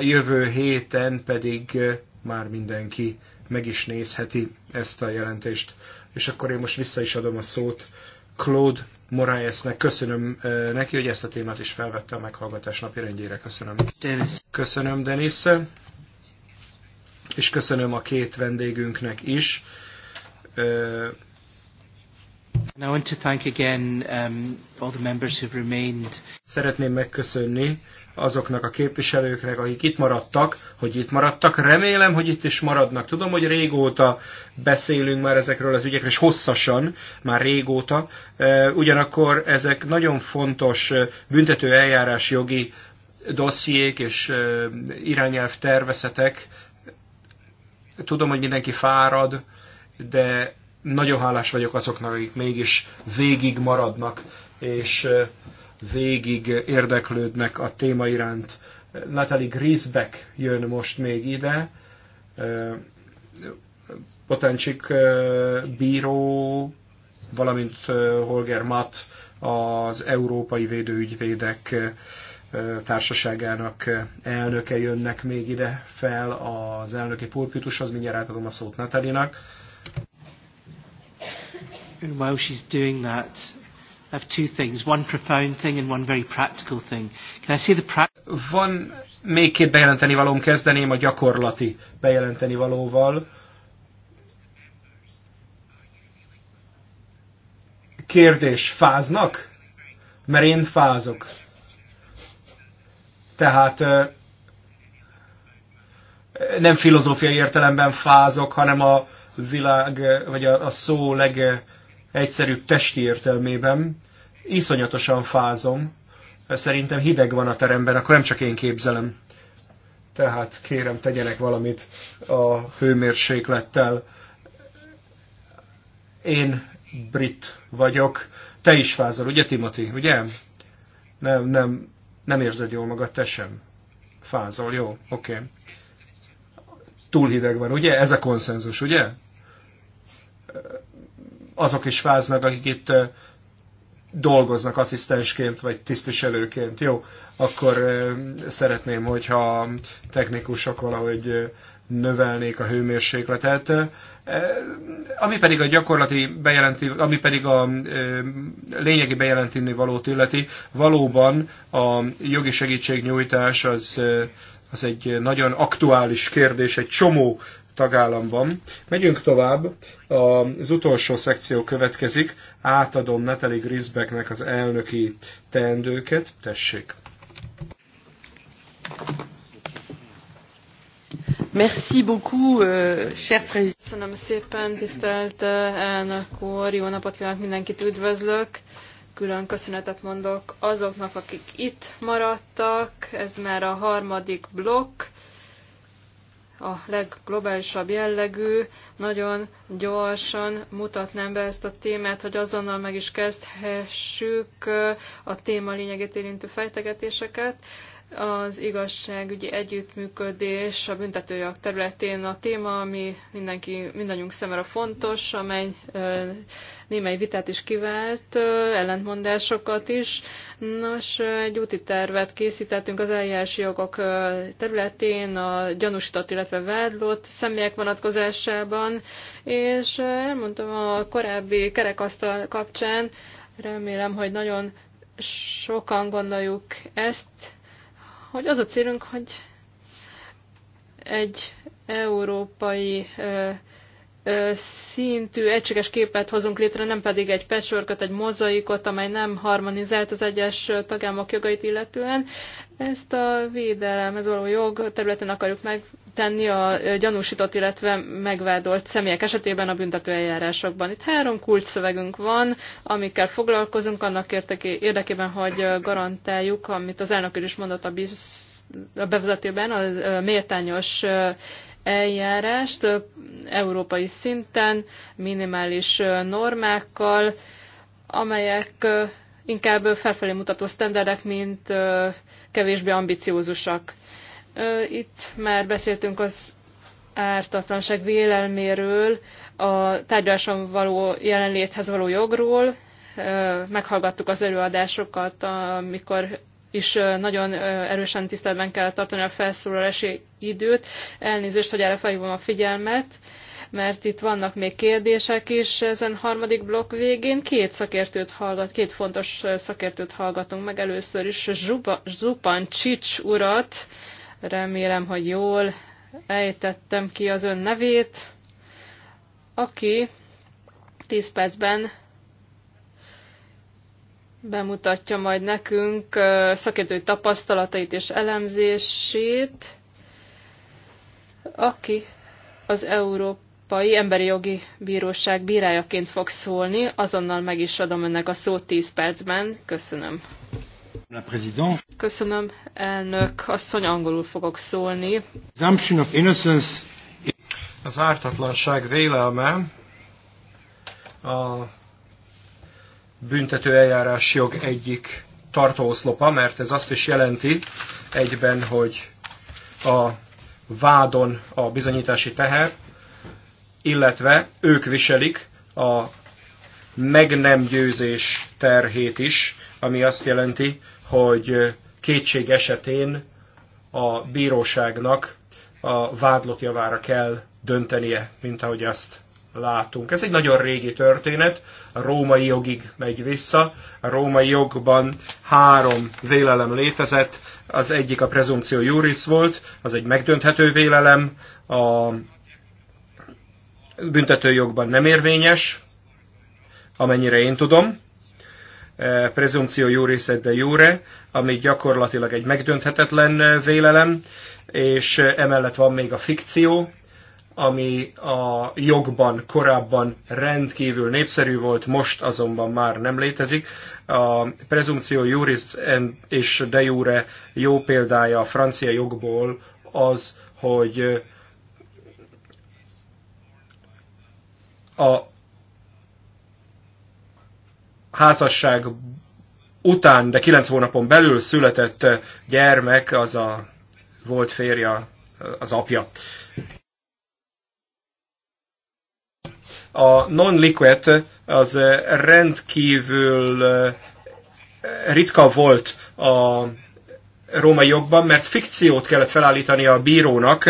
jövő héten pedig már mindenki meg is nézheti ezt a jelentést. És akkor én most vissza is adom a szót Claude Moraesnek. Köszönöm neki, hogy ezt a témát is felvette a meghallgatás napirendjére. Köszönöm. Dennis. Köszönöm, Denis. És köszönöm a két vendégünknek is. Szeretném megköszönni azoknak a képviselőknek, akik itt maradtak, hogy itt maradtak. Remélem, hogy itt is maradnak. Tudom, hogy régóta beszélünk már ezekről az ügyekről, és hosszasan, már régóta. E, ugyanakkor ezek nagyon fontos e, büntető eljárás jogi dossziék és e, irányelv tervezetek. Tudom, hogy mindenki fárad, de nagyon hálás vagyok azoknak, akik mégis végig maradnak, és végig érdeklődnek a téma iránt. Natalie Griesbeck jön most még ide, Potencsik bíró, valamint Holger Matt, az Európai Védőügyvédek társaságának elnöke jönnek még ide fel az elnöki pulpitushoz. Mindjárt átadom a szót Natalinak. And while she's doing that, have two things, one profound thing and one very practical thing. Can I say the pra- Van még két bejelenteni valóm, kezdeném a gyakorlati bejelenteni valóval. Kérdés, fáznak? Mert én fázok. Tehát nem filozófiai értelemben fázok, hanem a világ, vagy a, a szó legegyszerűbb testi értelmében. Iszonyatosan fázom. Szerintem hideg van a teremben, akkor nem csak én képzelem. Tehát kérem, tegyenek valamit a hőmérséklettel. Én brit vagyok. Te is fázol, ugye Timothy, ugye? Nem, nem, nem érzed jól magad, te sem. Fázol, jó, oké. Okay. Túl hideg van, ugye? Ez a konszenzus, ugye? Azok is fáznak, akik itt dolgoznak asszisztensként vagy tisztviselőként. Jó, akkor szeretném, hogyha technikusok valahogy növelnék a hőmérsékletet. Ami pedig a gyakorlati bejelenti, ami pedig a lényegi bejelenteni valót illeti, valóban a jogi segítségnyújtás az az egy nagyon aktuális kérdés, egy csomó tagállamban. Megyünk tovább, az utolsó szekció következik, átadom Natalie Grisbecknek az elnöki teendőket, tessék. Merci beaucoup, uh, cher président. Köszönöm szépen, tisztelt euh, elnök úr, jó napot kívánok, mindenkit üdvözlök. Külön köszönetet mondok azoknak, akik itt maradtak, ez már a harmadik blokk a legglobálisabb jellegű, nagyon gyorsan mutatnám be ezt a témát, hogy azonnal meg is kezdhessük a téma lényegét érintő fejtegetéseket. Az igazságügyi együttműködés a büntetőjog területén a téma, ami mindenki, mindannyiunk szemre fontos, amely némely vitát is kivált, ellentmondásokat is. Nos, egy úti tervet készítettünk az eljárási jogok területén, a gyanúsított, illetve vádlott személyek vonatkozásában, és elmondtam a korábbi kerekasztal kapcsán, remélem, hogy nagyon sokan gondoljuk ezt, hogy az a célunk, hogy egy európai szintű egységes képet hozunk létre, nem pedig egy patchworkot, egy mozaikot, amely nem harmonizált az egyes tagállamok jogait illetően. Ezt a ez való jog területen akarjuk megtenni a gyanúsított, illetve megvádolt személyek esetében a büntető eljárásokban. Itt három kulcsszövegünk van, amikkel foglalkozunk, annak érdekében, hogy garantáljuk, amit az elnök is mondott a biz a bevezetőben a méltányos eljárást európai szinten, minimális normákkal, amelyek inkább felfelé mutató sztenderdek, mint kevésbé ambiciózusak. Itt már beszéltünk az ártatlanság vélelméről, a tárgyaláson való jelenléthez való jogról, meghallgattuk az előadásokat, amikor is nagyon erősen tiszteletben kell tartani a felszólalási időt. Elnézést, hogy erre felhívom a figyelmet mert itt vannak még kérdések is ezen harmadik blokk végén. Két szakértőt hallgat, két fontos szakértőt hallgatunk meg először is. Zsuba, Zupan Csics urat, remélem, hogy jól ejtettem ki az ön nevét, aki 10 percben bemutatja majd nekünk szakértői tapasztalatait és elemzését, aki az Európai Emberi Jogi Bíróság bírájaként fog szólni. Azonnal meg is adom önnek a szót 10 percben. Köszönöm. Köszönöm, elnök asszony, angolul fogok szólni. Az ártatlanság vélelme a büntető eljárás jog egyik tartóoszlopa, mert ez azt is jelenti egyben, hogy a vádon a bizonyítási teher, illetve ők viselik a meg nem győzés terhét is, ami azt jelenti, hogy kétség esetén a bíróságnak a vádlott javára kell döntenie, mint ahogy azt látunk. Ez egy nagyon régi történet, a római jogig megy vissza. A római jogban három vélelem létezett, az egyik a presumptio juris volt, az egy megdönthető vélelem, a büntetőjogban nem érvényes, amennyire én tudom, e, presumptio juris et de jure, ami gyakorlatilag egy megdönthetetlen e, vélelem, és e, emellett van még a fikció, ami a jogban korábban rendkívül népszerű volt, most azonban már nem létezik. A prezumció juris és de jure jó példája a francia jogból az, hogy a házasság után, de kilenc hónapon belül született gyermek, az a volt férja, az apja. A non-liquid az rendkívül ritka volt a római jogban, mert fikciót kellett felállítani a bírónak,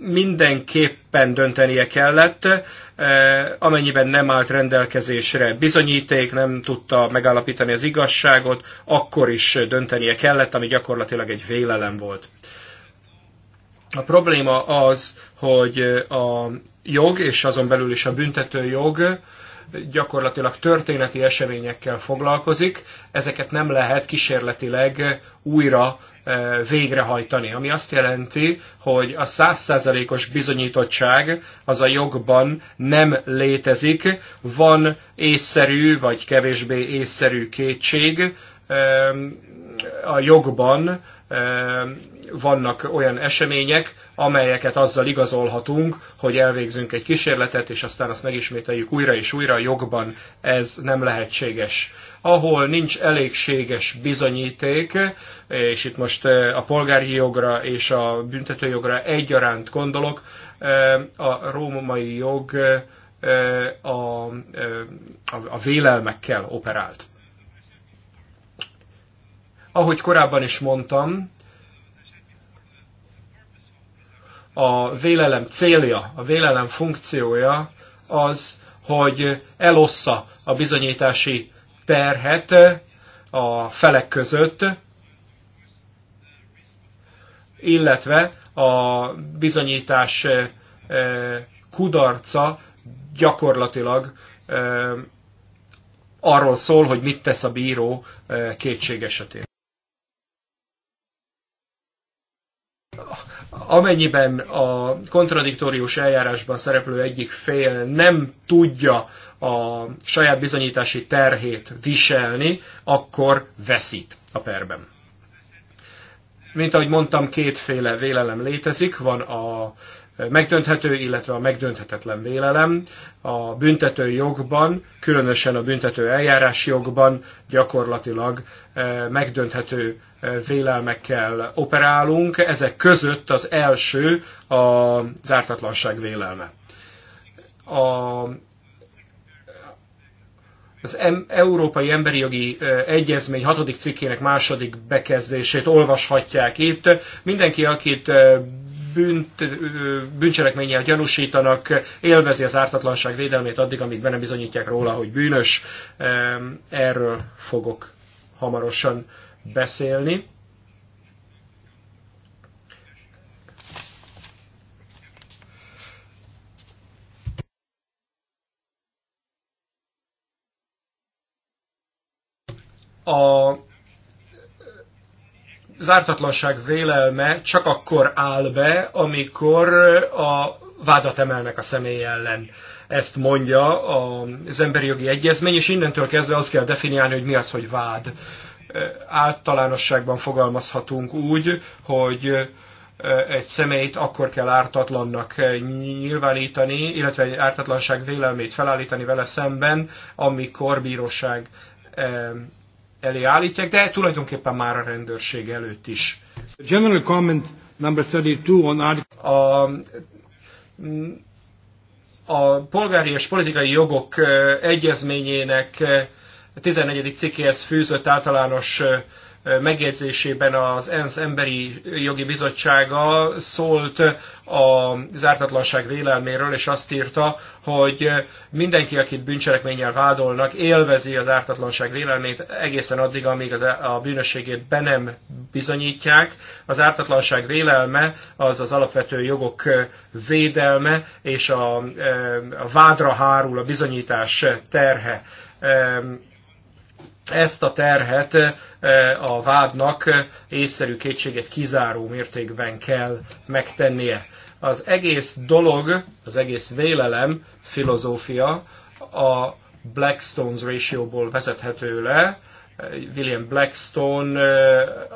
mindenképpen döntenie kellett, amennyiben nem állt rendelkezésre bizonyíték, nem tudta megállapítani az igazságot, akkor is döntenie kellett, ami gyakorlatilag egy vélelem volt. A probléma az, hogy a jog, és azon belül is a büntető jog gyakorlatilag történeti eseményekkel foglalkozik, ezeket nem lehet kísérletileg újra eh, végrehajtani. Ami azt jelenti, hogy a százszázalékos bizonyítottság az a jogban nem létezik, van észszerű vagy kevésbé észszerű kétség, a jogban vannak olyan események, amelyeket azzal igazolhatunk, hogy elvégzünk egy kísérletet, és aztán azt megismételjük újra és újra, a jogban ez nem lehetséges. Ahol nincs elégséges bizonyíték, és itt most eh, a polgári jogra és a büntetőjogra egyaránt gondolok, a római jog eh, a, eh, a, a vélelmekkel operált. Ahogy korábban is mondtam, a vélelem célja, a vélelem funkciója az, hogy elossza a bizonyítási terhet a felek között, illetve a bizonyítás e, e, kudarca gyakorlatilag e, arról szól, hogy mit tesz a bíró kétség esetén. Amennyiben a kontradiktórius eljárásban szereplő egyik fél nem tudja a saját bizonyítási terhét viselni, akkor veszít a perben. Mint ahogy mondtam, kétféle vélelem létezik, van a megdönthető, illetve a megdönthetetlen vélelem a büntető jogban, különösen a büntető eljárás jogban gyakorlatilag eh, megdönthető eh, vélelmekkel operálunk. Ezek között az első a zártatlanság vélelme. A az Európai Emberi Jogi eh, Egyezmény hatodik cikkének második bekezdését olvashatják itt. Mindenki, akit bűnt, bűncselekménnyel gyanúsítanak, élvezi az ártatlanság védelmét addig, amíg be nem bizonyítják róla, hogy bűnös. Erről fogok hamarosan beszélni. A az ártatlanság vélelme csak akkor áll be, amikor a vádat emelnek a személy ellen. Ezt mondja az emberi jogi egyezmény, és innentől kezdve azt kell definiálni, hogy mi az, hogy vád. Általánosságban fogalmazhatunk úgy, hogy egy személyt akkor kell ártatlannak nyilvánítani, illetve egy ártatlanság vélelmét felállítani vele szemben, amikor bíróság elé állítják, de tulajdonképpen már a rendőrség előtt is. General comment number 32 on a, a polgári és politikai jogok egyezményének 14. cikkéhez fűzött általános megjegyzésében az ENSZ Emberi Jogi Bizottsága szólt a zártatlanság vélelméről, és azt írta, hogy mindenki, akit bűncselekménnyel vádolnak, élvezi az ártatlanság vélelmét egészen addig, amíg az, e- a bűnösségét be nem bizonyítják. Az ártatlanság vélelme az az alapvető jogok védelme, és a, e, a vádra hárul a bizonyítás terhe e, ezt a terhet a vádnak észszerű kétséget kizáró mértékben kell megtennie. Az egész dolog, az egész vélelem, filozófia a Blackstone's ratio-ból vezethető le, William Blackstone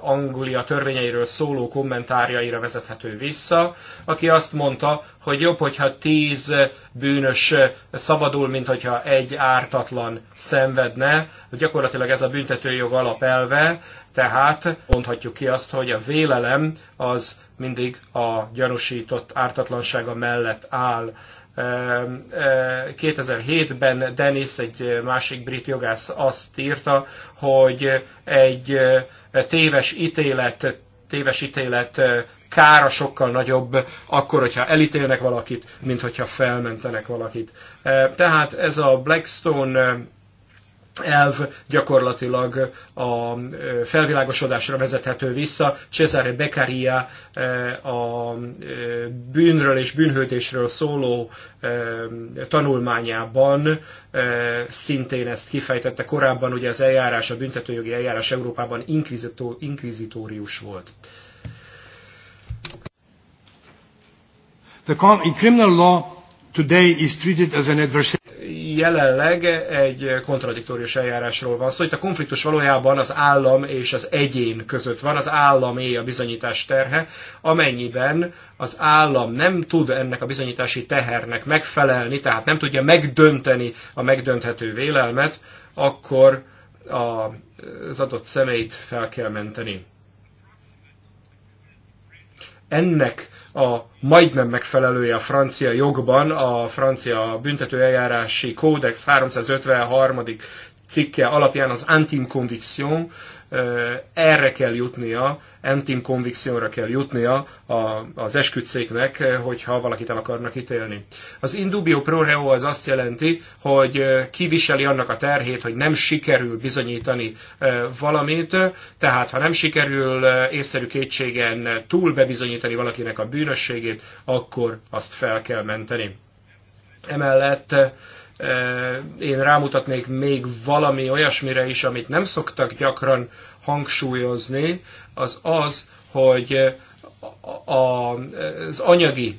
Anglia törvényeiről szóló kommentárjaira vezethető vissza, aki azt mondta, hogy jobb, hogyha tíz bűnös szabadul, mint hogyha egy ártatlan szenvedne. Gyakorlatilag ez a büntetőjog alapelve, tehát mondhatjuk ki azt, hogy a vélelem az mindig a gyanúsított ártatlansága mellett áll. 2007-ben Dennis, egy másik brit jogász azt írta, hogy egy téves ítélet, téves ítélet kára sokkal nagyobb, akkor, hogyha elítélnek valakit, mint hogyha felmentenek valakit. Tehát ez a Blackstone elv gyakorlatilag a felvilágosodásra vezethető vissza. Cesare Beccaria a bűnről és bűnhődésről szóló tanulmányában szintén ezt kifejtette korábban, ugye az eljárás, a büntetőjogi eljárás Európában inkvizitórius volt. The criminal law today is treated as an adversary jelenleg egy kontradiktórius eljárásról van szó. Szóval itt a konfliktus valójában az állam és az egyén között van, az államé a bizonyítás terhe, amennyiben az állam nem tud ennek a bizonyítási tehernek megfelelni, tehát nem tudja megdönteni a megdönthető vélelmet, akkor az adott személyt fel kell menteni. Ennek a majdnem megfelelője a francia jogban, a francia büntetőeljárási kódex 353. cikke alapján az antim conviction, erre kell jutnia, entim konvikcióra kell jutnia az esküdszéknek, hogyha valakit el akarnak ítélni. Az indubio pro reo az azt jelenti, hogy kiviseli annak a terhét, hogy nem sikerül bizonyítani valamit, tehát ha nem sikerül észszerű kétségen túl bebizonyítani valakinek a bűnösségét, akkor azt fel kell menteni. Emellett én rámutatnék még valami olyasmire is, amit nem szoktak gyakran hangsúlyozni, az az, hogy az anyagi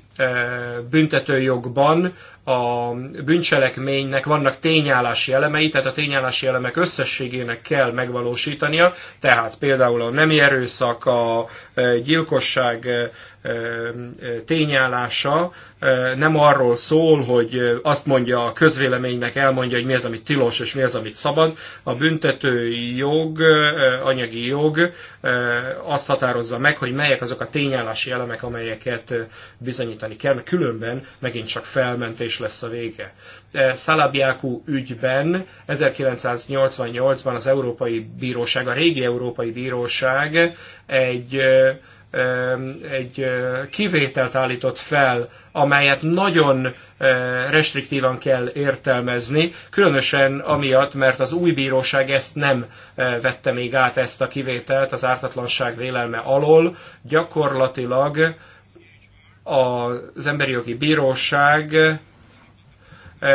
büntetőjogban a bűncselekménynek vannak tényállási elemei, tehát a tényállási elemek összességének kell megvalósítania, tehát például a nemi erőszak, a gyilkosság tényállása nem arról szól, hogy azt mondja a közvéleménynek, elmondja, hogy mi az, amit tilos és mi az, amit szabad. A büntető jog, anyagi jog azt határozza meg, hogy melyek azok a tényállási elemek, amelyeket bizonyít biztosítani kell, különben megint csak felmentés lesz a vége. E, Szalabiákú ügyben 1988-ban az Európai Bíróság, a régi Európai Bíróság egy e, e, egy kivételt állított fel, amelyet nagyon restriktívan kell értelmezni, különösen amiatt, mert az új bíróság ezt nem vette még át, ezt a kivételt az ártatlanság vélelme alól, gyakorlatilag az Emberi Jogi Bíróság e,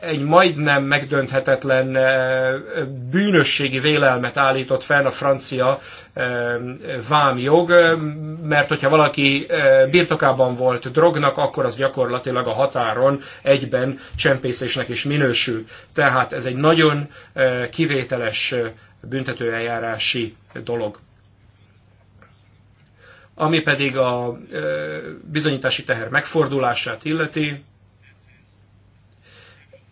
egy majdnem megdönthetetlen e, bűnösségi vélelmet állított fel a francia e, vámjog, mert hogyha valaki birtokában volt drognak, akkor az gyakorlatilag a határon egyben csempészésnek is minősül. Tehát ez egy nagyon kivételes büntetőeljárási dolog. Ami pedig a bizonyítási teher megfordulását illeti,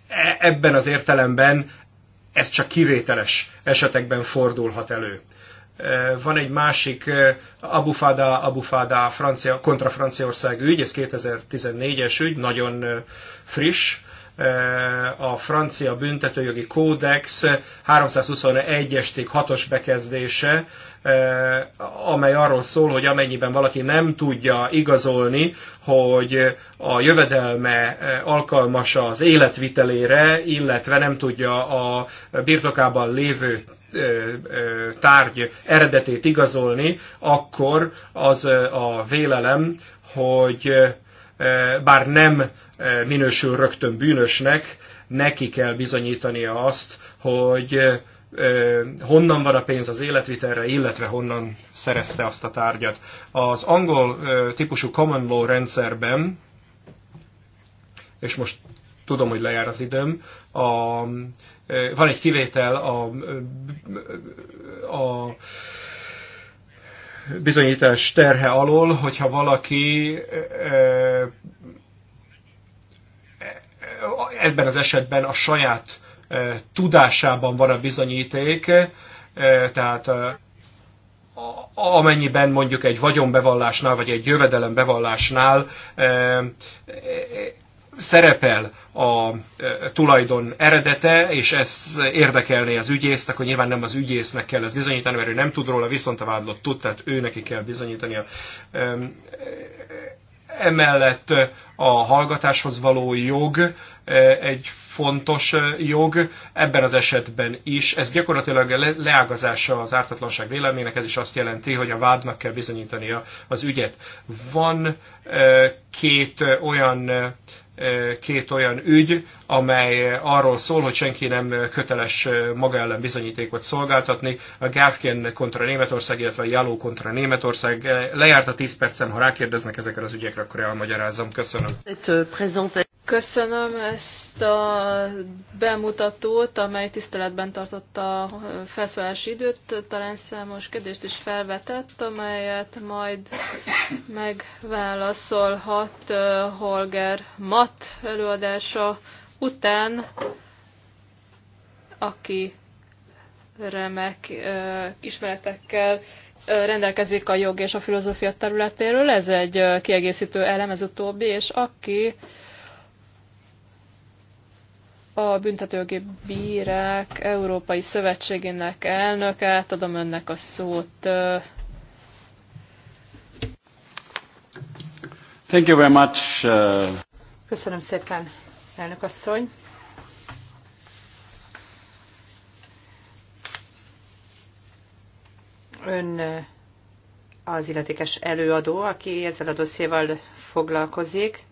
e, ebben az értelemben ez csak kivételes esetekben fordulhat elő. Van egy másik Abufada, Abufada francia, kontra Franciaország ügy, ez 2014-es ügy, nagyon friss. A francia büntetőjogi kódex 321-es cikk 6-os bekezdése amely arról szól, hogy amennyiben valaki nem tudja igazolni, hogy a jövedelme alkalmas az életvitelére, illetve nem tudja a birtokában lévő tárgy eredetét igazolni, akkor az a vélelem, hogy bár nem minősül rögtön bűnösnek, neki kell bizonyítania azt, hogy honnan van a pénz az életvitelre, illetve honnan szerezte azt a tárgyat. Az angol típusú common law rendszerben, és most tudom, hogy lejár az időm, a, van egy kivétel a, a bizonyítás terhe alól, hogyha valaki ebben az esetben a saját tudásában van a bizonyíték, tehát amennyiben mondjuk egy vagyonbevallásnál, vagy egy jövedelembevallásnál szerepel a tulajdon eredete, és ez érdekelné az ügyészt, akkor nyilván nem az ügyésznek kell ez bizonyítani, mert ő nem tud róla, viszont a vádlott tud, tehát ő neki kell bizonyítania. Emellett a hallgatáshoz való jog egy fontos jog ebben az esetben is. Ez gyakorlatilag leágazása az ártatlanság véleménynek, ez is azt jelenti, hogy a vádnak kell bizonyítania az ügyet. Van két olyan két olyan ügy, amely arról szól, hogy senki nem köteles maga ellen bizonyítékot szolgáltatni. A Gávkén kontra Németország, illetve a Jaló kontra Németország. Lejárt a 10 percem, ha rákérdeznek ezekre az ügyekre, akkor elmagyarázom. Köszönöm. Euh, Köszönöm ezt a bemutatót, amely tiszteletben tartotta a felszólási időt. Talán számos kérdést is felvetett, amelyet majd megválaszolhat Holger Matt előadása után, aki remek ismeretekkel rendelkezik a jog és a filozófia területéről. Ez egy kiegészítő elem, ez utóbbi, és aki a büntetőgi bírák Európai Szövetségének elnöke, átadom önnek a szót. Thank you very much. Uh, Köszönöm szépen, elnök asszony. Ön uh, az illetékes előadó, aki ezzel a dossziéval foglalkozik.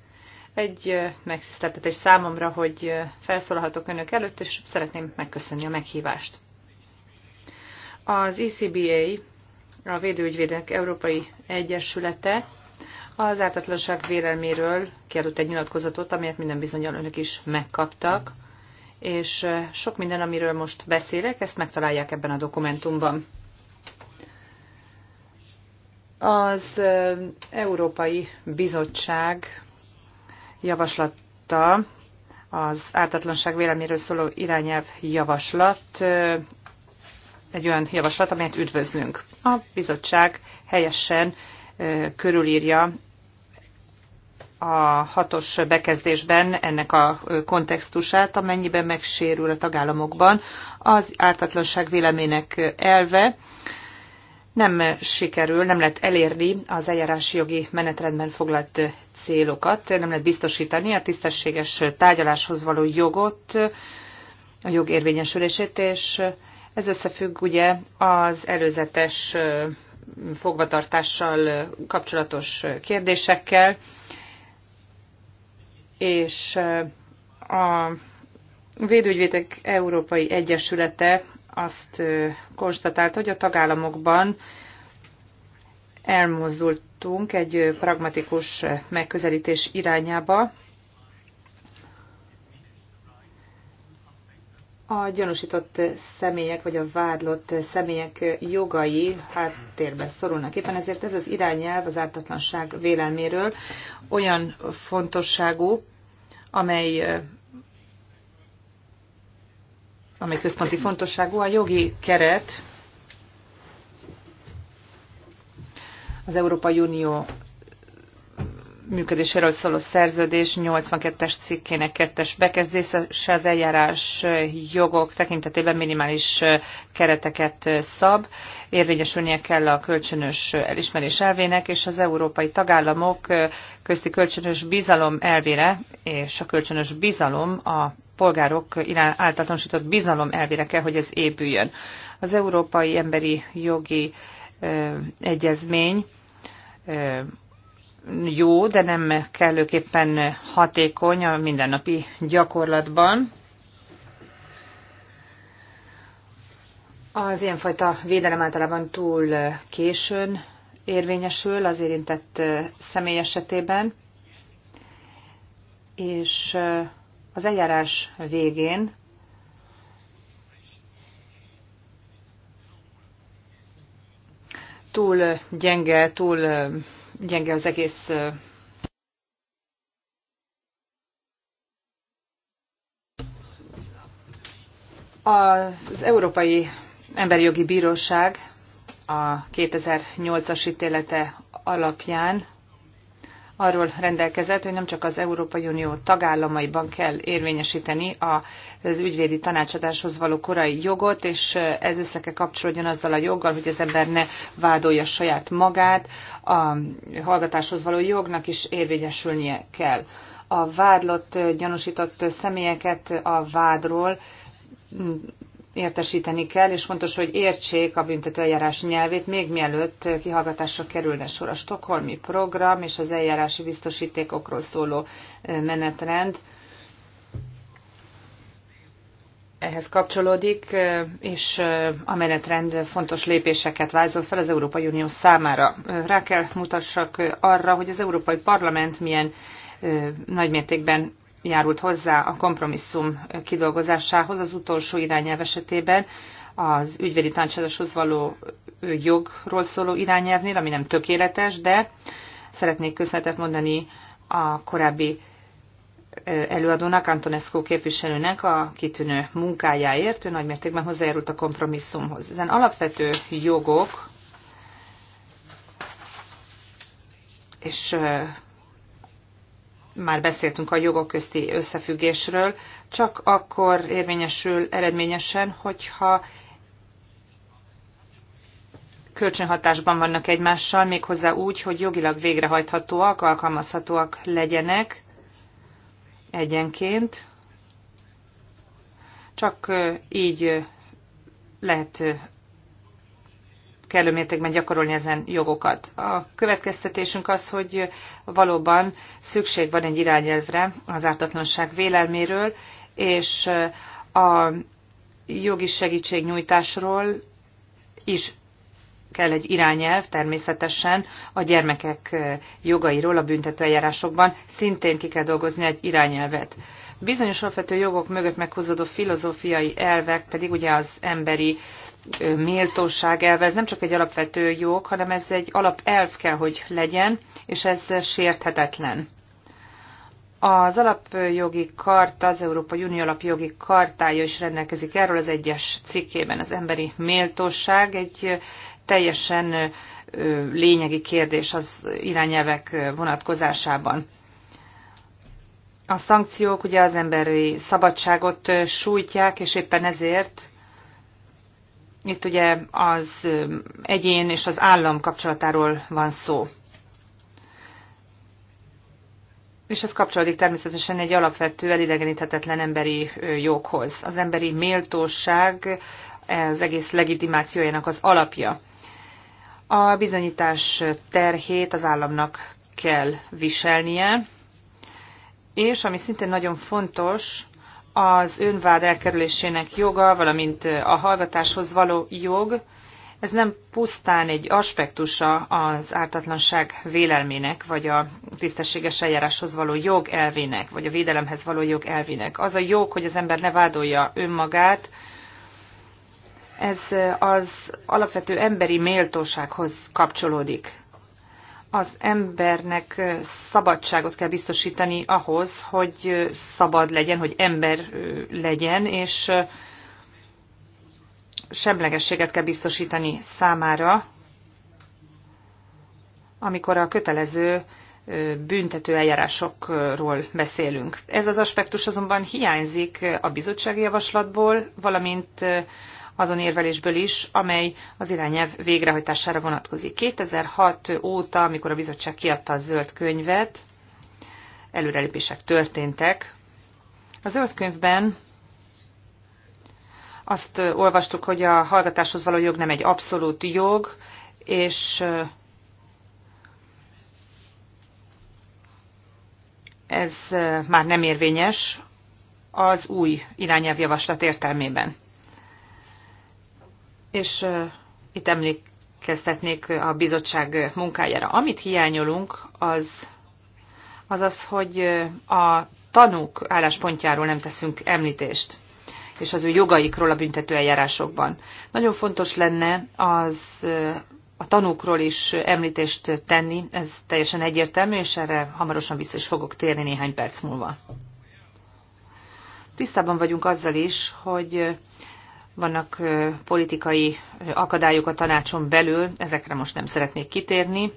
Egy megtiszteltetés számomra, hogy felszólalhatok önök előtt, és szeretném megköszönni a meghívást. Az ECBA, a Védőügyvédek Európai Egyesülete az ártatlanság vélelméről kiadott egy nyilatkozatot, amelyet minden bizonyal önök is megkaptak, és sok minden, amiről most beszélek, ezt megtalálják ebben a dokumentumban. Az Európai Bizottság javaslata, az ártatlanság véleményről szóló irányelv javaslat, egy olyan javaslat, amelyet üdvözlünk. A bizottság helyesen körülírja a hatos bekezdésben ennek a kontextusát, amennyiben megsérül a tagállamokban az ártatlanság véleménynek elve, nem sikerül, nem lehet elérni az eljárási jogi menetrendben foglalt célokat, nem lehet biztosítani a tisztességes tárgyaláshoz való jogot, a jog érvényesülését, és ez összefügg ugye az előzetes fogvatartással kapcsolatos kérdésekkel, és a Védőügyvédek Európai Egyesülete azt konstatálta, hogy a tagállamokban elmozdultunk egy pragmatikus megközelítés irányába. A gyanúsított személyek vagy a vádlott személyek jogai háttérbe szorulnak. Éppen ezért ez az irányelv az ártatlanság vélelméről olyan fontosságú, amely ami központi fontosságú, a jogi keret az Európai Unió működéséről szóló szerződés 82-es cikkének kettes bekezdése az eljárás jogok tekintetében minimális kereteket szab. Érvényesülnie kell a kölcsönös elismerés elvének és az európai tagállamok közti kölcsönös bizalom elvére, és a kölcsönös bizalom a polgárok általánosított bizalom elvére kell, hogy ez épüljön. Az Európai Emberi Jogi Egyezmény jó, de nem kellőképpen hatékony a mindennapi gyakorlatban. Az ilyenfajta védelem általában túl későn érvényesül az érintett személy esetében, és az eljárás végén túl gyenge, túl gyenge az egész Az Európai Emberi Jogi Bíróság a 2008-as ítélete alapján arról rendelkezett, hogy nem csak az Európai Unió tagállamaiban kell érvényesíteni az ügyvédi tanácsadáshoz való korai jogot, és ez össze kell kapcsolódjon azzal a joggal, hogy az ember ne vádolja saját magát, a hallgatáshoz való jognak is érvényesülnie kell. A vádlott, gyanúsított személyeket a vádról értesíteni kell, és fontos, hogy értsék a büntetőeljárás nyelvét, még mielőtt kihallgatásra kerülne sor a Stockholmi program és az eljárási biztosítékokról szóló menetrend. Ehhez kapcsolódik, és a menetrend fontos lépéseket vázol fel az Európai Unió számára. Rá kell mutassak arra, hogy az Európai Parlament milyen nagymértékben járult hozzá a kompromisszum kidolgozásához az utolsó irányelv esetében, az ügyvédi tanácsadáshoz való jogról szóló irányelvnél, ami nem tökéletes, de szeretnék köszönetet mondani a korábbi előadónak, Antonescu képviselőnek a kitűnő munkájáért. Ő nagymértékben hozzájárult a kompromisszumhoz. Ezen alapvető jogok és már beszéltünk a jogok közti összefüggésről, csak akkor érvényesül eredményesen, hogyha kölcsönhatásban vannak egymással, méghozzá úgy, hogy jogilag végrehajthatóak, alkalmazhatóak legyenek egyenként. Csak így lehet kellő mértékben gyakorolni ezen jogokat. A következtetésünk az, hogy valóban szükség van egy irányelvre az ártatlanság vélelméről, és a jogi segítségnyújtásról is kell egy irányelv természetesen a gyermekek jogairól a büntetőeljárásokban, szintén ki kell dolgozni egy irányelvet. Bizonyos alapvető jogok mögött meghozódó filozófiai elvek pedig ugye az emberi méltóság elve, ez nem csak egy alapvető jog, hanem ez egy alapelv kell, hogy legyen, és ez sérthetetlen. Az alapjogi karta, az Európai Unió alapjogi kartája is rendelkezik erről az egyes cikkében. Az emberi méltóság egy teljesen lényegi kérdés az irányelvek vonatkozásában. A szankciók ugye az emberi szabadságot sújtják, és éppen ezért itt ugye az egyén és az állam kapcsolatáról van szó. És ez kapcsolódik természetesen egy alapvető, elidegeníthetetlen emberi joghoz. Az emberi méltóság az egész legitimációjának az alapja. A bizonyítás terhét az államnak kell viselnie, és ami szintén nagyon fontos, az önvád elkerülésének joga, valamint a hallgatáshoz való jog, ez nem pusztán egy aspektusa az ártatlanság vélelmének, vagy a tisztességes eljáráshoz való jog elvének, vagy a védelemhez való jog elvének. Az a jog, hogy az ember ne vádolja önmagát, ez az alapvető emberi méltósághoz kapcsolódik az embernek szabadságot kell biztosítani ahhoz, hogy szabad legyen, hogy ember legyen, és semlegességet kell biztosítani számára, amikor a kötelező büntető eljárásokról beszélünk. Ez az aspektus azonban hiányzik a bizottsági javaslatból, valamint azon érvelésből is, amely az irányelv végrehajtására vonatkozik. 2006 óta, amikor a bizottság kiadta a zöld könyvet, előrelépések történtek. A zöld könyvben azt olvastuk, hogy a hallgatáshoz való jog nem egy abszolút jog, és eh, ez eh, már nem érvényes az új irányelvjavaslat értelmében és itt emlékeztetnék a bizottság munkájára. Amit hiányolunk, az az, az hogy a tanúk álláspontjáról nem teszünk említést és az ő jogaikról a büntetőeljárásokban. Nagyon fontos lenne az a tanúkról is említést tenni, ez teljesen egyértelmű, és erre hamarosan vissza is fogok térni néhány perc múlva. Tisztában vagyunk azzal is, hogy vannak politikai akadályok a tanácson belül, ezekre most nem szeretnék kitérni.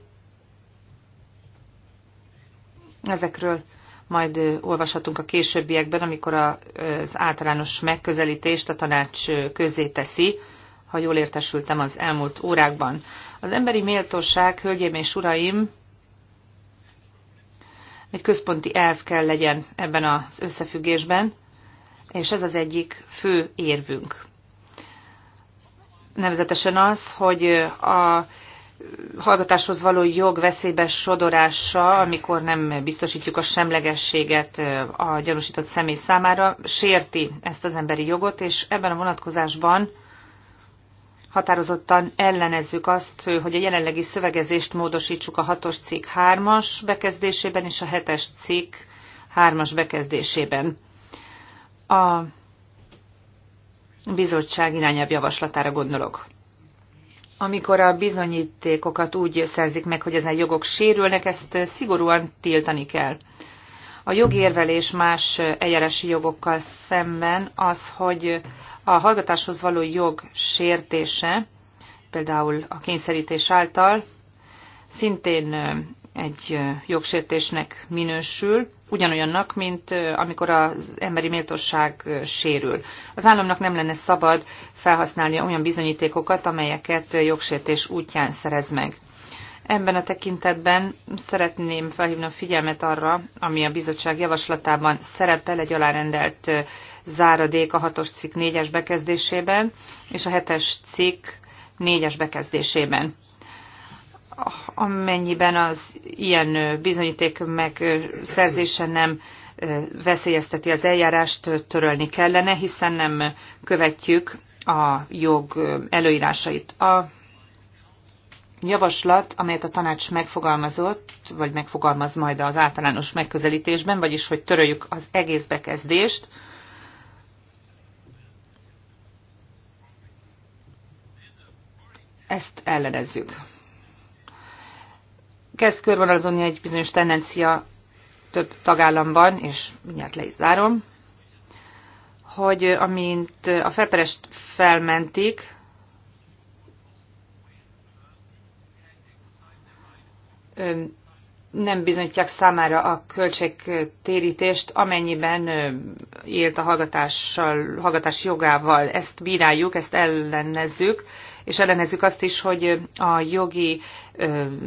Ezekről majd olvashatunk a későbbiekben, amikor az általános megközelítést a tanács közzé teszi, ha jól értesültem az elmúlt órákban. Az emberi méltóság, hölgyeim és uraim, egy központi elv kell legyen ebben az összefüggésben, és ez az egyik fő érvünk nevezetesen az, hogy a hallgatáshoz való jog veszélybe sodorása, amikor nem biztosítjuk a semlegességet a gyanúsított személy számára, sérti ezt az emberi jogot, és ebben a vonatkozásban határozottan ellenezzük azt, hogy a jelenlegi szövegezést módosítsuk a 6-os cikk 3-as bekezdésében és a 7-es cikk 3-as bekezdésében. A bizottság irányelv javaslatára gondolok. Amikor a bizonyítékokat úgy szerzik meg, hogy ezen jogok sérülnek, ezt szigorúan tiltani kell. A jogérvelés más eljárási jogokkal szemben az, hogy a hallgatáshoz való jog sértése, például a kényszerítés által, szintén egy jogsértésnek minősül, ugyanolyannak, mint amikor az emberi méltóság sérül. Az államnak nem lenne szabad felhasználni olyan bizonyítékokat, amelyeket jogsértés útján szerez meg. Ebben a tekintetben szeretném felhívni a figyelmet arra, ami a bizottság javaslatában szerepel egy alárendelt záradék a 6-os cikk 4-es bekezdésében, és a 7-es cikk 4-es bekezdésében amennyiben az ilyen bizonyíték megszerzése nem veszélyezteti az eljárást, törölni kellene, hiszen nem követjük a jog előírásait. A javaslat, amelyet a tanács megfogalmazott, vagy megfogalmaz majd az általános megközelítésben, vagyis hogy töröljük az egész bekezdést, ezt ellenezzük kezd körvonalazódni egy bizonyos tendencia több tagállamban, és mindjárt le is zárom, hogy amint a felperest felmentik, nem bizonyítják számára a költségtérítést, amennyiben élt a hallgatással, hallgatás jogával. Ezt bíráljuk, ezt ellenezzük, és ellenezzük azt is, hogy a jogi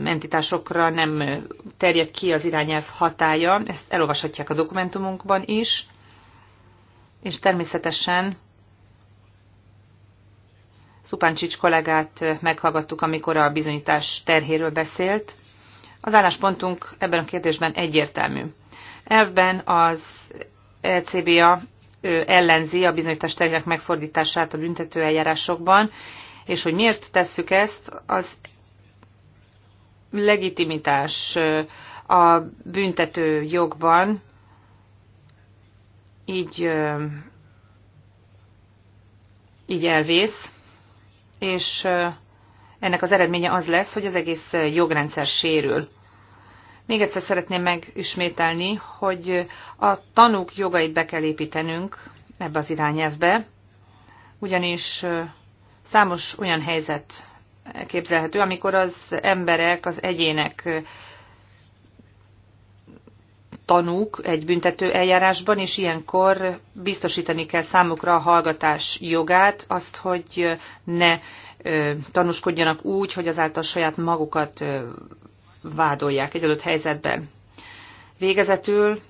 entitásokra nem terjed ki az irányelv hatája. Ezt elolvashatják a dokumentumunkban is, és természetesen Szupáncsics kollégát meghallgattuk, amikor a bizonyítás terhéről beszélt. Az álláspontunk ebben a kérdésben egyértelmű. Elvben az ECBA ellenzi a bizonyítás terhének megfordítását a büntetőeljárásokban, és hogy miért tesszük ezt, az legitimitás a büntető jogban így, így elvész, és ennek az eredménye az lesz, hogy az egész jogrendszer sérül. Még egyszer szeretném megismételni, hogy a tanúk jogait be kell építenünk ebbe az irányelvbe, ugyanis Számos olyan helyzet képzelhető, amikor az emberek, az egyének tanúk egy büntető eljárásban, és ilyenkor biztosítani kell számukra a hallgatás jogát, azt, hogy ne tanúskodjanak úgy, hogy azáltal saját magukat vádolják egy adott helyzetben. Végezetül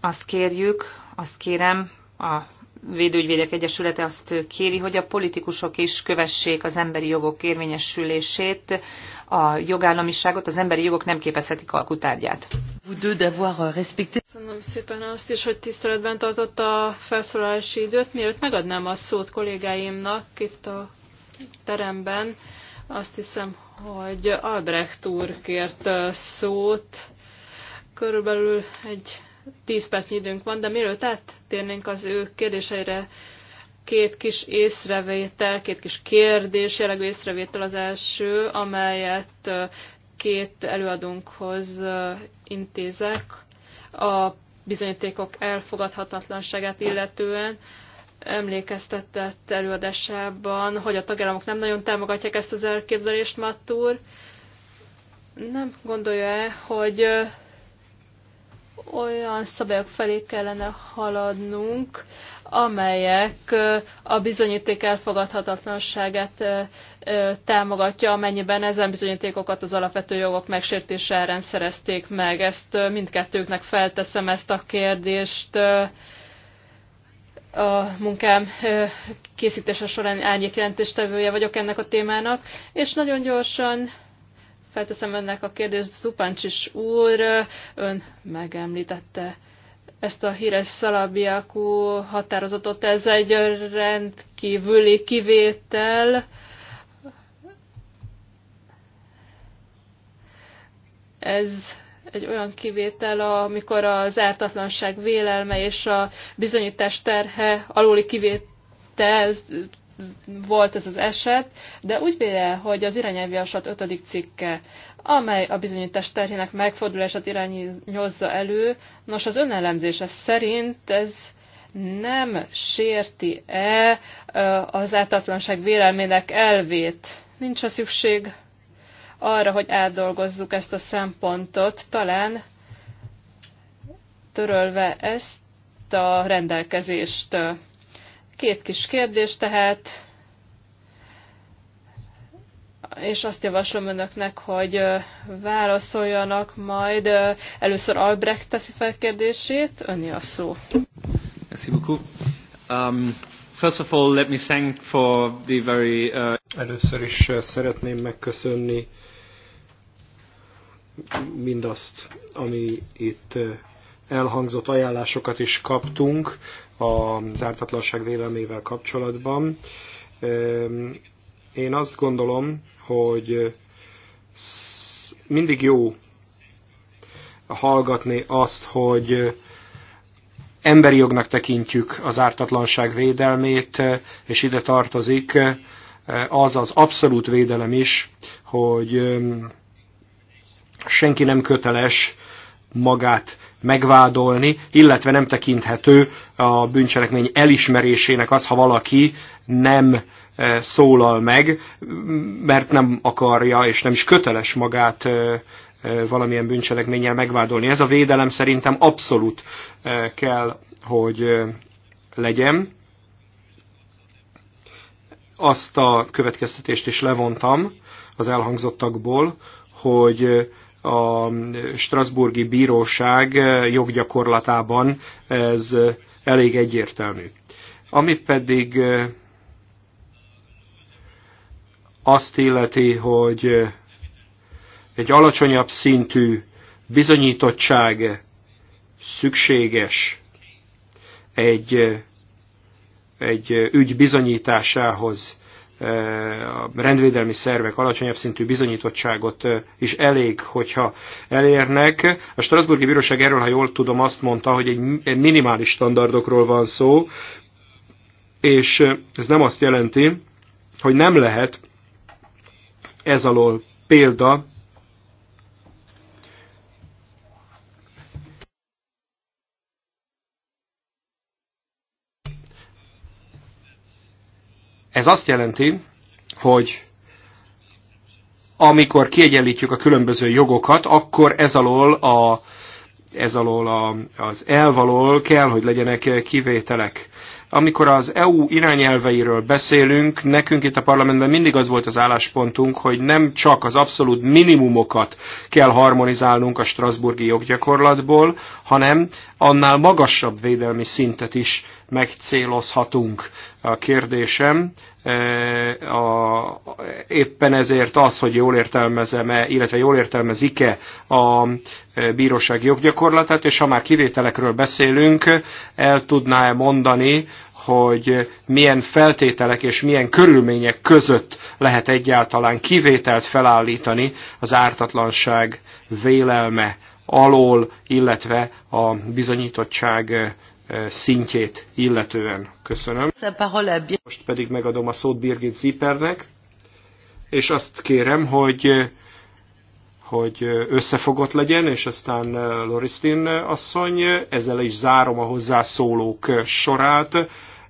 azt kérjük, azt kérem a Védőügyvédek Egyesülete azt kéri, hogy a politikusok is kövessék az emberi jogok érvényesülését, a jogállamiságot, az emberi jogok nem képezhetik alkutárgyát. Euh, Köszönöm szépen azt is, hogy tiszteletben tartott a felszólalási időt. Mielőtt megadnám a szót kollégáimnak itt a teremben, azt hiszem, hogy Albrecht úr kért uh, szót. Körülbelül egy 10 percnyi időnk van, de mielőtt áttérnénk az ő kérdéseire, két kis észrevétel, két kis kérdés, jellegű észrevétel az első, amelyet két előadónkhoz intézek a bizonyítékok elfogadhatatlanságát illetően emlékeztetett előadásában, hogy a tagállamok nem nagyon támogatják ezt az elképzelést, Mattúr. Nem gondolja-e, hogy olyan szabályok felé kellene haladnunk, amelyek a bizonyíték elfogadhatatlanságát támogatja, amennyiben ezen bizonyítékokat az alapvető jogok megsértése ellen szerezték meg. Ezt mindkettőknek felteszem ezt a kérdést a munkám készítése során árnyék jelentéstevője vagyok ennek a témának, és nagyon gyorsan Felteszem önnek a kérdést, Zupancsis úr, ön megemlítette ezt a híres szalabiakú határozatot, ez egy rendkívüli kivétel. Ez egy olyan kivétel, amikor az ártatlanság vélelme és a bizonyítás terhe aluli kivétel volt ez az eset, de úgy véle, hogy az irányelvi javaslat 5. cikke, amely a bizonyítás terhének megfordulását irányozza elő, nos az önellemzése szerint ez nem sérti-e az ártatlanság vélelmének elvét. Nincs a szükség arra, hogy átdolgozzuk ezt a szempontot, talán törölve ezt a rendelkezést Két kis kérdés tehát, és azt javaslom önöknek, hogy válaszoljanak majd. Először Albrecht teszi fel kérdését, önni a szó. Merci beaucoup. Um, first of all, let me thank for the very... Uh... Először is szeretném megköszönni mindazt, ami itt elhangzott ajánlásokat is kaptunk a zártatlanság vélemével kapcsolatban. Én azt gondolom, hogy mindig jó hallgatni azt, hogy emberi jognak tekintjük az ártatlanság védelmét, és ide tartozik az az abszolút védelem is, hogy senki nem köteles magát megvádolni, illetve nem tekinthető a bűncselekmény elismerésének az, ha valaki nem e, szólal meg, mert nem akarja és nem is köteles magát e, e, valamilyen bűncselekménnyel megvádolni. Ez a védelem szerintem abszolút kell, hogy legyen. Azt a következtetést is levontam az elhangzottakból, hogy a Strasburgi Bíróság joggyakorlatában ez elég egyértelmű. Ami pedig azt illeti, hogy egy alacsonyabb szintű bizonyítottság szükséges egy, egy ügy bizonyításához, a rendvédelmi szervek alacsonyabb szintű bizonyítottságot is elég, hogyha elérnek. A Strasburgi Bíróság erről, ha jól tudom, azt mondta, hogy egy minimális standardokról van szó, és ez nem azt jelenti, hogy nem lehet ez alól példa Ez azt jelenti, hogy amikor kiegyenlítjük a különböző jogokat, akkor ez alól, a, ez alól a, az elv alól kell, hogy legyenek kivételek. Amikor az EU irányelveiről beszélünk, nekünk itt a parlamentben mindig az volt az álláspontunk, hogy nem csak az abszolút minimumokat kell harmonizálnunk a Strasburgi joggyakorlatból, hanem annál magasabb védelmi szintet is megcélozhatunk. A kérdésem, Eh, a, éppen ezért az, hogy jól értelmezem-e, illetve jól értelmezik-e a eh, bíróság joggyakorlatát, és ha már kivételekről beszélünk, el tudná-e mondani, hogy milyen feltételek és milyen körülmények között lehet egyáltalán kivételt felállítani az ártatlanság vélelme alól, illetve a bizonyítottság eh, szintjét illetően. Köszönöm. Most pedig megadom a szót Birgit Zipernek, és azt kérem, hogy hogy összefogott legyen, és aztán Loristin asszony, ezzel is zárom a hozzászólók sorát.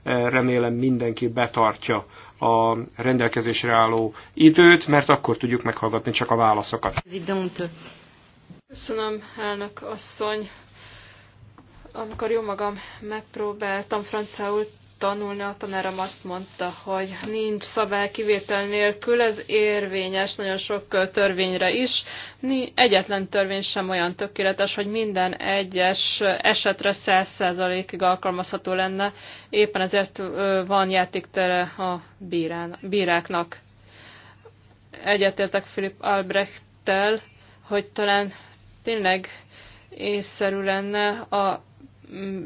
Remélem mindenki betartja a rendelkezésre álló időt, mert akkor tudjuk meghallgatni csak a válaszokat. Köszönöm, elnök asszony. Amikor jó magam megpróbáltam franciául tanulni, a tanárom azt mondta, hogy nincs szabály kivétel nélkül, ez érvényes nagyon sok törvényre is. Egyetlen törvény sem olyan tökéletes, hogy minden egyes esetre 100%-ig alkalmazható lenne. Éppen ezért van játéktere a bírán, bíráknak. Egyetértek Philip Albrechttel, hogy talán tényleg észszerű lenne a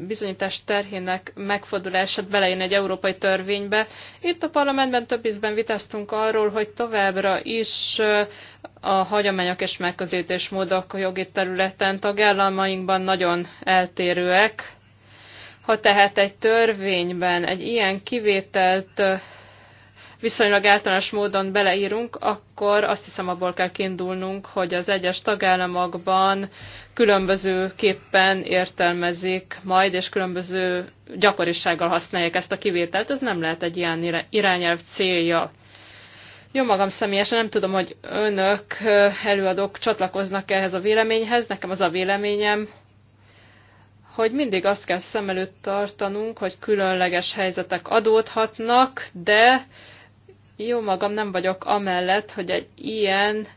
bizonyítás terhének megfordulását beleírni egy európai törvénybe. Itt a parlamentben több ízben vitáztunk arról, hogy továbbra is a hagyományok és megközelítésmódok a jogi területen tagállamainkban nagyon eltérőek. Ha tehát egy törvényben egy ilyen kivételt viszonylag általános módon beleírunk, akkor azt hiszem abból kell kiindulnunk, hogy az egyes tagállamokban különbözőképpen értelmezik majd, és különböző gyakorisággal használják ezt a kivételt. Ez nem lehet egy ilyen irányelv célja. Jó magam személyesen, nem tudom, hogy önök eh, előadók csatlakoznak ehhez a véleményhez, nekem az a véleményem, hogy mindig azt kell szem előtt tartanunk, hogy különleges helyzetek adódhatnak, de jó magam nem vagyok amellett, hogy egy ilyen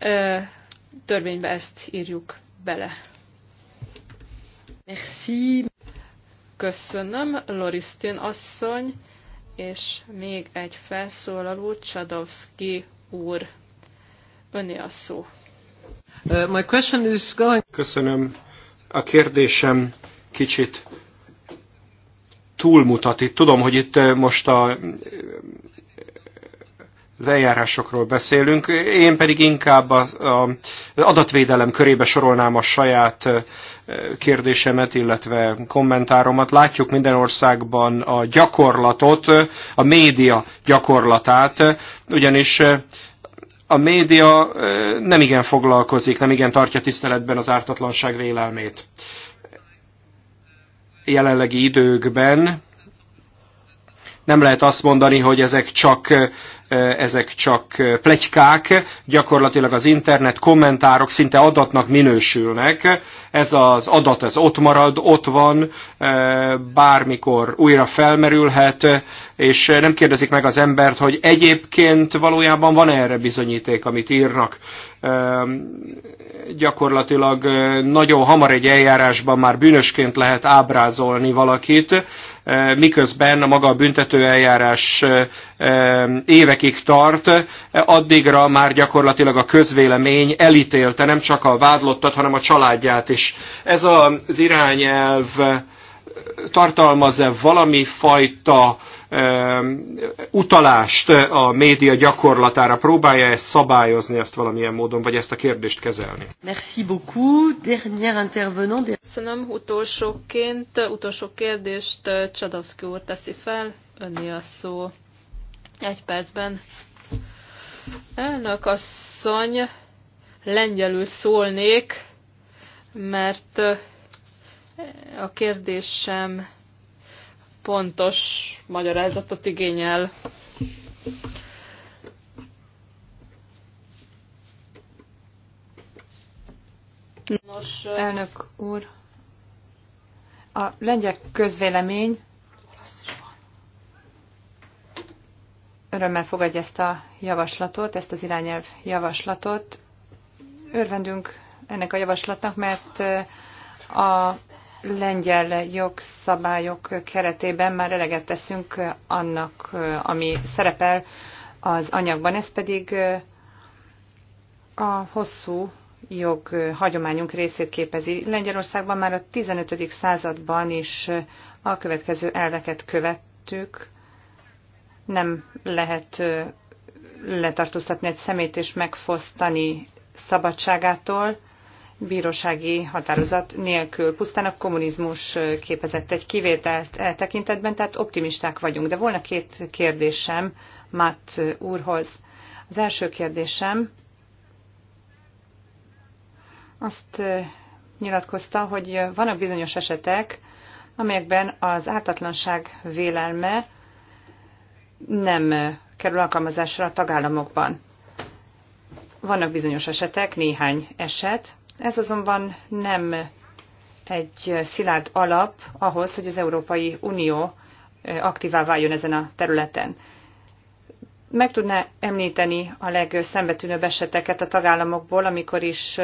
ö, törvénybe ezt írjuk bele. Merci. Köszönöm, Loristin asszony, és még egy felszólaló, Csadovszki úr. Öné a szó. Uh, my question is going... Köszönöm. A kérdésem kicsit túlmutat. Itt tudom, hogy itt uh, most a az eljárásokról beszélünk, én pedig inkább az adatvédelem körébe sorolnám a saját kérdésemet, illetve kommentáromat. Látjuk minden országban a gyakorlatot, a média gyakorlatát, ugyanis a média nem igen foglalkozik, nem igen tartja tiszteletben az ártatlanság vélelmét. Jelenlegi időkben nem lehet azt mondani, hogy ezek csak ezek csak plegykák, gyakorlatilag az internet kommentárok szinte adatnak minősülnek. Ez az adat, ez ott marad, ott van, bármikor újra felmerülhet, és nem kérdezik meg az embert, hogy egyébként valójában van -e erre bizonyíték, amit írnak. Gyakorlatilag nagyon hamar egy eljárásban már bűnösként lehet ábrázolni valakit, miközben maga a büntető eljárás évekig tart, addigra már gyakorlatilag a közvélemény elítélte nem csak a vádlottat, hanem a családját is. Ez az irányelv tartalmaz-e valami fajta utalást a média gyakorlatára? Próbálja ezt szabályozni ezt valamilyen módon, vagy ezt a kérdést kezelni? Merci beaucoup. Dernier intervenant. Köszönöm. Utolsóként, utolsó kérdést Csadaszki úr teszi fel. Önni a szó. Egy percben. Elnök asszony, lengyelül szólnék, mert a kérdésem pontos magyarázatot igényel. Nos, elnök úr, a lengyel közvélemény örömmel fogadja ezt a javaslatot, ezt az irányelv javaslatot. Örvendünk ennek a javaslatnak, mert a lengyel jogszabályok keretében már eleget teszünk annak, ami szerepel az anyagban. Ez pedig a hosszú jog hagyományunk részét képezi. Lengyelországban már a 15. században is a következő elveket követtük nem lehet letartóztatni egy szemét és megfosztani szabadságától bírósági határozat nélkül. Pusztán a kommunizmus képezett egy kivételt e tekintetben, tehát optimisták vagyunk. De volna két kérdésem Matt úrhoz. Az első kérdésem azt nyilatkozta, hogy vannak bizonyos esetek, amelyekben az ártatlanság vélelme nem kerül alkalmazásra a tagállamokban. Vannak bizonyos esetek, néhány eset. Ez azonban nem egy szilárd alap ahhoz, hogy az Európai Unió aktívá váljon ezen a területen. Meg tudná említeni a legszembetűnőbb eseteket a tagállamokból, amikor is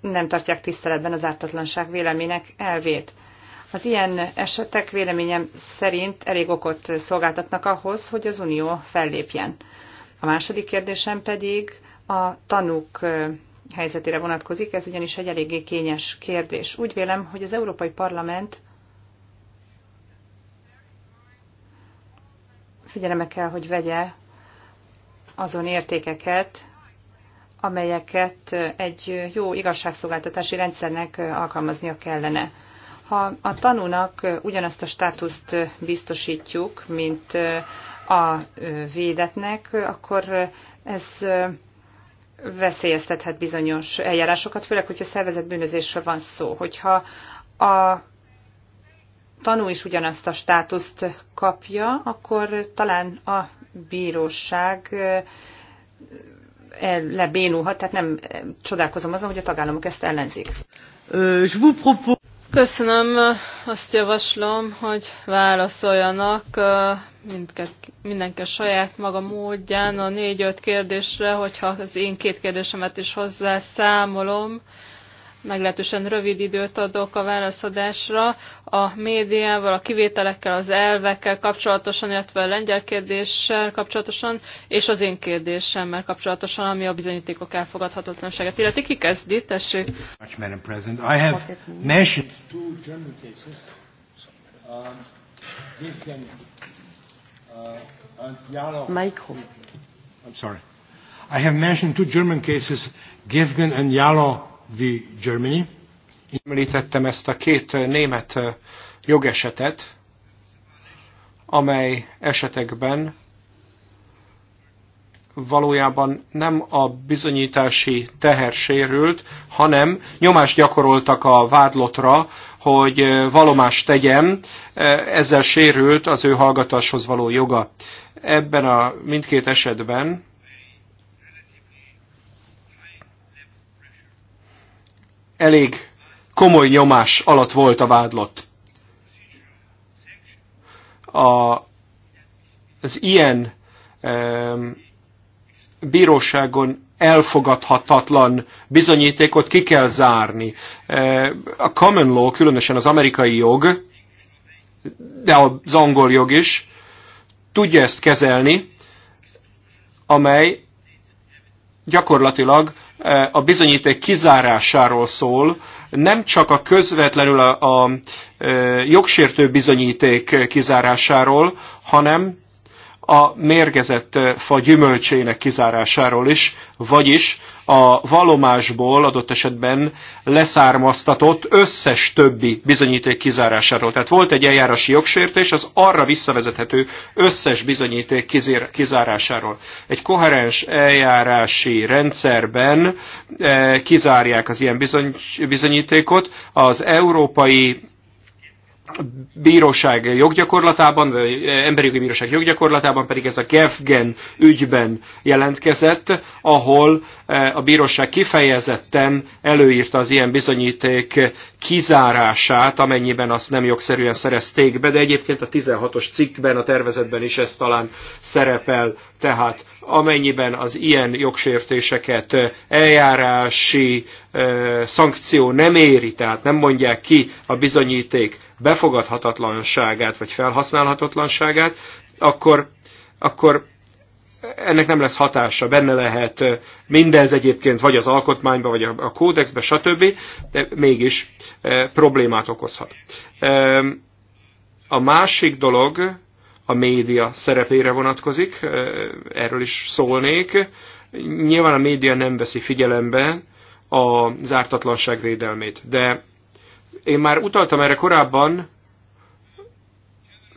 nem tartják tiszteletben az ártatlanság véleménynek elvét. Az ilyen esetek véleményem szerint elég okot szolgáltatnak ahhoz, hogy az Unió fellépjen. A második kérdésem pedig a tanúk helyzetére vonatkozik, ez ugyanis egy eléggé kényes kérdés. Úgy vélem, hogy az Európai Parlament figyelembe kell, hogy vegye azon értékeket, amelyeket egy jó igazságszolgáltatási rendszernek alkalmaznia kellene. Ha a tanúnak ugyanazt a státuszt biztosítjuk, mint a védetnek, akkor ez veszélyeztethet bizonyos eljárásokat, főleg, hogyha szervezett bűnözésről van szó. Hogyha a tanú is ugyanazt a státuszt kapja, akkor talán a bíróság eh, lebénulhat, tehát nem eh, csodálkozom azon, hogy a tagállamok ezt ellenzik. Euh, Köszönöm, azt javaslom, hogy válaszoljanak mindenki a saját maga módján a négy-öt kérdésre, hogyha az én két kérdésemet is hozzá számolom, meglehetősen rövid időt adok a válaszadásra. A médiával, a kivételekkel, az elvekkel kapcsolatosan, illetve a lengyel kérdéssel kapcsolatosan, és az én kérdésemmel kapcsolatosan, ami a bizonyítékok elfogadhatatlanságát illeti. Ki kezdi? Tessék. Um, uh, I have mentioned two German cases, Gifgen and Yalo, v. Germany. Említettem ezt a két német jogesetet, amely esetekben valójában nem a bizonyítási teher sérült, hanem nyomást gyakoroltak a vádlotra, hogy valomást tegyen, ezzel sérült az ő hallgatáshoz való joga. Ebben a mindkét esetben elég komoly nyomás alatt volt a vádlott. A, az ilyen e, bíróságon elfogadhatatlan bizonyítékot ki kell zárni. A common law, különösen az amerikai jog, de az angol jog is, tudja ezt kezelni, amely gyakorlatilag Eh, a bizonyíték kizárásáról szól, nem csak a közvetlenül a, a eh, jogsértő bizonyíték kizárásáról, hanem a mérgezett eh, fa gyümölcsének kizárásáról is, vagyis a valomásból adott esetben leszármaztatott összes többi bizonyíték kizárásáról. Tehát volt egy eljárási jogsértés, az arra visszavezethető összes bizonyíték kizárásáról. Egy koherens eljárási rendszerben eh, kizárják az ilyen bizonyítékot. Az európai bíróság joggyakorlatában, eh, emberi jogi bíróság joggyakorlatában pedig ez a Gevgen ügyben jelentkezett, ahol eh, a bíróság kifejezetten előírta az ilyen bizonyíték kizárását, amennyiben azt nem jogszerűen szerezték be, de egyébként a 16-os cikkben, a tervezetben is ez talán szerepel. Tehát amennyiben az ilyen jogsértéseket eljárási szankció nem éri, tehát nem mondják ki a bizonyíték befogadhatatlanságát vagy felhasználhatatlanságát, akkor, akkor ennek nem lesz hatása, benne lehet mindez egyébként vagy az alkotmányba, vagy a kódexbe, stb., de mégis problémát okozhat. A másik dolog, a média szerepére vonatkozik, erről is szólnék. Nyilván a média nem veszi figyelembe a zártatlanság védelmét, de én már utaltam erre korábban,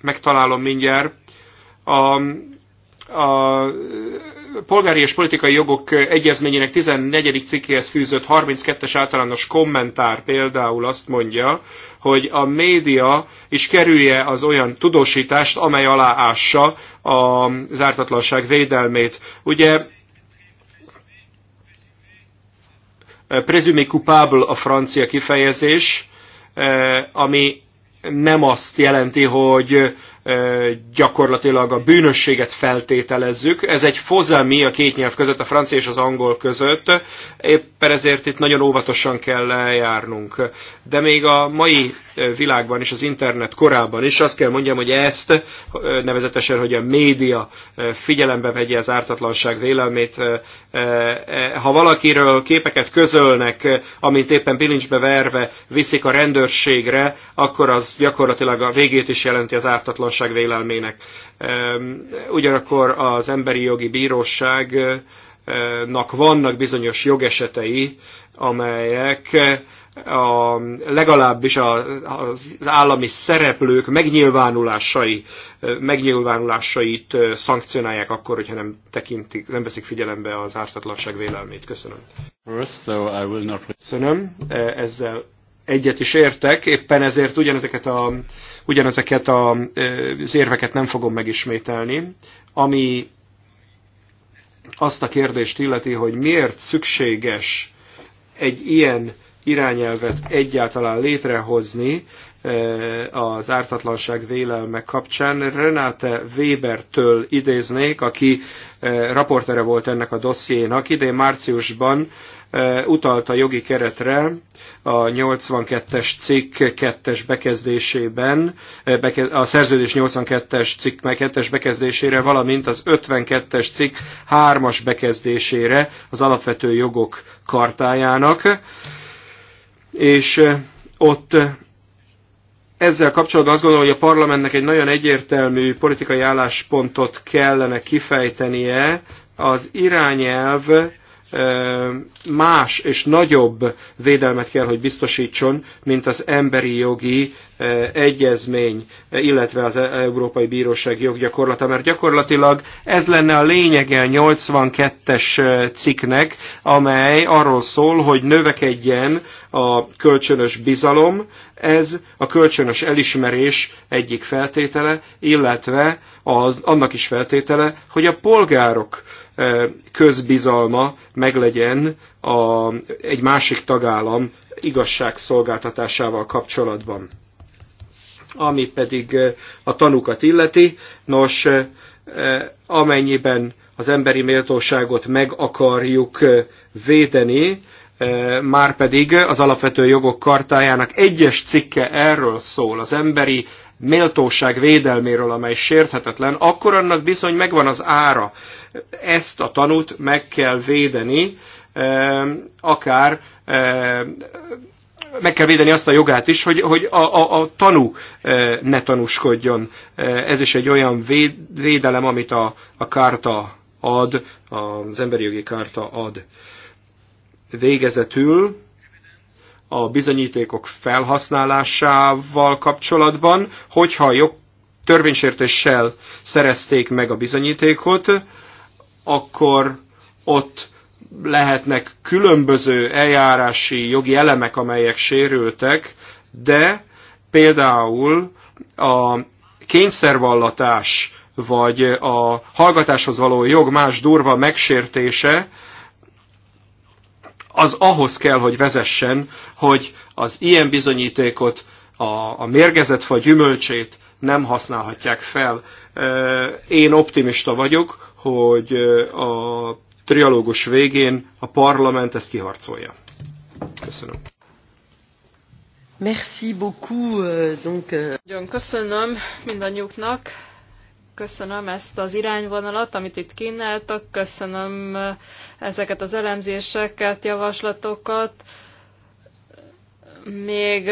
megtalálom mindjárt, a, a polgári és politikai jogok egyezményének 14. cikkéhez fűzött 32-es általános kommentár például azt mondja, hogy a média is kerülje az olyan tudósítást, amely aláássa a zártatlanság védelmét. Ugye eh, presumé coupable a francia kifejezés, eh, ami nem azt jelenti, hogy gyakorlatilag a bűnösséget feltételezzük. Ez egy fozelmi a két nyelv között, a francia és az angol között, éppen ezért itt nagyon óvatosan kell eljárnunk. De még a mai világban és az internet korában is. Azt kell mondjam, hogy ezt nevezetesen, hogy a média eh, figyelembe vegye az ártatlanság vélelmét. Eh, eh, ha valakiről képeket közölnek, amint éppen bilincsbe verve viszik a rendőrségre, akkor az gyakorlatilag a végét is jelenti az ártatlanság vélelmének. Ehm, ugyanakkor az Emberi Jogi Bíróság nak vannak bizonyos jogesetei, amelyek a, legalábbis a, az állami szereplők megnyilvánulásai, megnyilvánulásait szankcionálják akkor, hogyha nem tekintik, nem veszik figyelembe az ártatlanság vélelmét. Köszönöm. Köszönöm. E, ezzel egyet is értek, éppen ezért ugyanezeket, a, ugyanezeket a, e, az érveket nem fogom megismételni. Ami azt a kérdést illeti, hogy miért szükséges egy ilyen irányelvet egyáltalán létrehozni eh, az ártatlanság vélelme kapcsán. Renate Webertől idéznék, aki eh, raportere volt ennek a dossziénak. Idén márciusban eh, utalta a jogi keretre a 82-es cikk 2-es bekezdésében, a szerződés 82-es cikk 2-es bekezdésére, valamint az 52-es cikk 3-as bekezdésére az alapvető jogok kartájának és eh, ott eh, ezzel kapcsolatban azt gondolom, hogy a parlamentnek egy nagyon egyértelmű politikai álláspontot kellene kifejtenie. Az irányelv más és nagyobb védelmet kell, hogy biztosítson, mint az emberi jogi egyezmény, illetve az e- Európai Bíróság joggyakorlata, mert gyakorlatilag ez lenne a lényege a 82-es cikknek, amely arról szól, hogy növekedjen a kölcsönös bizalom, ez a kölcsönös elismerés egyik feltétele, illetve az, annak is feltétele, hogy a polgárok eh, közbizalma meglegyen a, egy másik tagállam igazságszolgáltatásával kapcsolatban. Ami pedig eh, a tanúkat illeti, nos, eh, amennyiben az emberi méltóságot meg akarjuk védeni, már pedig az alapvető jogok kartájának egyes cikke erről szól, az emberi méltóság védelméről, amely sérthetetlen, akkor annak bizony megvan az ára. Ezt a tanút meg kell védeni, akár meg kell védeni azt a jogát is, hogy, hogy a, a, a tanú ne tanúskodjon. Ez is egy olyan védelem, amit a, a kárta ad, az emberi jogi kárta ad. Végezetül a bizonyítékok felhasználásával kapcsolatban, hogyha a jog törvénysértéssel szerezték meg a bizonyítékot, akkor ott lehetnek különböző eljárási jogi elemek, amelyek sérültek, de például a kényszervallatás vagy a hallgatáshoz való jog más durva megsértése az ahhoz kell, hogy vezessen, hogy az ilyen bizonyítékot, a, a mérgezett vagy gyümölcsét nem használhatják fel. Én optimista vagyok, hogy a trialógus végén a parlament ezt kiharcolja. Köszönöm. Merci beaucoup. Euh, donc, euh, Nagyon köszönöm mindannyiuknak. Köszönöm ezt az irányvonalat, amit itt kínáltak, köszönöm eh, ezeket az elemzéseket, javaslatokat még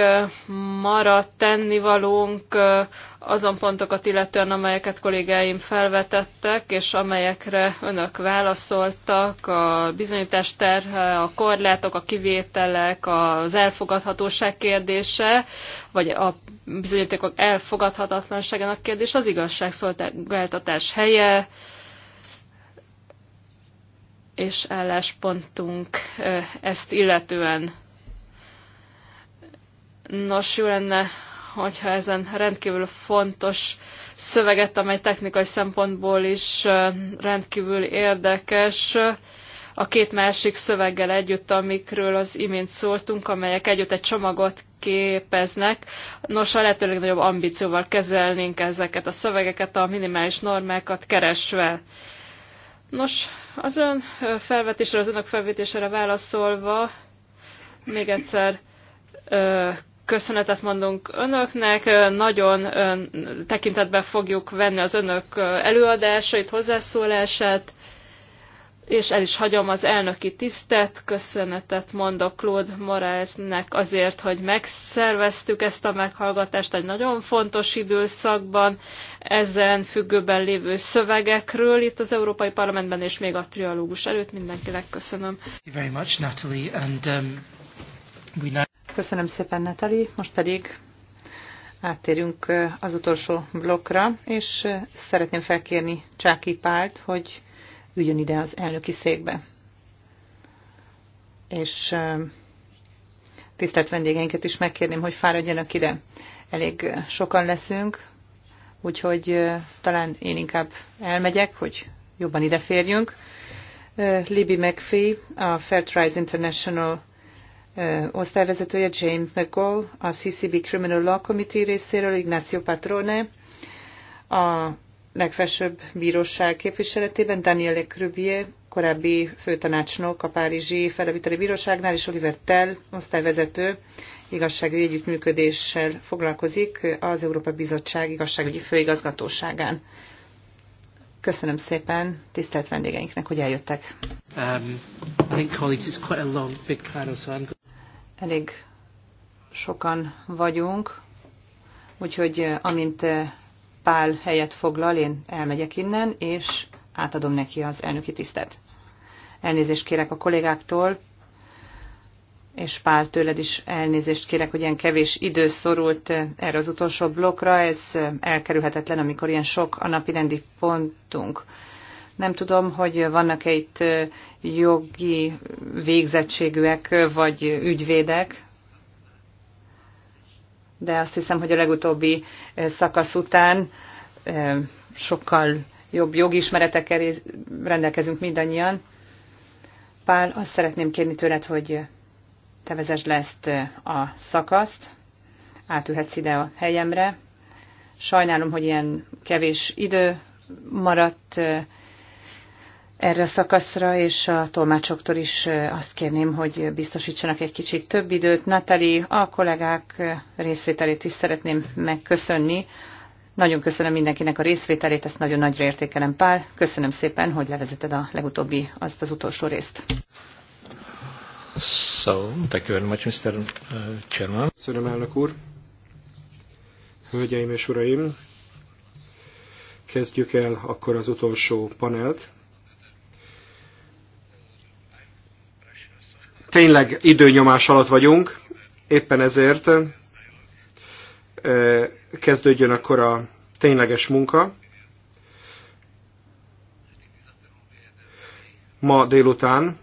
maradt tennivalónk azon pontokat illetően, amelyeket kollégáim felvetettek, és amelyekre önök válaszoltak, a bizonyításter, a korlátok, a kivételek, az elfogadhatóság kérdése, vagy a bizonyítékok elfogadhatatlanságának kérdése, az igazságszolgáltatás helye, és álláspontunk ezt illetően Nos, jó lenne, hogyha ezen rendkívül fontos szöveget, amely technikai szempontból is rendkívül érdekes, a két másik szöveggel együtt, amikről az imént szóltunk, amelyek együtt egy csomagot képeznek. Nos, a lehető legnagyobb ambícióval kezelnénk ezeket a szövegeket, a minimális normákat keresve. Nos, az ön felvetésre, az önök felvetésére válaszolva, még egyszer köszönetet mondunk önöknek, nagyon tekintetbe fogjuk venni az önök előadásait, hozzászólását, és el is hagyom az elnöki tisztet, köszönetet mondok Claude Moraesnek azért, hogy megszerveztük ezt a meghallgatást egy nagyon fontos időszakban, ezen függőben lévő szövegekről itt az Európai Parlamentben, és még a trialógus előtt mindenkinek köszönöm. Um, Köszönöm szépen, Natali. Most pedig áttérünk az utolsó blokkra, és szeretném felkérni Csáki Pált, hogy üljön ide az elnöki székbe. És tisztelt vendégeinket is megkérném, hogy fáradjanak ide. Elég sokan leszünk, úgyhogy talán én inkább elmegyek, hogy jobban ideférjünk. Libby McPhee, a Fairtrice International osztályvezetője James McGall, a CCB Criminal Law Committee részéről Ignacio Patrone, a legfelsőbb bíróság képviseletében Daniel Crubier, korábbi főtanácsnok a Párizsi Feleviteli Bíróságnál, és Oliver Tell, osztályvezető, igazságügyi együttműködéssel foglalkozik az Európa Bizottság igazságügyi főigazgatóságán. Köszönöm szépen tisztelt vendégeinknek, hogy eljöttek. Um, I think colleagues, it's quite a long, big panel, so I'm Elég sokan vagyunk, úgyhogy eh, amint eh, Pál helyet foglal, én elmegyek innen, és átadom neki az elnöki tisztet. Elnézést kérek a kollégáktól, és Pál tőled is elnézést kérek, hogy ilyen kevés idő szorult eh, erre az utolsó blokkra, ez elkerülhetetlen, amikor ilyen sok a napi rendi pontunk. Nem tudom, hogy vannak-e itt jogi végzettségűek vagy ügyvédek, de azt hiszem, hogy a legutóbbi szakasz után sokkal jobb jogismeretekkel rendelkezünk mindannyian. Pál, azt szeretném kérni tőled, hogy te vezesd le ezt a szakaszt, átülhetsz ide a helyemre. Sajnálom, hogy ilyen kevés idő maradt, erre a szakaszra, és a tolmácsoktól is azt kérném, hogy biztosítsanak egy kicsit több időt. Natali, a kollégák részvételét is szeretném megköszönni. Nagyon köszönöm mindenkinek a részvételét, ezt nagyon nagyra értékelem, Pál. Köszönöm szépen, hogy levezeted a legutóbbi, azt az utolsó részt. So, thank you very much, Mr. Uh, chairman. Köszönöm, elnök úr. Hölgyeim és uraim, kezdjük el akkor az utolsó panelt. tényleg időnyomás alatt vagyunk, éppen ezért kezdődjön akkor a tényleges munka. Ma délután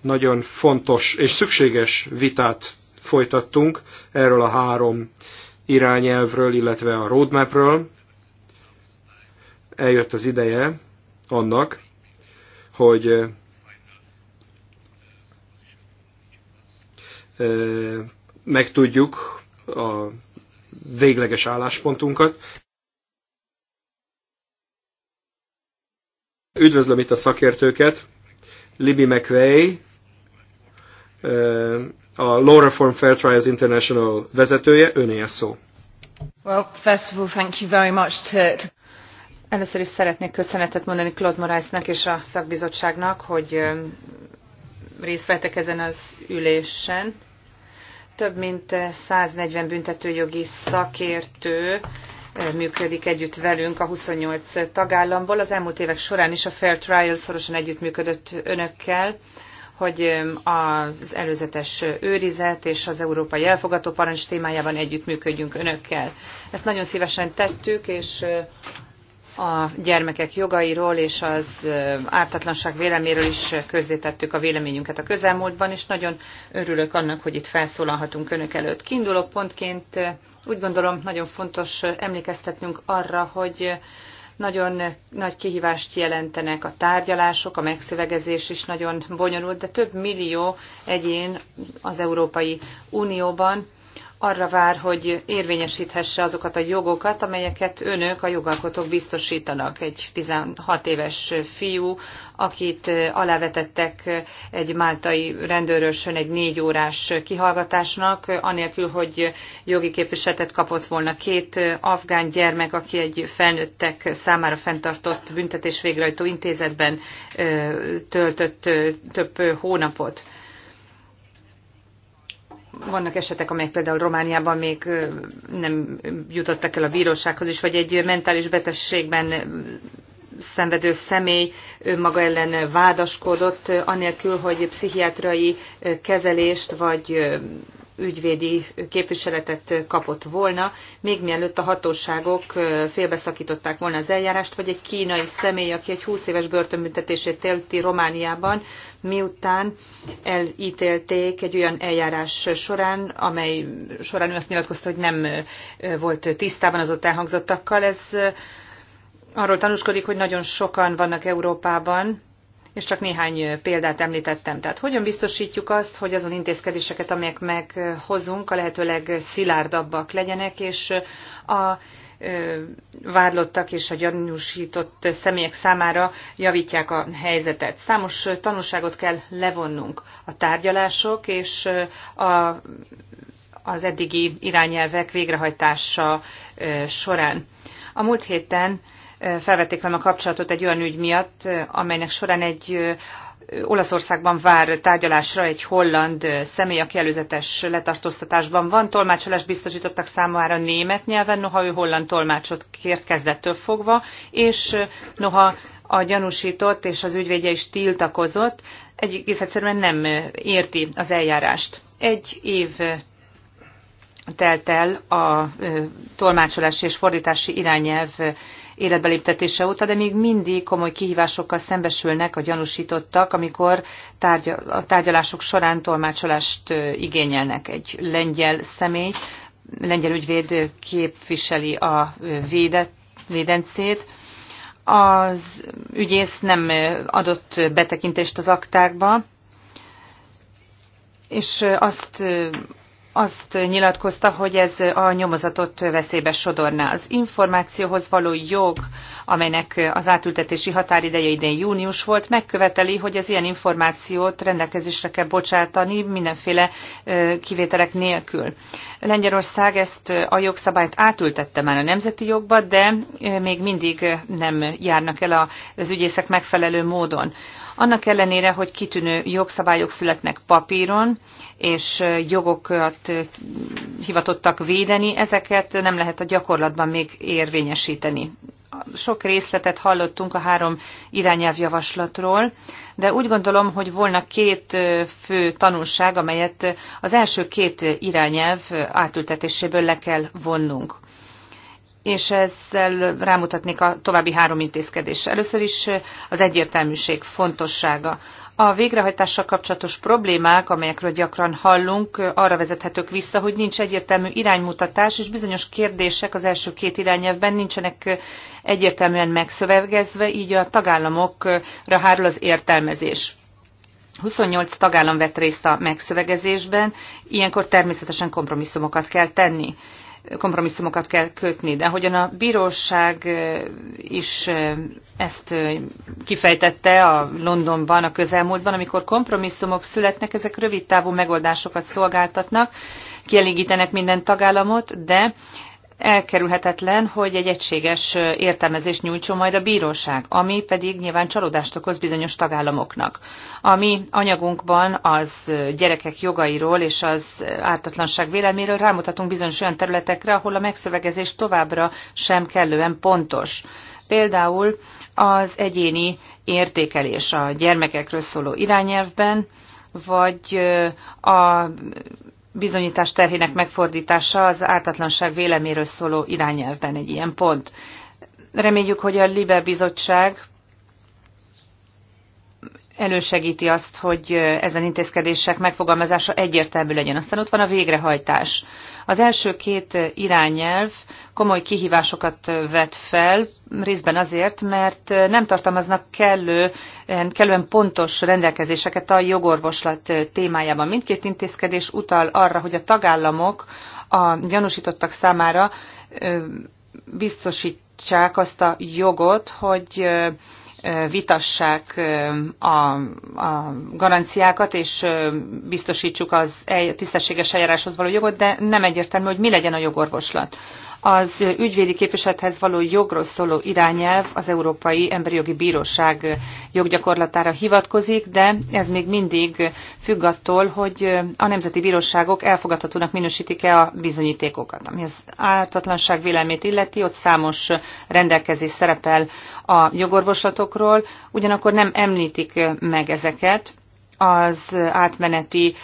nagyon fontos és szükséges vitát folytattunk erről a három irányelvről, illetve a roadmapről. Eljött az ideje annak, hogy megtudjuk a végleges álláspontunkat. Üdvözlöm itt a szakértőket, Libby McVeigh, a Law Reform Fair Trials International vezetője, öné a szó. Well, first of all, thank you very much to, to... Először is szeretnék köszönetet mondani Claude Moraesnek és a szakbizottságnak, hogy részt vettek ezen az ülésen. Több mint 140 büntetőjogi szakértő eh, működik együtt velünk a 28 tagállamból. Az elmúlt évek során is a Fair Trial szorosan együttműködött önökkel, hogy eh, az előzetes őrizet és az európai elfogató parancs témájában együttműködjünk önökkel. Ezt nagyon szívesen tettük, és eh, a gyermekek jogairól és az ártatlanság véleméről is közzétettük a véleményünket a közelmúltban, és nagyon örülök annak, hogy itt felszólalhatunk önök előtt. Kiinduló pontként úgy gondolom nagyon fontos emlékeztetnünk arra, hogy nagyon nagy kihívást jelentenek a tárgyalások, a megszövegezés is nagyon bonyolult, de több millió egyén az Európai Unióban arra vár, hogy érvényesíthesse azokat a jogokat, amelyeket önök, a jogalkotók biztosítanak. Egy 16 éves fiú, akit alávetettek egy máltai rendőrösön egy négy órás kihallgatásnak, anélkül, hogy jogi képviseletet kapott volna két afgán gyermek, aki egy felnőttek számára fenntartott büntetés végrehajtó intézetben töltött több hónapot vannak esetek, amelyek például Romániában még nem jutottak el a bírósághoz is, vagy egy mentális betegségben szenvedő személy maga ellen vádaskodott, anélkül, hogy pszichiátrai kezelést vagy ügyvédi képviseletet kapott volna, még mielőtt a hatóságok félbeszakították volna az eljárást, vagy egy kínai személy, aki egy 20 éves börtönbüntetését élti Romániában, miután elítélték egy olyan eljárás során, amely során ő azt nyilatkozta, hogy nem volt tisztában az ott elhangzottakkal. Ez arról tanúskodik, hogy nagyon sokan vannak Európában, és csak néhány példát említettem. Tehát hogyan biztosítjuk azt, hogy azon intézkedéseket, amelyek meghozunk, a lehetőleg szilárdabbak legyenek, és a vádlottak és a gyanúsított személyek számára javítják a helyzetet. Számos tanulságot kell levonnunk a tárgyalások és a, az eddigi irányelvek végrehajtása során. A múlt héten felvették velem a kapcsolatot egy olyan ügy miatt, amelynek során egy Olaszországban vár tárgyalásra egy holland személy, aki előzetes letartóztatásban van. Tolmácsolást biztosítottak számára német nyelven, noha ő holland tolmácsot kért kezdettől fogva, és noha a gyanúsított és az ügyvédje is tiltakozott, egész egyszerűen nem érti az eljárást. Egy év telt el a tolmácsolási és fordítási irányelv életbe léptetése óta, de még mindig komoly kihívásokkal szembesülnek a gyanúsítottak, amikor tárgya, a tárgyalások során tolmácsolást igényelnek. Egy lengyel személy, lengyel ügyvéd képviseli a védet, védencét, az ügyész nem adott betekintést az aktákba, és azt azt nyilatkozta, hogy ez a nyomozatot veszélybe sodorná. Az információhoz való jog, amelynek az átültetési határideje idén június volt, megköveteli, hogy az ilyen információt rendelkezésre kell bocsátani mindenféle kivételek nélkül. Lengyelország ezt a jogszabályt átültette már a nemzeti jogba, de még mindig nem járnak el az ügyészek megfelelő módon. Annak ellenére, hogy kitűnő jogszabályok születnek papíron, és jogokat hivatottak védeni, ezeket nem lehet a gyakorlatban még érvényesíteni sok részletet hallottunk a három irányelvjavaslatról, de úgy gondolom, hogy volna két fő tanulság, amelyet az első két irányelv átültetéséből le kell vonnunk és ezzel rámutatnék a további három intézkedés. Először is az egyértelműség fontossága. A végrehajtással kapcsolatos problémák, amelyekről gyakran hallunk, arra vezethetők vissza, hogy nincs egyértelmű iránymutatás, és bizonyos kérdések az első két irányelvben nincsenek egyértelműen megszövegezve, így a tagállamokra hárul az értelmezés. 28 tagállam vett részt a megszövegezésben, ilyenkor természetesen kompromisszumokat kell tenni kompromisszumokat kell kötni. De hogyan a bíróság is ezt kifejtette a Londonban a közelmúltban, amikor kompromisszumok születnek, ezek rövid távú megoldásokat szolgáltatnak, kielégítenek minden tagállamot, de elkerülhetetlen, hogy egy egységes értelmezést nyújtson majd a bíróság, ami pedig nyilván csalódást okoz bizonyos tagállamoknak. A mi anyagunkban az gyerekek jogairól és az ártatlanság véleméről rámutatunk bizonyos olyan területekre, ahol a megszövegezés továbbra sem kellően pontos. Például az egyéni értékelés a gyermekekről szóló irányelvben, vagy a bizonyítás terhének megfordítása az ártatlanság véleméről szóló irányelvben egy ilyen pont. Reméljük, hogy a Libe Bizottság elősegíti azt, hogy ezen intézkedések megfogalmazása egyértelmű legyen. Aztán ott van a végrehajtás. Az első két irányelv komoly kihívásokat vet fel, részben azért, mert nem tartalmaznak kellő, kellően pontos rendelkezéseket a jogorvoslat témájában. Mindkét intézkedés utal arra, hogy a tagállamok a gyanúsítottak számára biztosítsák azt a jogot, hogy vitassák a, a garanciákat, és biztosítsuk az tisztességes eljáráshoz való jogot, de nem egyértelmű, hogy mi legyen a jogorvoslat az ügyvédi képviselethez való jogról szóló irányelv az Európai Emberi Jogi Bíróság joggyakorlatára hivatkozik, de ez még mindig függ attól, hogy a nemzeti bíróságok elfogadhatónak minősítik-e a bizonyítékokat. Ami az ártatlanság vélelmét illeti, ott számos rendelkezés szerepel a jogorvoslatokról, ugyanakkor nem említik meg ezeket az átmeneti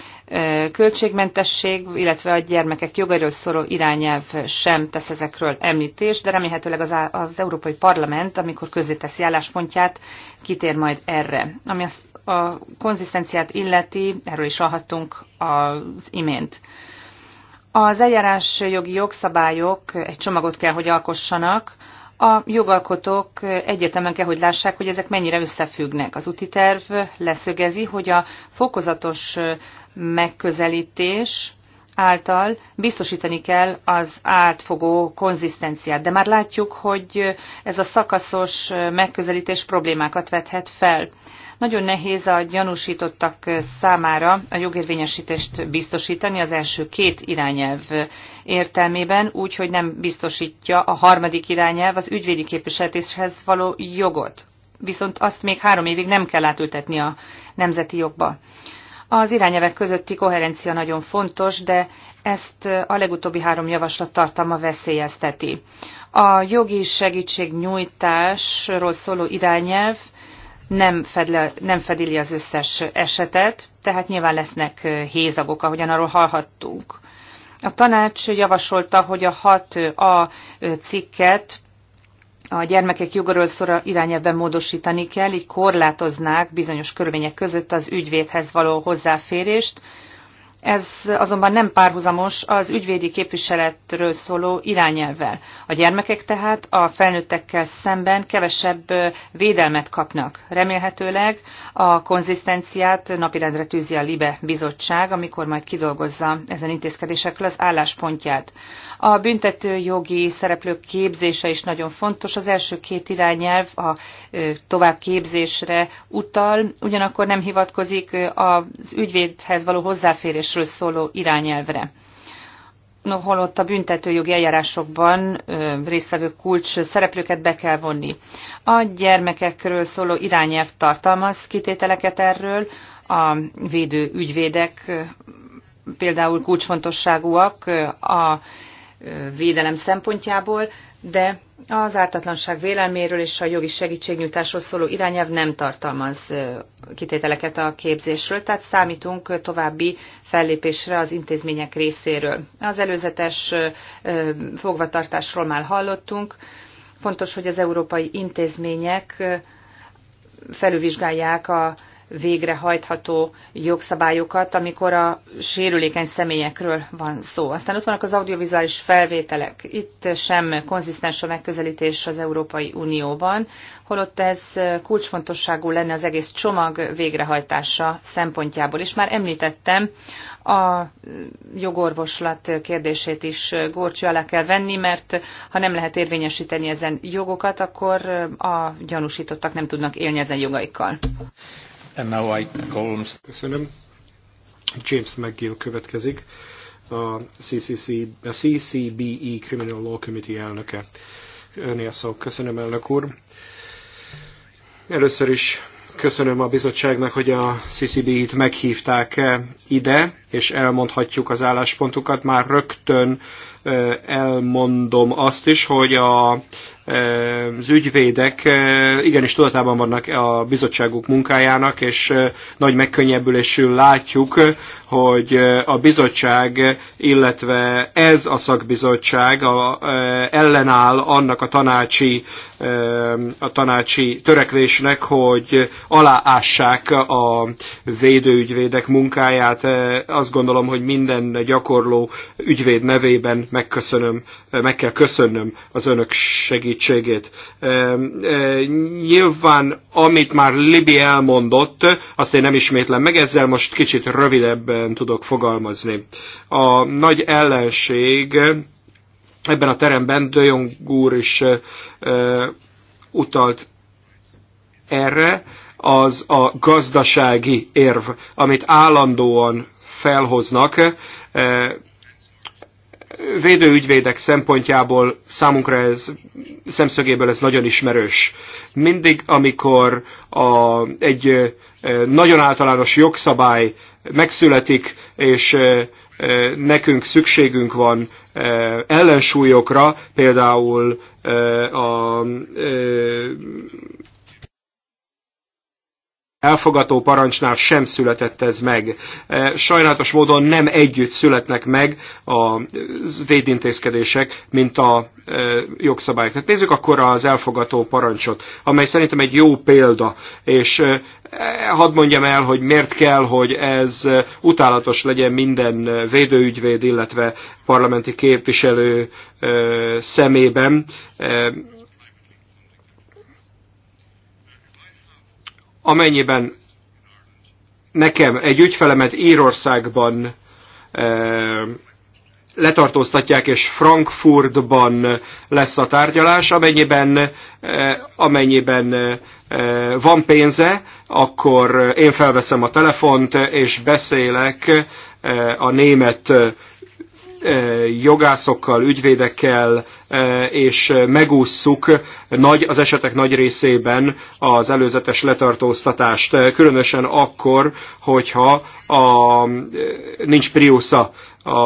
költségmentesség, illetve a gyermekek jogairól szóló irányelv sem tesz ezekről említést, de remélhetőleg az, az Európai Parlament, amikor közzéteszi álláspontját, kitér majd erre. Ami az, a konzisztenciát illeti, erről is hallhattunk az imént. Az jogi jogszabályok egy csomagot kell, hogy alkossanak, a jogalkotók egyértelműen kell, hogy lássák, hogy ezek mennyire összefüggnek. Az úti terv leszögezi, hogy a fokozatos megközelítés által biztosítani kell az átfogó konzisztenciát. De már látjuk, hogy ez a szakaszos megközelítés problémákat vethet fel. Nagyon nehéz a gyanúsítottak számára a jogérvényesítést biztosítani az első két irányelv értelmében, úgyhogy nem biztosítja a harmadik irányelv az ügyvédi képviseletéshez való jogot. Viszont azt még három évig nem kell átültetni a nemzeti jogba. Az irányelvek közötti koherencia nagyon fontos, de ezt a legutóbbi három javaslat tartalma veszélyezteti. A jogi segítségnyújtásról szóló irányelv nem, fed le, nem fedi az összes esetet, tehát nyilván lesznek hézagok, ahogyan arról hallhattunk. A tanács javasolta, hogy a 6A cikket a gyermekek jogaról szóra irányelven módosítani kell, így korlátoznák bizonyos körülmények között az ügyvédhez való hozzáférést, ez azonban nem párhuzamos az ügyvédi képviseletről szóló irányelvvel. A gyermekek tehát a felnőttekkel szemben kevesebb védelmet kapnak. Remélhetőleg a konzisztenciát napirendre tűzi a LIBE bizottság, amikor majd kidolgozza ezen intézkedésekről az álláspontját. A büntető jogi szereplők képzése is nagyon fontos. Az első két irányelv a tovább képzésre utal, ugyanakkor nem hivatkozik az ügyvédhez való hozzáférés büntetésről szóló irányelvre. No, holott a büntetőjogi eljárásokban résztvevő kulcs szereplőket be kell vonni. A gyermekekről szóló irányelv tartalmaz kitételeket erről, a védő ügyvédek például kulcsfontosságúak, a védelem szempontjából, de az ártatlanság vélelméről és a jogi segítségnyújtásról szóló irányelv nem tartalmaz kitételeket a képzésről, tehát számítunk további fellépésre az intézmények részéről. Az előzetes fogvatartásról már hallottunk. Fontos, hogy az európai intézmények felülvizsgálják a végrehajtható jogszabályokat, amikor a sérülékeny személyekről van szó. Aztán ott vannak az audiovizuális felvételek. Itt sem konzisztens a megközelítés az Európai Unióban, holott ez kulcsfontosságú lenne az egész csomag végrehajtása szempontjából. És már említettem, a jogorvoslat kérdését is górcső alá kell venni, mert ha nem lehet érvényesíteni ezen jogokat, akkor a gyanúsítottak nem tudnak élni ezen jogaikkal. And now I Köszönöm. James McGill következik, a, CCC, a CCBE Criminal Law Committee elnöke. Önél szó. Köszönöm, elnök úr. Először is köszönöm a bizottságnak, hogy a CCB-t meghívták ide, és elmondhatjuk az álláspontukat. Már rögtön elmondom azt is, hogy a az ügyvédek igenis tudatában vannak a bizottságuk munkájának, és nagy megkönnyebbülésül látjuk, hogy a bizottság, illetve ez a szakbizottság ellenáll annak a tanácsi, a tanácsi törekvésnek, hogy aláássák a védőügyvédek munkáját. Azt gondolom, hogy minden gyakorló ügyvéd nevében megköszönöm, meg kell köszönnöm az önök segítségét segítségét. Nyilván, amit már Libi elmondott, azt én nem ismétlem meg, ezzel most kicsit rövidebben tudok fogalmazni. A nagy ellenség ebben a teremben Döjong úr is eh, eh, utalt erre, az a gazdasági érv, amit állandóan felhoznak, eh, védőügyvédek szempontjából számunkra ez, szemszögéből ez nagyon ismerős. Mindig, amikor a, egy nagyon általános jogszabály megszületik, és nekünk szükségünk van ellensúlyokra, például a elfogató parancsnál sem született ez meg. E, sajnálatos módon nem együtt születnek meg a védintézkedések, mint a e, jogszabályok. Tehát nézzük akkor az elfogató parancsot, amely szerintem egy jó példa, és e, hadd mondjam el, hogy miért kell, hogy ez utálatos legyen minden védőügyvéd, illetve parlamenti képviselő szemében amennyiben nekem egy ügyfelemet Írországban eh, letartóztatják, és Frankfurtban lesz a tárgyalás, amennyiben, eh, amennyiben eh, van pénze, akkor én felveszem a telefont, és beszélek a német E, jogászokkal, ügyvédekkel, e, és megússzuk nagy, az esetek nagy részében az előzetes letartóztatást, e, különösen akkor, hogyha a, nincs priusza a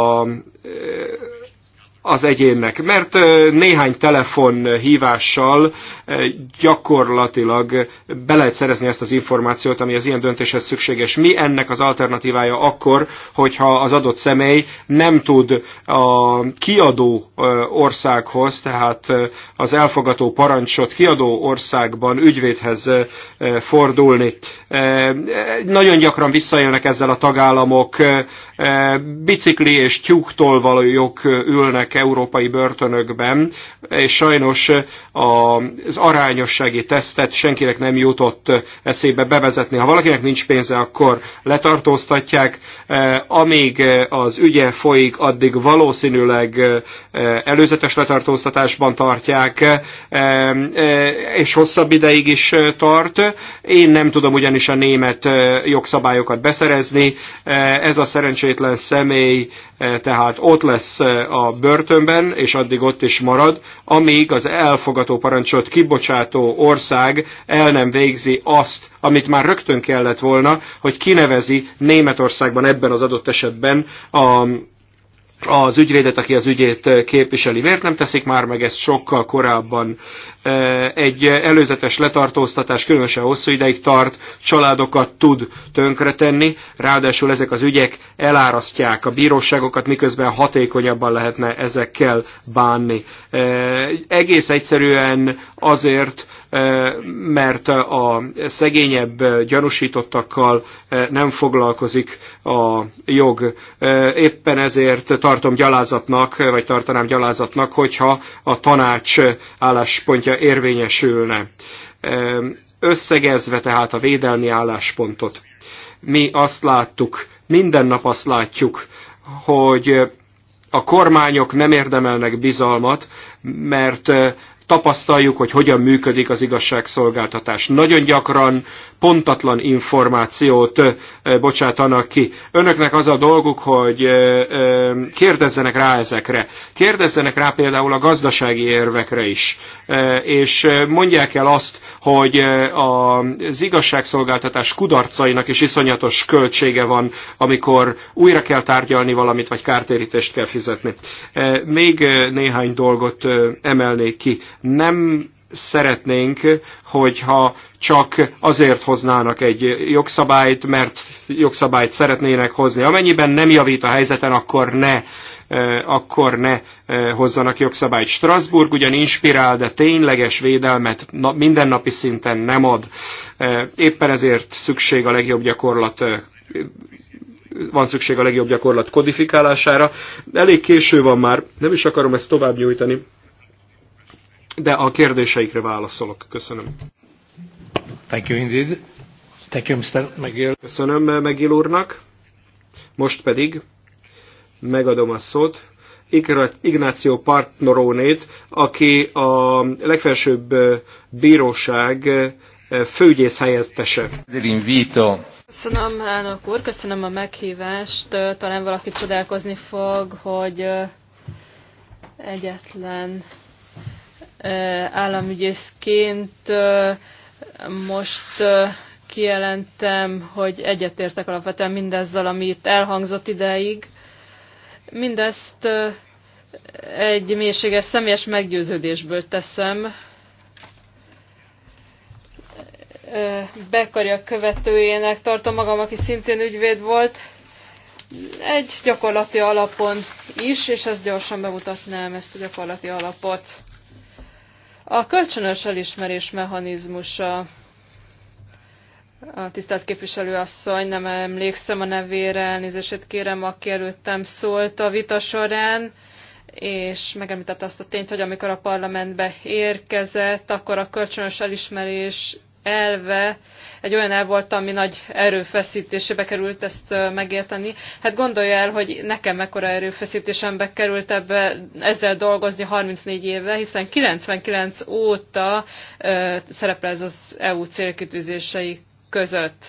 az egyének, Mert néhány telefonhívással gyakorlatilag be lehet szerezni ezt az információt, ami az ilyen döntéshez szükséges. Mi ennek az alternatívája akkor, hogyha az adott személy nem tud a kiadó országhoz, tehát az elfogató parancsot kiadó országban ügyvédhez fordulni. Nagyon gyakran visszaélnek ezzel a tagállamok, E, bicikli és tyúktól valójuk ülnek európai börtönökben, és sajnos az arányossági tesztet senkinek nem jutott eszébe bevezetni. Ha valakinek nincs pénze, akkor letartóztatják. E, amíg az ügye folyik, addig valószínűleg e, előzetes letartóztatásban tartják, és hosszabb ideig is tart. Én nem tudom ugyanis a német jogszabályokat beszerezni. Ez a szerencsés szerencsétlen személy eh, tehát ott lesz eh, a börtönben, és addig ott is marad, amíg az elfogató parancsot kibocsátó ország el nem végzi azt, amit már rögtön kellett volna, hogy kinevezi Németországban ebben az adott esetben a az ügyvédet, aki az ügyét képviseli, miért nem teszik már meg ezt sokkal korábban? Egy előzetes letartóztatás különösen hosszú ideig tart, családokat tud tönkretenni, ráadásul ezek az ügyek elárasztják a bíróságokat, miközben hatékonyabban lehetne ezekkel bánni. Egész egyszerűen azért, mert a szegényebb gyanúsítottakkal nem foglalkozik a jog. Éppen ezért tartom gyalázatnak, vagy tartanám gyalázatnak, hogyha a tanács álláspontja érvényesülne. Összegezve tehát a védelmi álláspontot. Mi azt láttuk, minden nap azt látjuk, hogy a kormányok nem érdemelnek bizalmat, mert tapasztaljuk, hogy hogyan működik az igazságszolgáltatás. Nagyon gyakran pontatlan információt bocsátanak ki. Önöknek az a dolguk, hogy kérdezzenek rá ezekre. Kérdezzenek rá például a gazdasági érvekre is. És mondják el azt, hogy az igazságszolgáltatás kudarcainak is iszonyatos költsége van, amikor újra kell tárgyalni valamit, vagy kártérítést kell fizetni. Még néhány dolgot emelnék ki. Nem szeretnénk, hogyha csak azért hoznának egy jogszabályt, mert jogszabályt szeretnének hozni. Amennyiben nem javít a helyzeten, akkor ne akkor ne hozzanak jogszabályt. Strasbourg ugyan inspirál, de tényleges védelmet mindennapi szinten nem ad. Éppen ezért szükség a legjobb gyakorlat van szükség a legjobb gyakorlat kodifikálására. Elég késő van már, nem is akarom ezt tovább nyújtani de a kérdéseikre válaszolok. Köszönöm. Thank you indeed. Thank you, Mr. McGill. Köszönöm McGill úrnak. Most pedig megadom a szót Ignáció Partnorónét, aki a legfelsőbb bíróság főgyész helyettese. Köszönöm, elnök úr, köszönöm a meghívást. Talán valaki csodálkozni fog, hogy egyetlen államügyészként most kijelentem, hogy egyetértek alapvetően mindezzel, amit elhangzott ideig. Mindezt egy mélységes személyes meggyőződésből teszem. Bekarja követőjének tartom magam, aki szintén ügyvéd volt, egy gyakorlati alapon is, és ezt gyorsan bemutatnám, ezt a gyakorlati alapot. A kölcsönös elismerés mechanizmusa a tisztelt képviselő asszony, nem emlékszem a nevére, elnézését kérem, aki előttem szólt a vita során, és megemlítette azt a tényt, hogy amikor a parlamentbe érkezett, akkor a kölcsönös elismerés elve egy olyan el volt, ami nagy erőfeszítésébe került ezt megérteni. Hát gondolj el, hogy nekem mekkora erőfeszítésembe került ebbe ezzel dolgozni 34 éve, hiszen 99 óta ö, szerepel ez az EU célkitűzései között.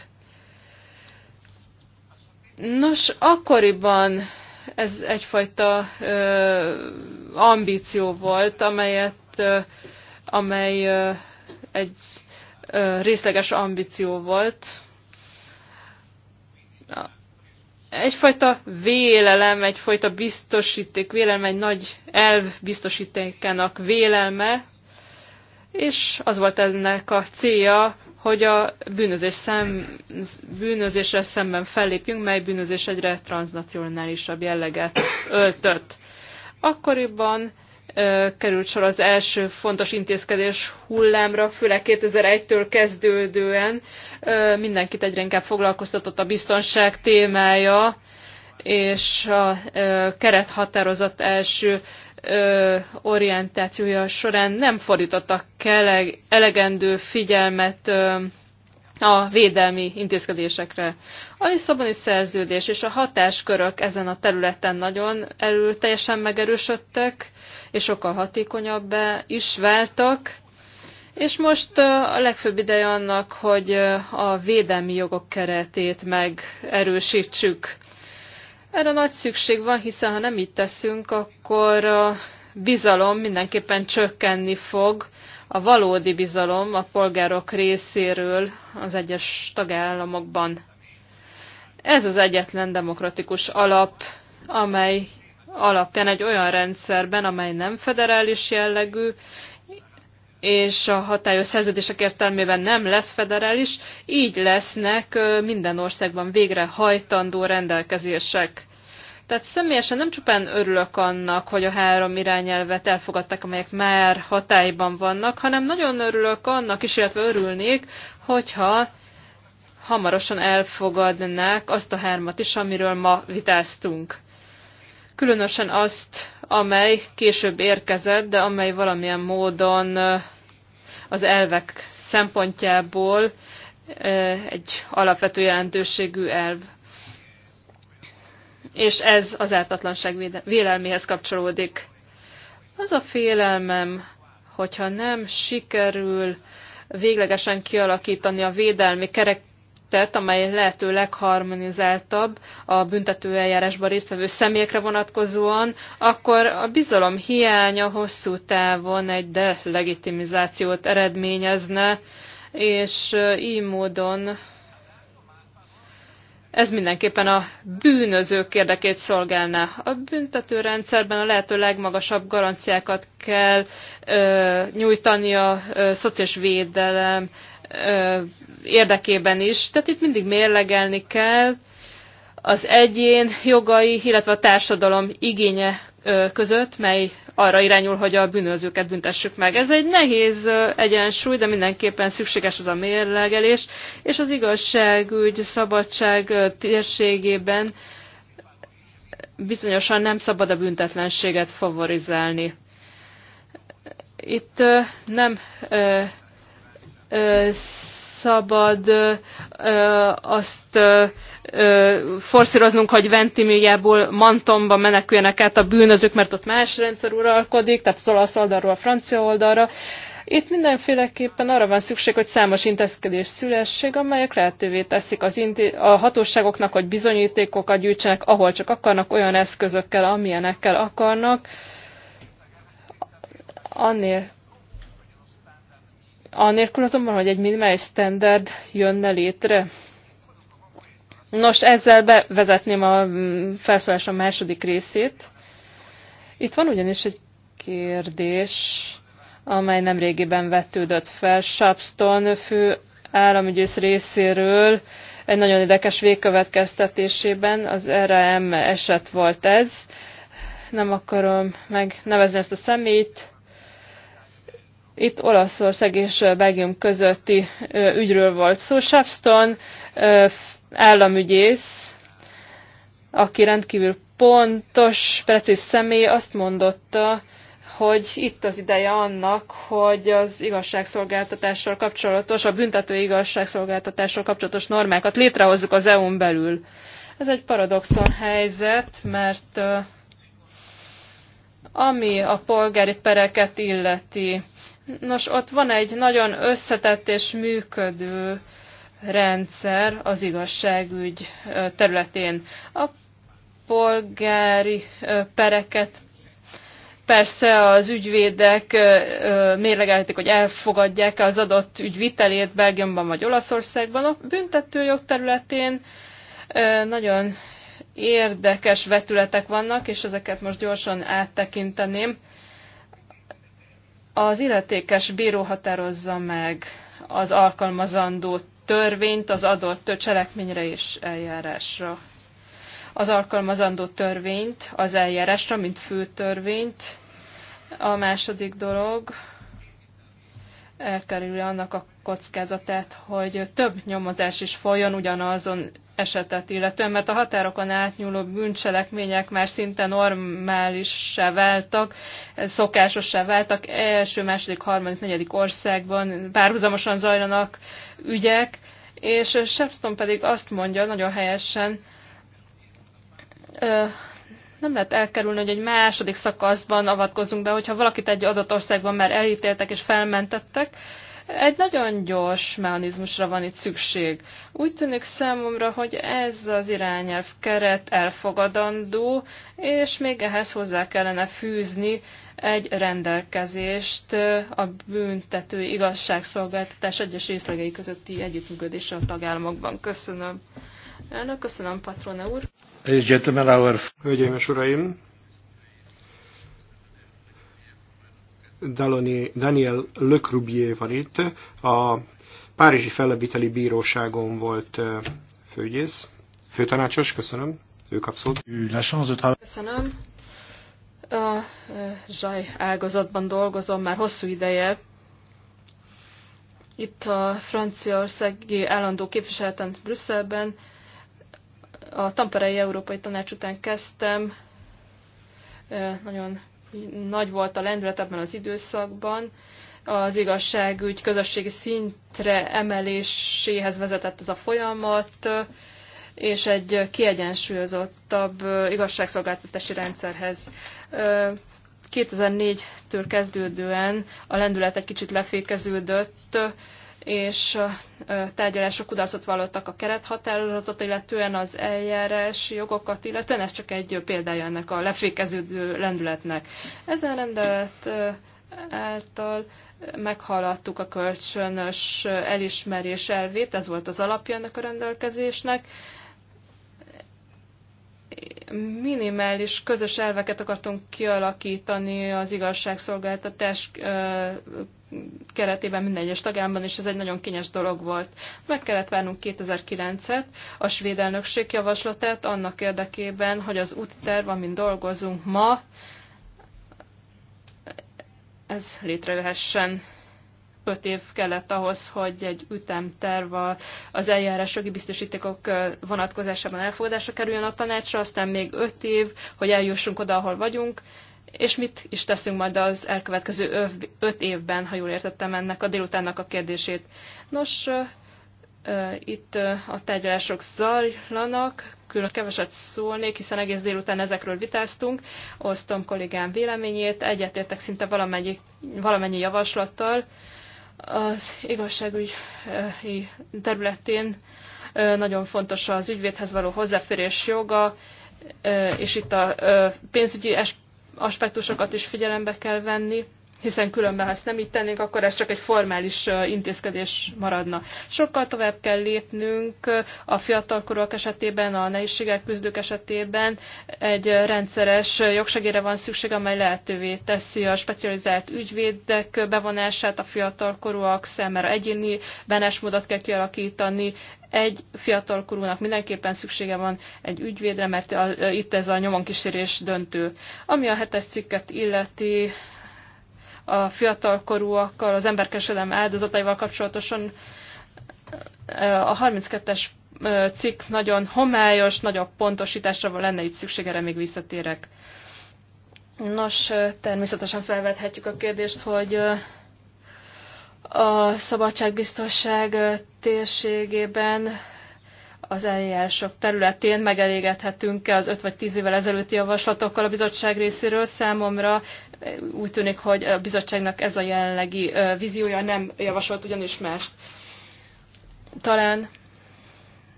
Nos, akkoriban ez egyfajta ö, ambíció volt, amelyet, ö, amely ö, egy részleges ambíció volt. Egyfajta vélelem, egyfajta biztosíték, vélelem, egy nagy elv biztosítékának vélelme, és az volt ennek a célja, hogy a bűnözés szem, bűnözésre szemben fellépjünk, mely bűnözés egyre transnacionálisabb jelleget öltött. Akkoriban került sor az első fontos intézkedés hullámra, főleg 2001-től kezdődően mindenkit egyre inkább foglalkoztatott a biztonság témája, és a kerethatározat első orientációja során nem fordítottak elegendő figyelmet a védelmi intézkedésekre. A Lisszaboni szerződés és a hatáskörök ezen a területen nagyon erőteljesen megerősödtek, és sokkal hatékonyabbá is váltak. És most a legfőbb ideje annak, hogy a védelmi jogok keretét megerősítsük. Erre nagy szükség van, hiszen ha nem így teszünk, akkor a bizalom mindenképpen csökkenni fog, a valódi bizalom a polgárok részéről az egyes tagállamokban. Ez az egyetlen demokratikus alap, amely alapján egy olyan rendszerben, amely nem federális jellegű, és a hatályos szerződések értelmében nem lesz federális, így lesznek minden országban végrehajtandó rendelkezések. Tehát személyesen nem csupán örülök annak, hogy a három irányelvet elfogadtak, amelyek már hatályban vannak, hanem nagyon örülök annak is, illetve örülnék, hogyha hamarosan elfogadnák azt a hármat is, amiről ma vitáztunk különösen azt, amely később érkezett, de amely valamilyen módon az elvek szempontjából egy alapvető jelentőségű elv. És ez az ártatlanság vélelméhez kapcsolódik. Az a félelmem, hogyha nem sikerül véglegesen kialakítani a védelmi tett, amely lehető legharmonizáltabb a büntetőeljárásban résztvevő személyekre vonatkozóan, akkor a bizalom hiánya hosszú távon egy delegitimizációt eredményezne, és így módon ez mindenképpen a bűnözők érdekét szolgálná. A büntetőrendszerben a lehető legmagasabb garanciákat kell ö, nyújtani a ö, szociális védelem, érdekében is. Tehát itt mindig mérlegelni kell az egyén jogai, illetve a társadalom igénye között, mely arra irányul, hogy a bűnözőket büntessük meg. Ez egy nehéz egyensúly, de mindenképpen szükséges az a mérlegelés, és az igazságügy szabadság térségében bizonyosan nem szabad a büntetlenséget favorizálni. Itt nem szabad azt forszíroznunk, hogy Ventimillából Mantomba meneküljenek át a bűnözők, mert ott más rendszer uralkodik, tehát az olasz oldalról a francia oldalra. Itt mindenféleképpen arra van szükség, hogy számos intézkedés szülesség, amelyek lehetővé teszik az a hatóságoknak, hogy bizonyítékokat gyűjtsenek, ahol csak akarnak, olyan eszközökkel, amilyenekkel akarnak, annél Anélkül azonban, hogy egy minimális standard jönne létre. Nos, ezzel bevezetném a a mm, második részét. Itt van ugyanis egy kérdés, amely nem régiben vetődött fel. Shapston fő államügyész részéről egy nagyon érdekes végkövetkeztetésében az RAM eset volt ez. Nem akarom megnevezni ezt a szemét, itt Olaszország és Belgium közötti ügyről volt szó. Shafston államügyész, aki rendkívül pontos, precíz személy azt mondotta, hogy itt az ideje annak, hogy az igazságszolgáltatással kapcsolatos, a büntető igazságszolgáltatással kapcsolatos normákat létrehozzuk az EU-n belül. Ez egy paradoxon helyzet, mert ami a polgári pereket illeti, nos, ott van egy nagyon összetett és működő rendszer az igazságügy területén. A polgári pereket persze az ügyvédek mérlegelhetik, hogy elfogadják -e az adott ügyvitelét Belgiumban vagy Olaszországban. A büntetőjog területén nagyon érdekes vetületek vannak, és ezeket most gyorsan áttekinteném. Az illetékes bíró határozza meg az alkalmazandó törvényt az adott cselekményre és eljárásra. Az alkalmazandó törvényt az eljárásra, mint fő törvényt. A második dolog, elkerülje annak a kockázatát, hogy több nyomozás is folyjon ugyanazon esetet illetően, mert a határokon átnyúló bűncselekmények már szinte normálissá váltak, szokásossá váltak, első, második, harmadik, negyedik országban párhuzamosan zajlanak ügyek, és Shepston pedig azt mondja nagyon helyesen, nem lehet elkerülni, hogy egy második szakaszban avatkozunk be, hogyha valakit egy adott országban már elítéltek és felmentettek, egy nagyon gyors mechanizmusra van itt szükség. Úgy tűnik számomra, hogy ez az irányelv keret elfogadandó, és még ehhez hozzá kellene fűzni egy rendelkezést a büntető igazságszolgáltatás egyes részlegei közötti együttműködésre a tagállamokban. Köszönöm. Elnök, köszönöm, Patrona úr. Hölgyeim és Uraim! Daniel Lecrubier van itt. A Párizsi Felleviteli Bíróságon volt főgyész, főtanácsos, köszönöm. Ő kap szót. Köszönöm. A zsaj ágazatban dolgozom már hosszú ideje. Itt a franciaországi állandó képviseleten Brüsszelben a Tamperei Európai Tanács után kezdtem, nagyon nagy volt a lendület ebben az időszakban, az igazságügy közösségi szintre emeléséhez vezetett ez a folyamat, és egy kiegyensúlyozottabb igazságszolgáltatási rendszerhez. 2004-től kezdődően a lendület egy kicsit lefékeződött, és tárgyalások kudarcot vallottak a kerethatározatot, illetően az eljárási jogokat, illetően ez csak egy példája ennek a lefékeződő lendületnek. Ezen rendelet által meghaladtuk a kölcsönös elismerés elvét, ez volt az alapja ennek a rendelkezésnek, minimális közös elveket akartunk kialakítani az igazságszolgáltatás keretében minden egyes tagállamban, és ez egy nagyon kényes dolog volt. Meg kellett várnunk 2009-et, a svéd elnökség javaslatát annak érdekében, hogy az útterv, amin dolgozunk ma, ez létrejöhessen öt év kellett ahhoz, hogy egy ütemterv az eljárásjogi biztosítékok vonatkozásában elfogadásra kerüljön a tanácsra, aztán még öt év, hogy eljussunk oda, ahol vagyunk, és mit is teszünk majd az elkövetkező öv, öt évben, ha jól értettem ennek a délutánnak a kérdését. Nos, itt a tárgyalások zajlanak, külön keveset szólnék, hiszen egész délután ezekről vitáztunk, osztom kollégám véleményét, egyetértek szinte valamennyi, valamennyi javaslattal, az igazságügyi eh, területén eh, nagyon fontos az ügyvédhez való hozzáférés joga, eh, és itt a pénzügyi aspektusokat is figyelembe kell venni hiszen különben, ha ezt nem így tennénk, akkor ez csak egy formális intézkedés maradna. Sokkal tovább kell lépnünk a fiatalkorúak esetében, a nehézségek küzdők esetében egy rendszeres jogsegére van szükség, amely lehetővé teszi a specializált ügyvédek bevonását a fiatalkorúak számára egyéni benesmódot kell kialakítani, egy fiatalkorúnak mindenképpen szüksége van egy ügyvédre, mert itt ez a nyomonkísérés döntő. Ami a hetes cikket illeti, a fiatalkorúakkal, az emberkeselem áldozataival kapcsolatosan eh, a 32-es eh, cikk nagyon homályos, nagyobb pontosításra van lenne itt szükség, erre még visszatérek. Nos, eh, természetesen felvethetjük a kérdést, hogy a szabadságbiztonság térségében az eljárások területén megelégedhetünk-e az 5 vagy 10 évvel ezelőtti javaslatokkal a bizottság részéről. Számomra eh, úgy tűnik, hogy a bizottságnak ez a jelenlegi eh, víziója nem javasolt ugyanis mást. Talán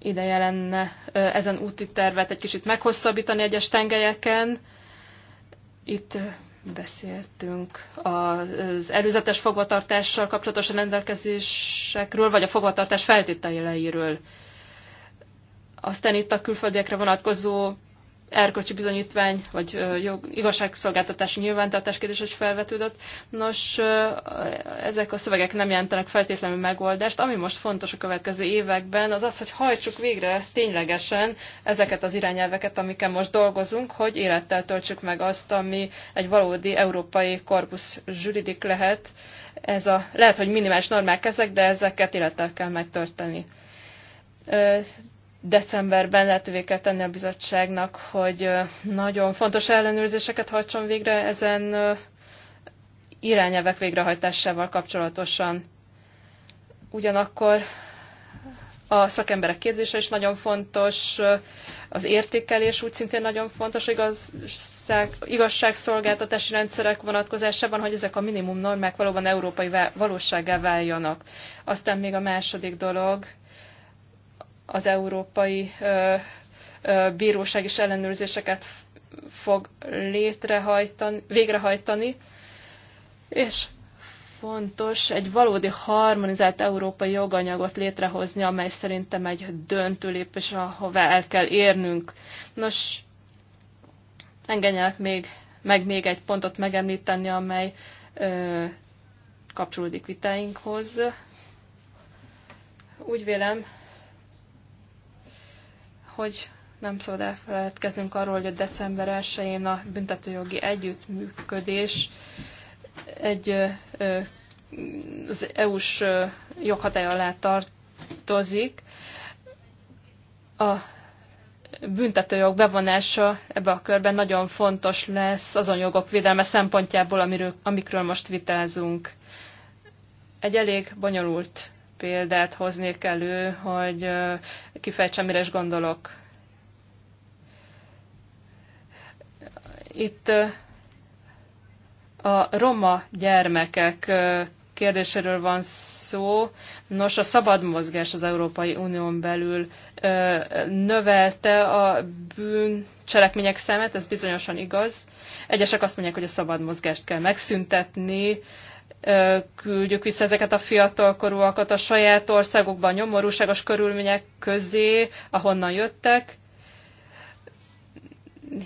ideje lenne eh, ezen úti tervet egy kicsit meghosszabbítani egyes tengelyeken. Itt beszéltünk az előzetes fogvatartással kapcsolatos rendelkezésekről, vagy a fogvatartás feltételeiről. Aztán itt a külföldiekre vonatkozó erkölcsi bizonyítvány, vagy jog, igazságszolgáltatási nyilvántartás kérdés is felvetődött. Nos, ezek a szövegek nem jelentenek feltétlenül megoldást. Ami most fontos a következő években, az az, hogy hajtsuk végre ténylegesen ezeket az irányelveket, amiken most dolgozunk, hogy élettel töltsük meg azt, ami egy valódi európai korpusz zsüridik lehet. Ez a, lehet, hogy minimális normák ezek, de ezeket élettel kell megtörténni decemberben lehetővé kell tenni a bizottságnak, hogy nagyon fontos ellenőrzéseket hajtson végre ezen irányelvek végrehajtásával kapcsolatosan. Ugyanakkor a szakemberek képzése is nagyon fontos, az értékelés úgy szintén nagyon fontos igazság, igazságszolgáltatási rendszerek vonatkozásában, hogy ezek a minimum normák valóban európai valósággá váljanak. Aztán még a második dolog, az európai bíróság is ellenőrzéseket fog létrehajtani, végrehajtani, és fontos egy valódi harmonizált európai joganyagot létrehozni, amely szerintem egy döntő lépés, ahová el kell érnünk. Nos, engedjenek még, meg még egy pontot megemlíteni, amely ö, kapcsolódik vitáinkhoz. Úgy vélem, hogy nem szabad elfeledkeznünk arról, hogy a december 1-én a büntetőjogi együttműködés egy az EU-s joghatály alá tartozik. A büntetőjog bevonása ebbe a körben nagyon fontos lesz azon jogok védelme szempontjából, amiről, amikről most vitázunk. Egy elég bonyolult példát hoznék elő, hogy kifejtsem, mire is gondolok. Itt a roma gyermekek kérdéséről van szó. Nos, a szabad mozgás az Európai Unión belül növelte a bűn cselekmények számát, ez bizonyosan igaz. Egyesek azt mondják, hogy a szabad mozgást kell megszüntetni, küldjük vissza ezeket a fiatalkorúakat a saját országokban, nyomorúságos körülmények közé, ahonnan jöttek,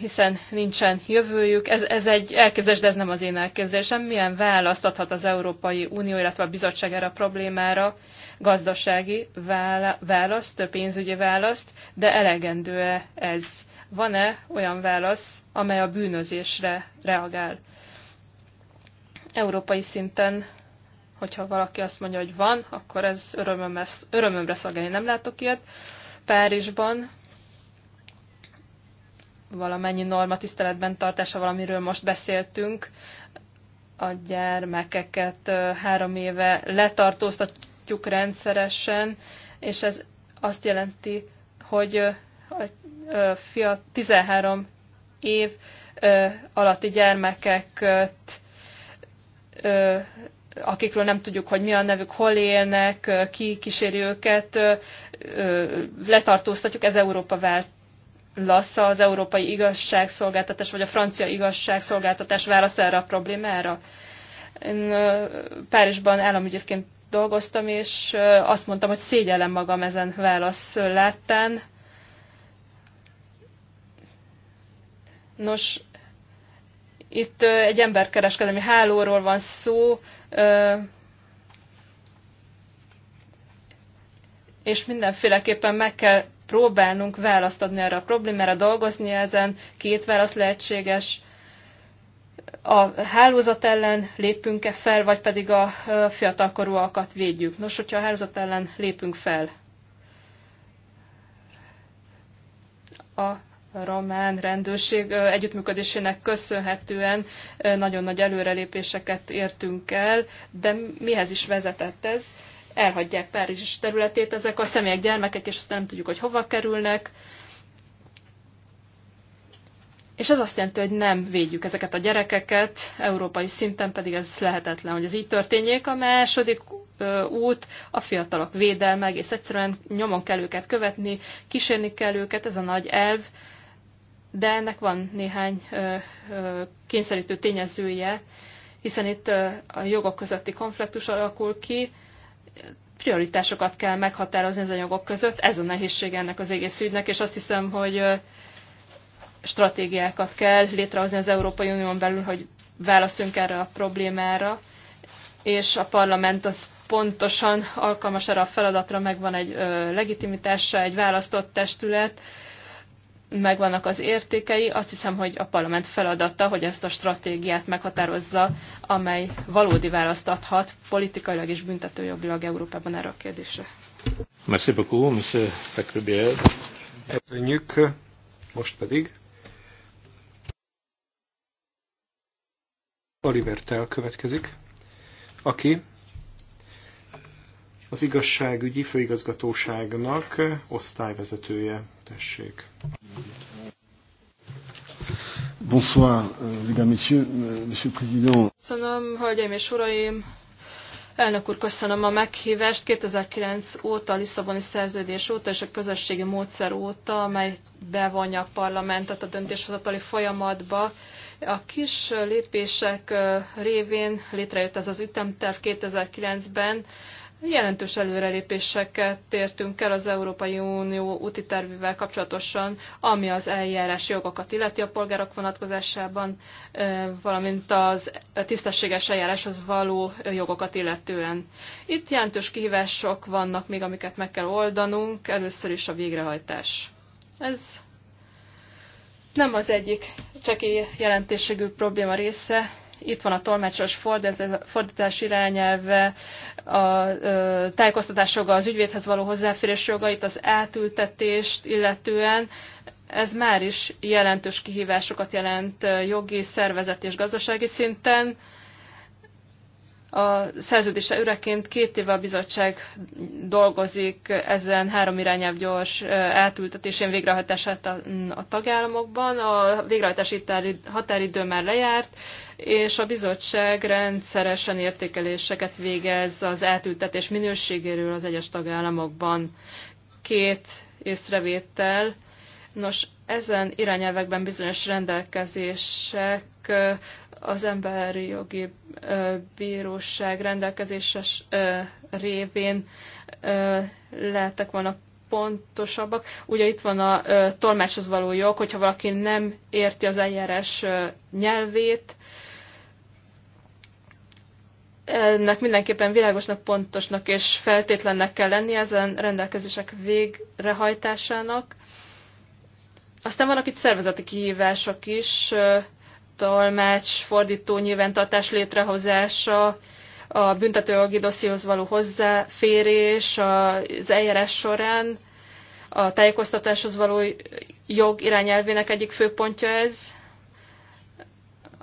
hiszen nincsen jövőjük. Ez, ez egy elképzelés, de ez nem az én elképzelésem. Milyen választ adhat az Európai Unió, illetve a bizottság erre a problémára? Gazdasági választ, pénzügyi választ, de elegendő-e ez? Van-e olyan válasz, amely a bűnözésre reagál? európai szinten, hogyha valaki azt mondja, hogy van, akkor ez örömömre, örömömre szolgálni. Nem látok ilyet. Párizsban valamennyi norma tiszteletben tartása, valamiről most beszéltünk, a gyermekeket három éve letartóztatjuk rendszeresen, és ez azt jelenti, hogy a fia 13 év alatti gyermekeket akikről nem tudjuk, hogy mi a nevük, hol élnek, ki kíséri őket, letartóztatjuk, ez Európa vált lassza az európai igazságszolgáltatás, vagy a francia igazságszolgáltatás válasz erre a problémára. Én Párizsban államügyészként dolgoztam, és azt mondtam, hogy szégyellem magam ezen válasz láttán. Nos, itt egy emberkereskedelmi hálóról van szó, és mindenféleképpen meg kell próbálnunk választ adni erre a problémára, dolgozni ezen, két válasz lehetséges, a hálózat ellen lépünk-e fel, vagy pedig a fiatalkorúakat védjük. Nos, hogyha a hálózat ellen lépünk fel, a román rendőrség együttműködésének köszönhetően nagyon nagy előrelépéseket értünk el, de mihez is vezetett ez? Elhagyják Párizs területét ezek a személyek, gyermekek, és aztán nem tudjuk, hogy hova kerülnek. És ez azt jelenti, hogy nem védjük ezeket a gyerekeket, európai szinten pedig ez lehetetlen, hogy ez így történjék. A második út a fiatalok védelme, egész egyszerűen nyomon kell őket követni, kísérni kell őket, ez a nagy elv, de ennek van néhány kényszerítő tényezője, hiszen itt a jogok közötti konfliktus alakul ki, prioritásokat kell meghatározni az jogok között, ez a nehézség ennek az egész ügynek, és azt hiszem, hogy stratégiákat kell létrehozni az Európai Unión belül, hogy válaszunk erre a problémára, és a parlament az pontosan alkalmas erre a feladatra, megvan egy legitimitása, egy választott testület, megvannak az értékei, azt hiszem, hogy a parlament feladata, hogy ezt a stratégiát meghatározza, amely valódi választ adhat politikailag és büntetőjogilag Európában erre a kérdésre. Merci beaucoup, monsieur Köszönjük, most pedig Oliver Tell következik, aki az igazságügyi főigazgatóságnak osztályvezetője. Tessék. Bonsoir, euh, mesdames, messieurs, euh, monsieur le président. Köszönöm, hölgyeim és uraim, Elnök úr, köszönöm a meghívást. 2009 óta, a Lisszaboni szerződés óta és a közösségi módszer óta, amely bevonja a parlamentet a döntéshozatali folyamatba, a kis lépések euh, révén létrejött ez az ütemterv 2009-ben, Jelentős előrelépéseket tértünk el az Európai Unió úti tervével kapcsolatosan, ami az eljárási jogokat illeti a polgárok vonatkozásában, valamint az tisztességes eljáráshoz való jogokat illetően. Itt jelentős kihívások vannak még, amiket meg kell oldanunk, először is a végrehajtás. Ez nem az egyik cseki jelentőségű probléma része, itt van a tolmácsos fordítás irányelve, a tájékoztatás joga, az ügyvédhez való hozzáférés jogait, itt az átültetést illetően. Ez már is jelentős kihívásokat jelent jogi, szervezeti és gazdasági szinten a szerződése üreként két éve a bizottság dolgozik ezen három irányelv gyors eltültetésén végrehajtását a, a tagállamokban. A végrehajtási határidő már lejárt, és a bizottság rendszeresen értékeléseket végez az eltültetés minőségéről az egyes tagállamokban. Két észrevétel. Nos, ezen irányelvekben bizonyos rendelkezések az emberi jogi bíróság rendelkezéses révén lehettek volna pontosabbak. Ugye itt van a tolmáshoz való jog, hogyha valaki nem érti az eljárás nyelvét, ennek mindenképpen világosnak, pontosnak és feltétlennek kell lenni ezen rendelkezések végrehajtásának. Aztán vannak itt szervezeti kihívások is, tolmács, fordító nyilvántartás létrehozása, a büntetőjogi dossziéhoz való hozzáférés az eljárás során, a tájékoztatáshoz való jog irányelvének egyik főpontja ez.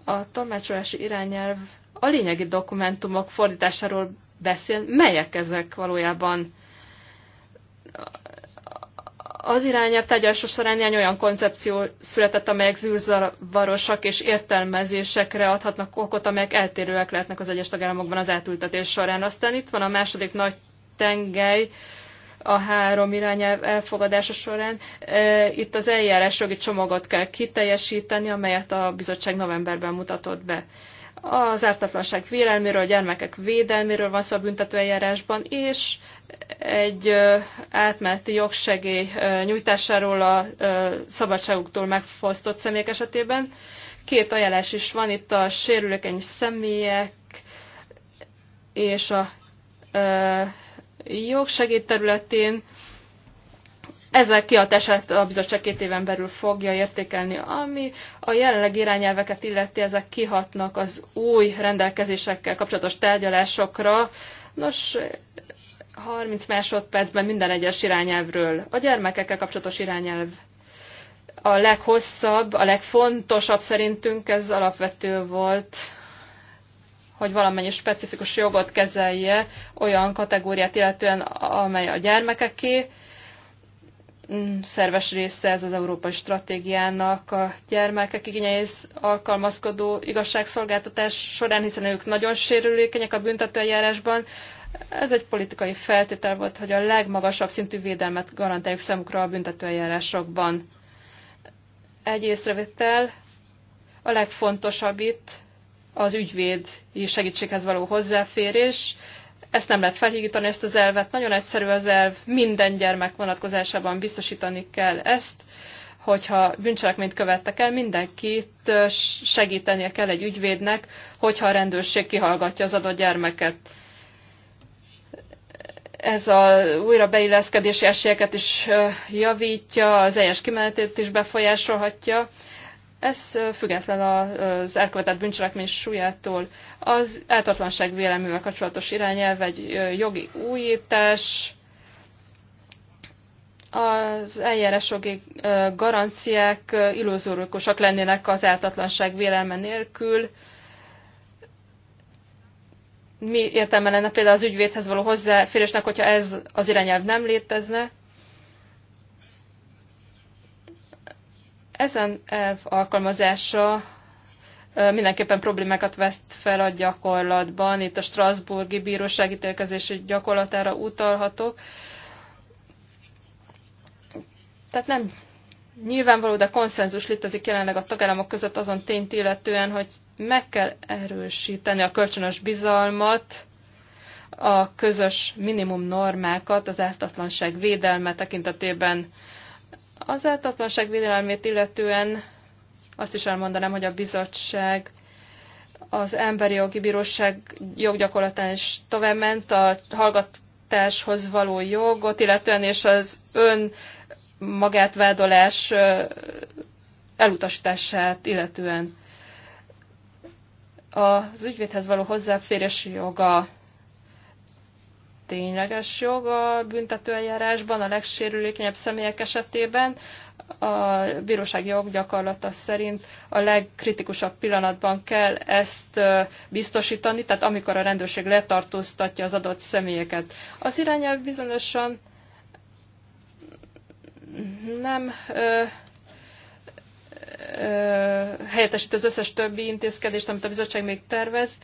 A tolmácsolási irányelv a lényegi dokumentumok fordításáról beszél. Melyek ezek valójában? Az irányelv tárgyalása során néhány olyan koncepció született, amelyek zűrzavarosak és értelmezésekre adhatnak okot, amelyek eltérőek lehetnek az egyes tagállamokban az átültetés során. Aztán itt van a második nagy tengely, a három irányelv elfogadása során. E, itt az eljárásjogi csomagot kell kiteljesíteni, amelyet a bizottság novemberben mutatott be az ártatlanság vélelméről, a gyermekek védelméről van szó a büntetőeljárásban, és egy átmeneti jogsegély nyújtásáról a szabadságuktól megfosztott személyek esetében. Két ajánlás is van itt a sérülékeny személyek és a jogsegély területén ezek kiadását a bizottság két éven belül fogja értékelni, ami a jelenleg irányelveket illeti, ezek kihatnak az új rendelkezésekkel kapcsolatos tárgyalásokra. Nos, 30 másodpercben minden egyes irányelvről. A gyermekekkel kapcsolatos irányelv a leghosszabb, a legfontosabb szerintünk ez alapvető volt, hogy valamennyi specifikus jogot kezelje olyan kategóriát illetően, amely a gyermekeké Mm, szerves része ez az európai stratégiának a gyermekek igényeihez alkalmazkodó igazságszolgáltatás során, hiszen ők nagyon sérülékenyek a büntetőeljárásban. Ez egy politikai feltétel volt, hogy a legmagasabb szintű védelmet garantáljuk számukra a büntetőeljárásokban. Egy észrevétel, a legfontosabb itt az ügyvéd segítséghez való hozzáférés, ezt nem lehet felhígítani, ezt az elvet. Nagyon egyszerű az elv, minden gyermek vonatkozásában biztosítani kell ezt, hogyha bűncselekményt követtek el, mindenkit segítenie kell egy ügyvédnek, hogyha a rendőrség kihallgatja az adott gyermeket ez a újra beilleszkedési esélyeket is javítja, az egyes kimenetét is befolyásolhatja, ez független az elkövetett bűncselekmény súlyától. Az eltartlanság véleművel kapcsolatos irányelv egy jogi újítás, az eljárásjogi garanciák illuzórikusak lennének az áltatlanság vélelme nélkül. Mi értelme lenne például az ügyvédhez való hozzáférésnek, hogyha ez az irányelv nem létezne? Ezen elv alkalmazása mindenképpen problémákat veszt fel a gyakorlatban. Itt a Strasburgi Bíróság ítélkezési gyakorlatára utalhatok. Tehát nem nyilvánvaló, de konszenzus létezik jelenleg a tagállamok között azon tényt illetően, hogy meg kell erősíteni a kölcsönös bizalmat, a közös minimum normákat az ártatlanság védelme tekintetében az ártatlanság védelmét illetően azt is elmondanám, hogy a bizottság az Emberi Jogi Bíróság joggyakorlatán is továbbment a hallgatáshoz való jogot, illetően és az ön magát vádolás elutasítását illetően az ügyvédhez való hozzáférési joga tényleges jog a büntetőeljárásban a legsérülékenyebb személyek esetében. A bírósági joggyakorlata szerint a legkritikusabb pillanatban kell ezt biztosítani, tehát amikor a rendőrség letartóztatja az adott személyeket. Az irányelv bizonyosan nem ö, ö, helyettesít az összes többi intézkedést, amit a bizottság még tervez,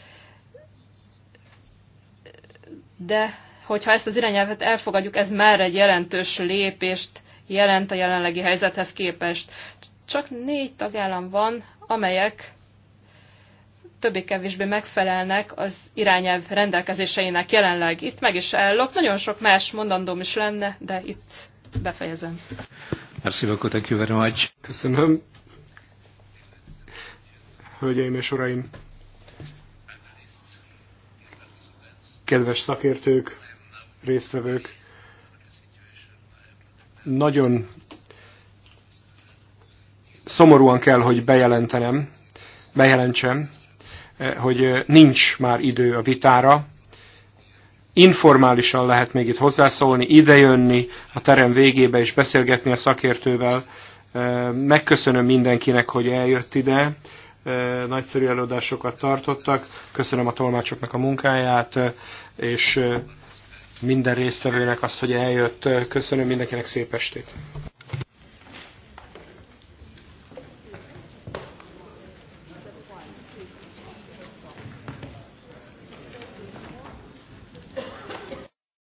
de hogyha ezt az irányelvet elfogadjuk, ez már egy jelentős lépést jelent a jelenlegi helyzethez képest. Csak négy tagállam van, amelyek többé-kevésbé megfelelnek az irányelv rendelkezéseinek jelenleg. Itt meg is állok, nagyon sok más mondandóm is lenne, de itt befejezem. Merci beaucoup, thank you very much. Köszönöm. Hölgyeim és uraim, kedves szakértők, résztvevők nagyon szomorúan kell, hogy bejelentenem, bejelentsem, eh, hogy eh, nincs már idő a vitára. Informálisan lehet még itt hozzászólni, idejönni a terem végébe és beszélgetni a szakértővel. Eh, megköszönöm mindenkinek, hogy eljött ide. Nagyszerű előadásokat tartottak. Köszönöm a tolmácsoknak a munkáját, és minden résztvevőnek azt, hogy eljött. Köszönöm mindenkinek szép estét!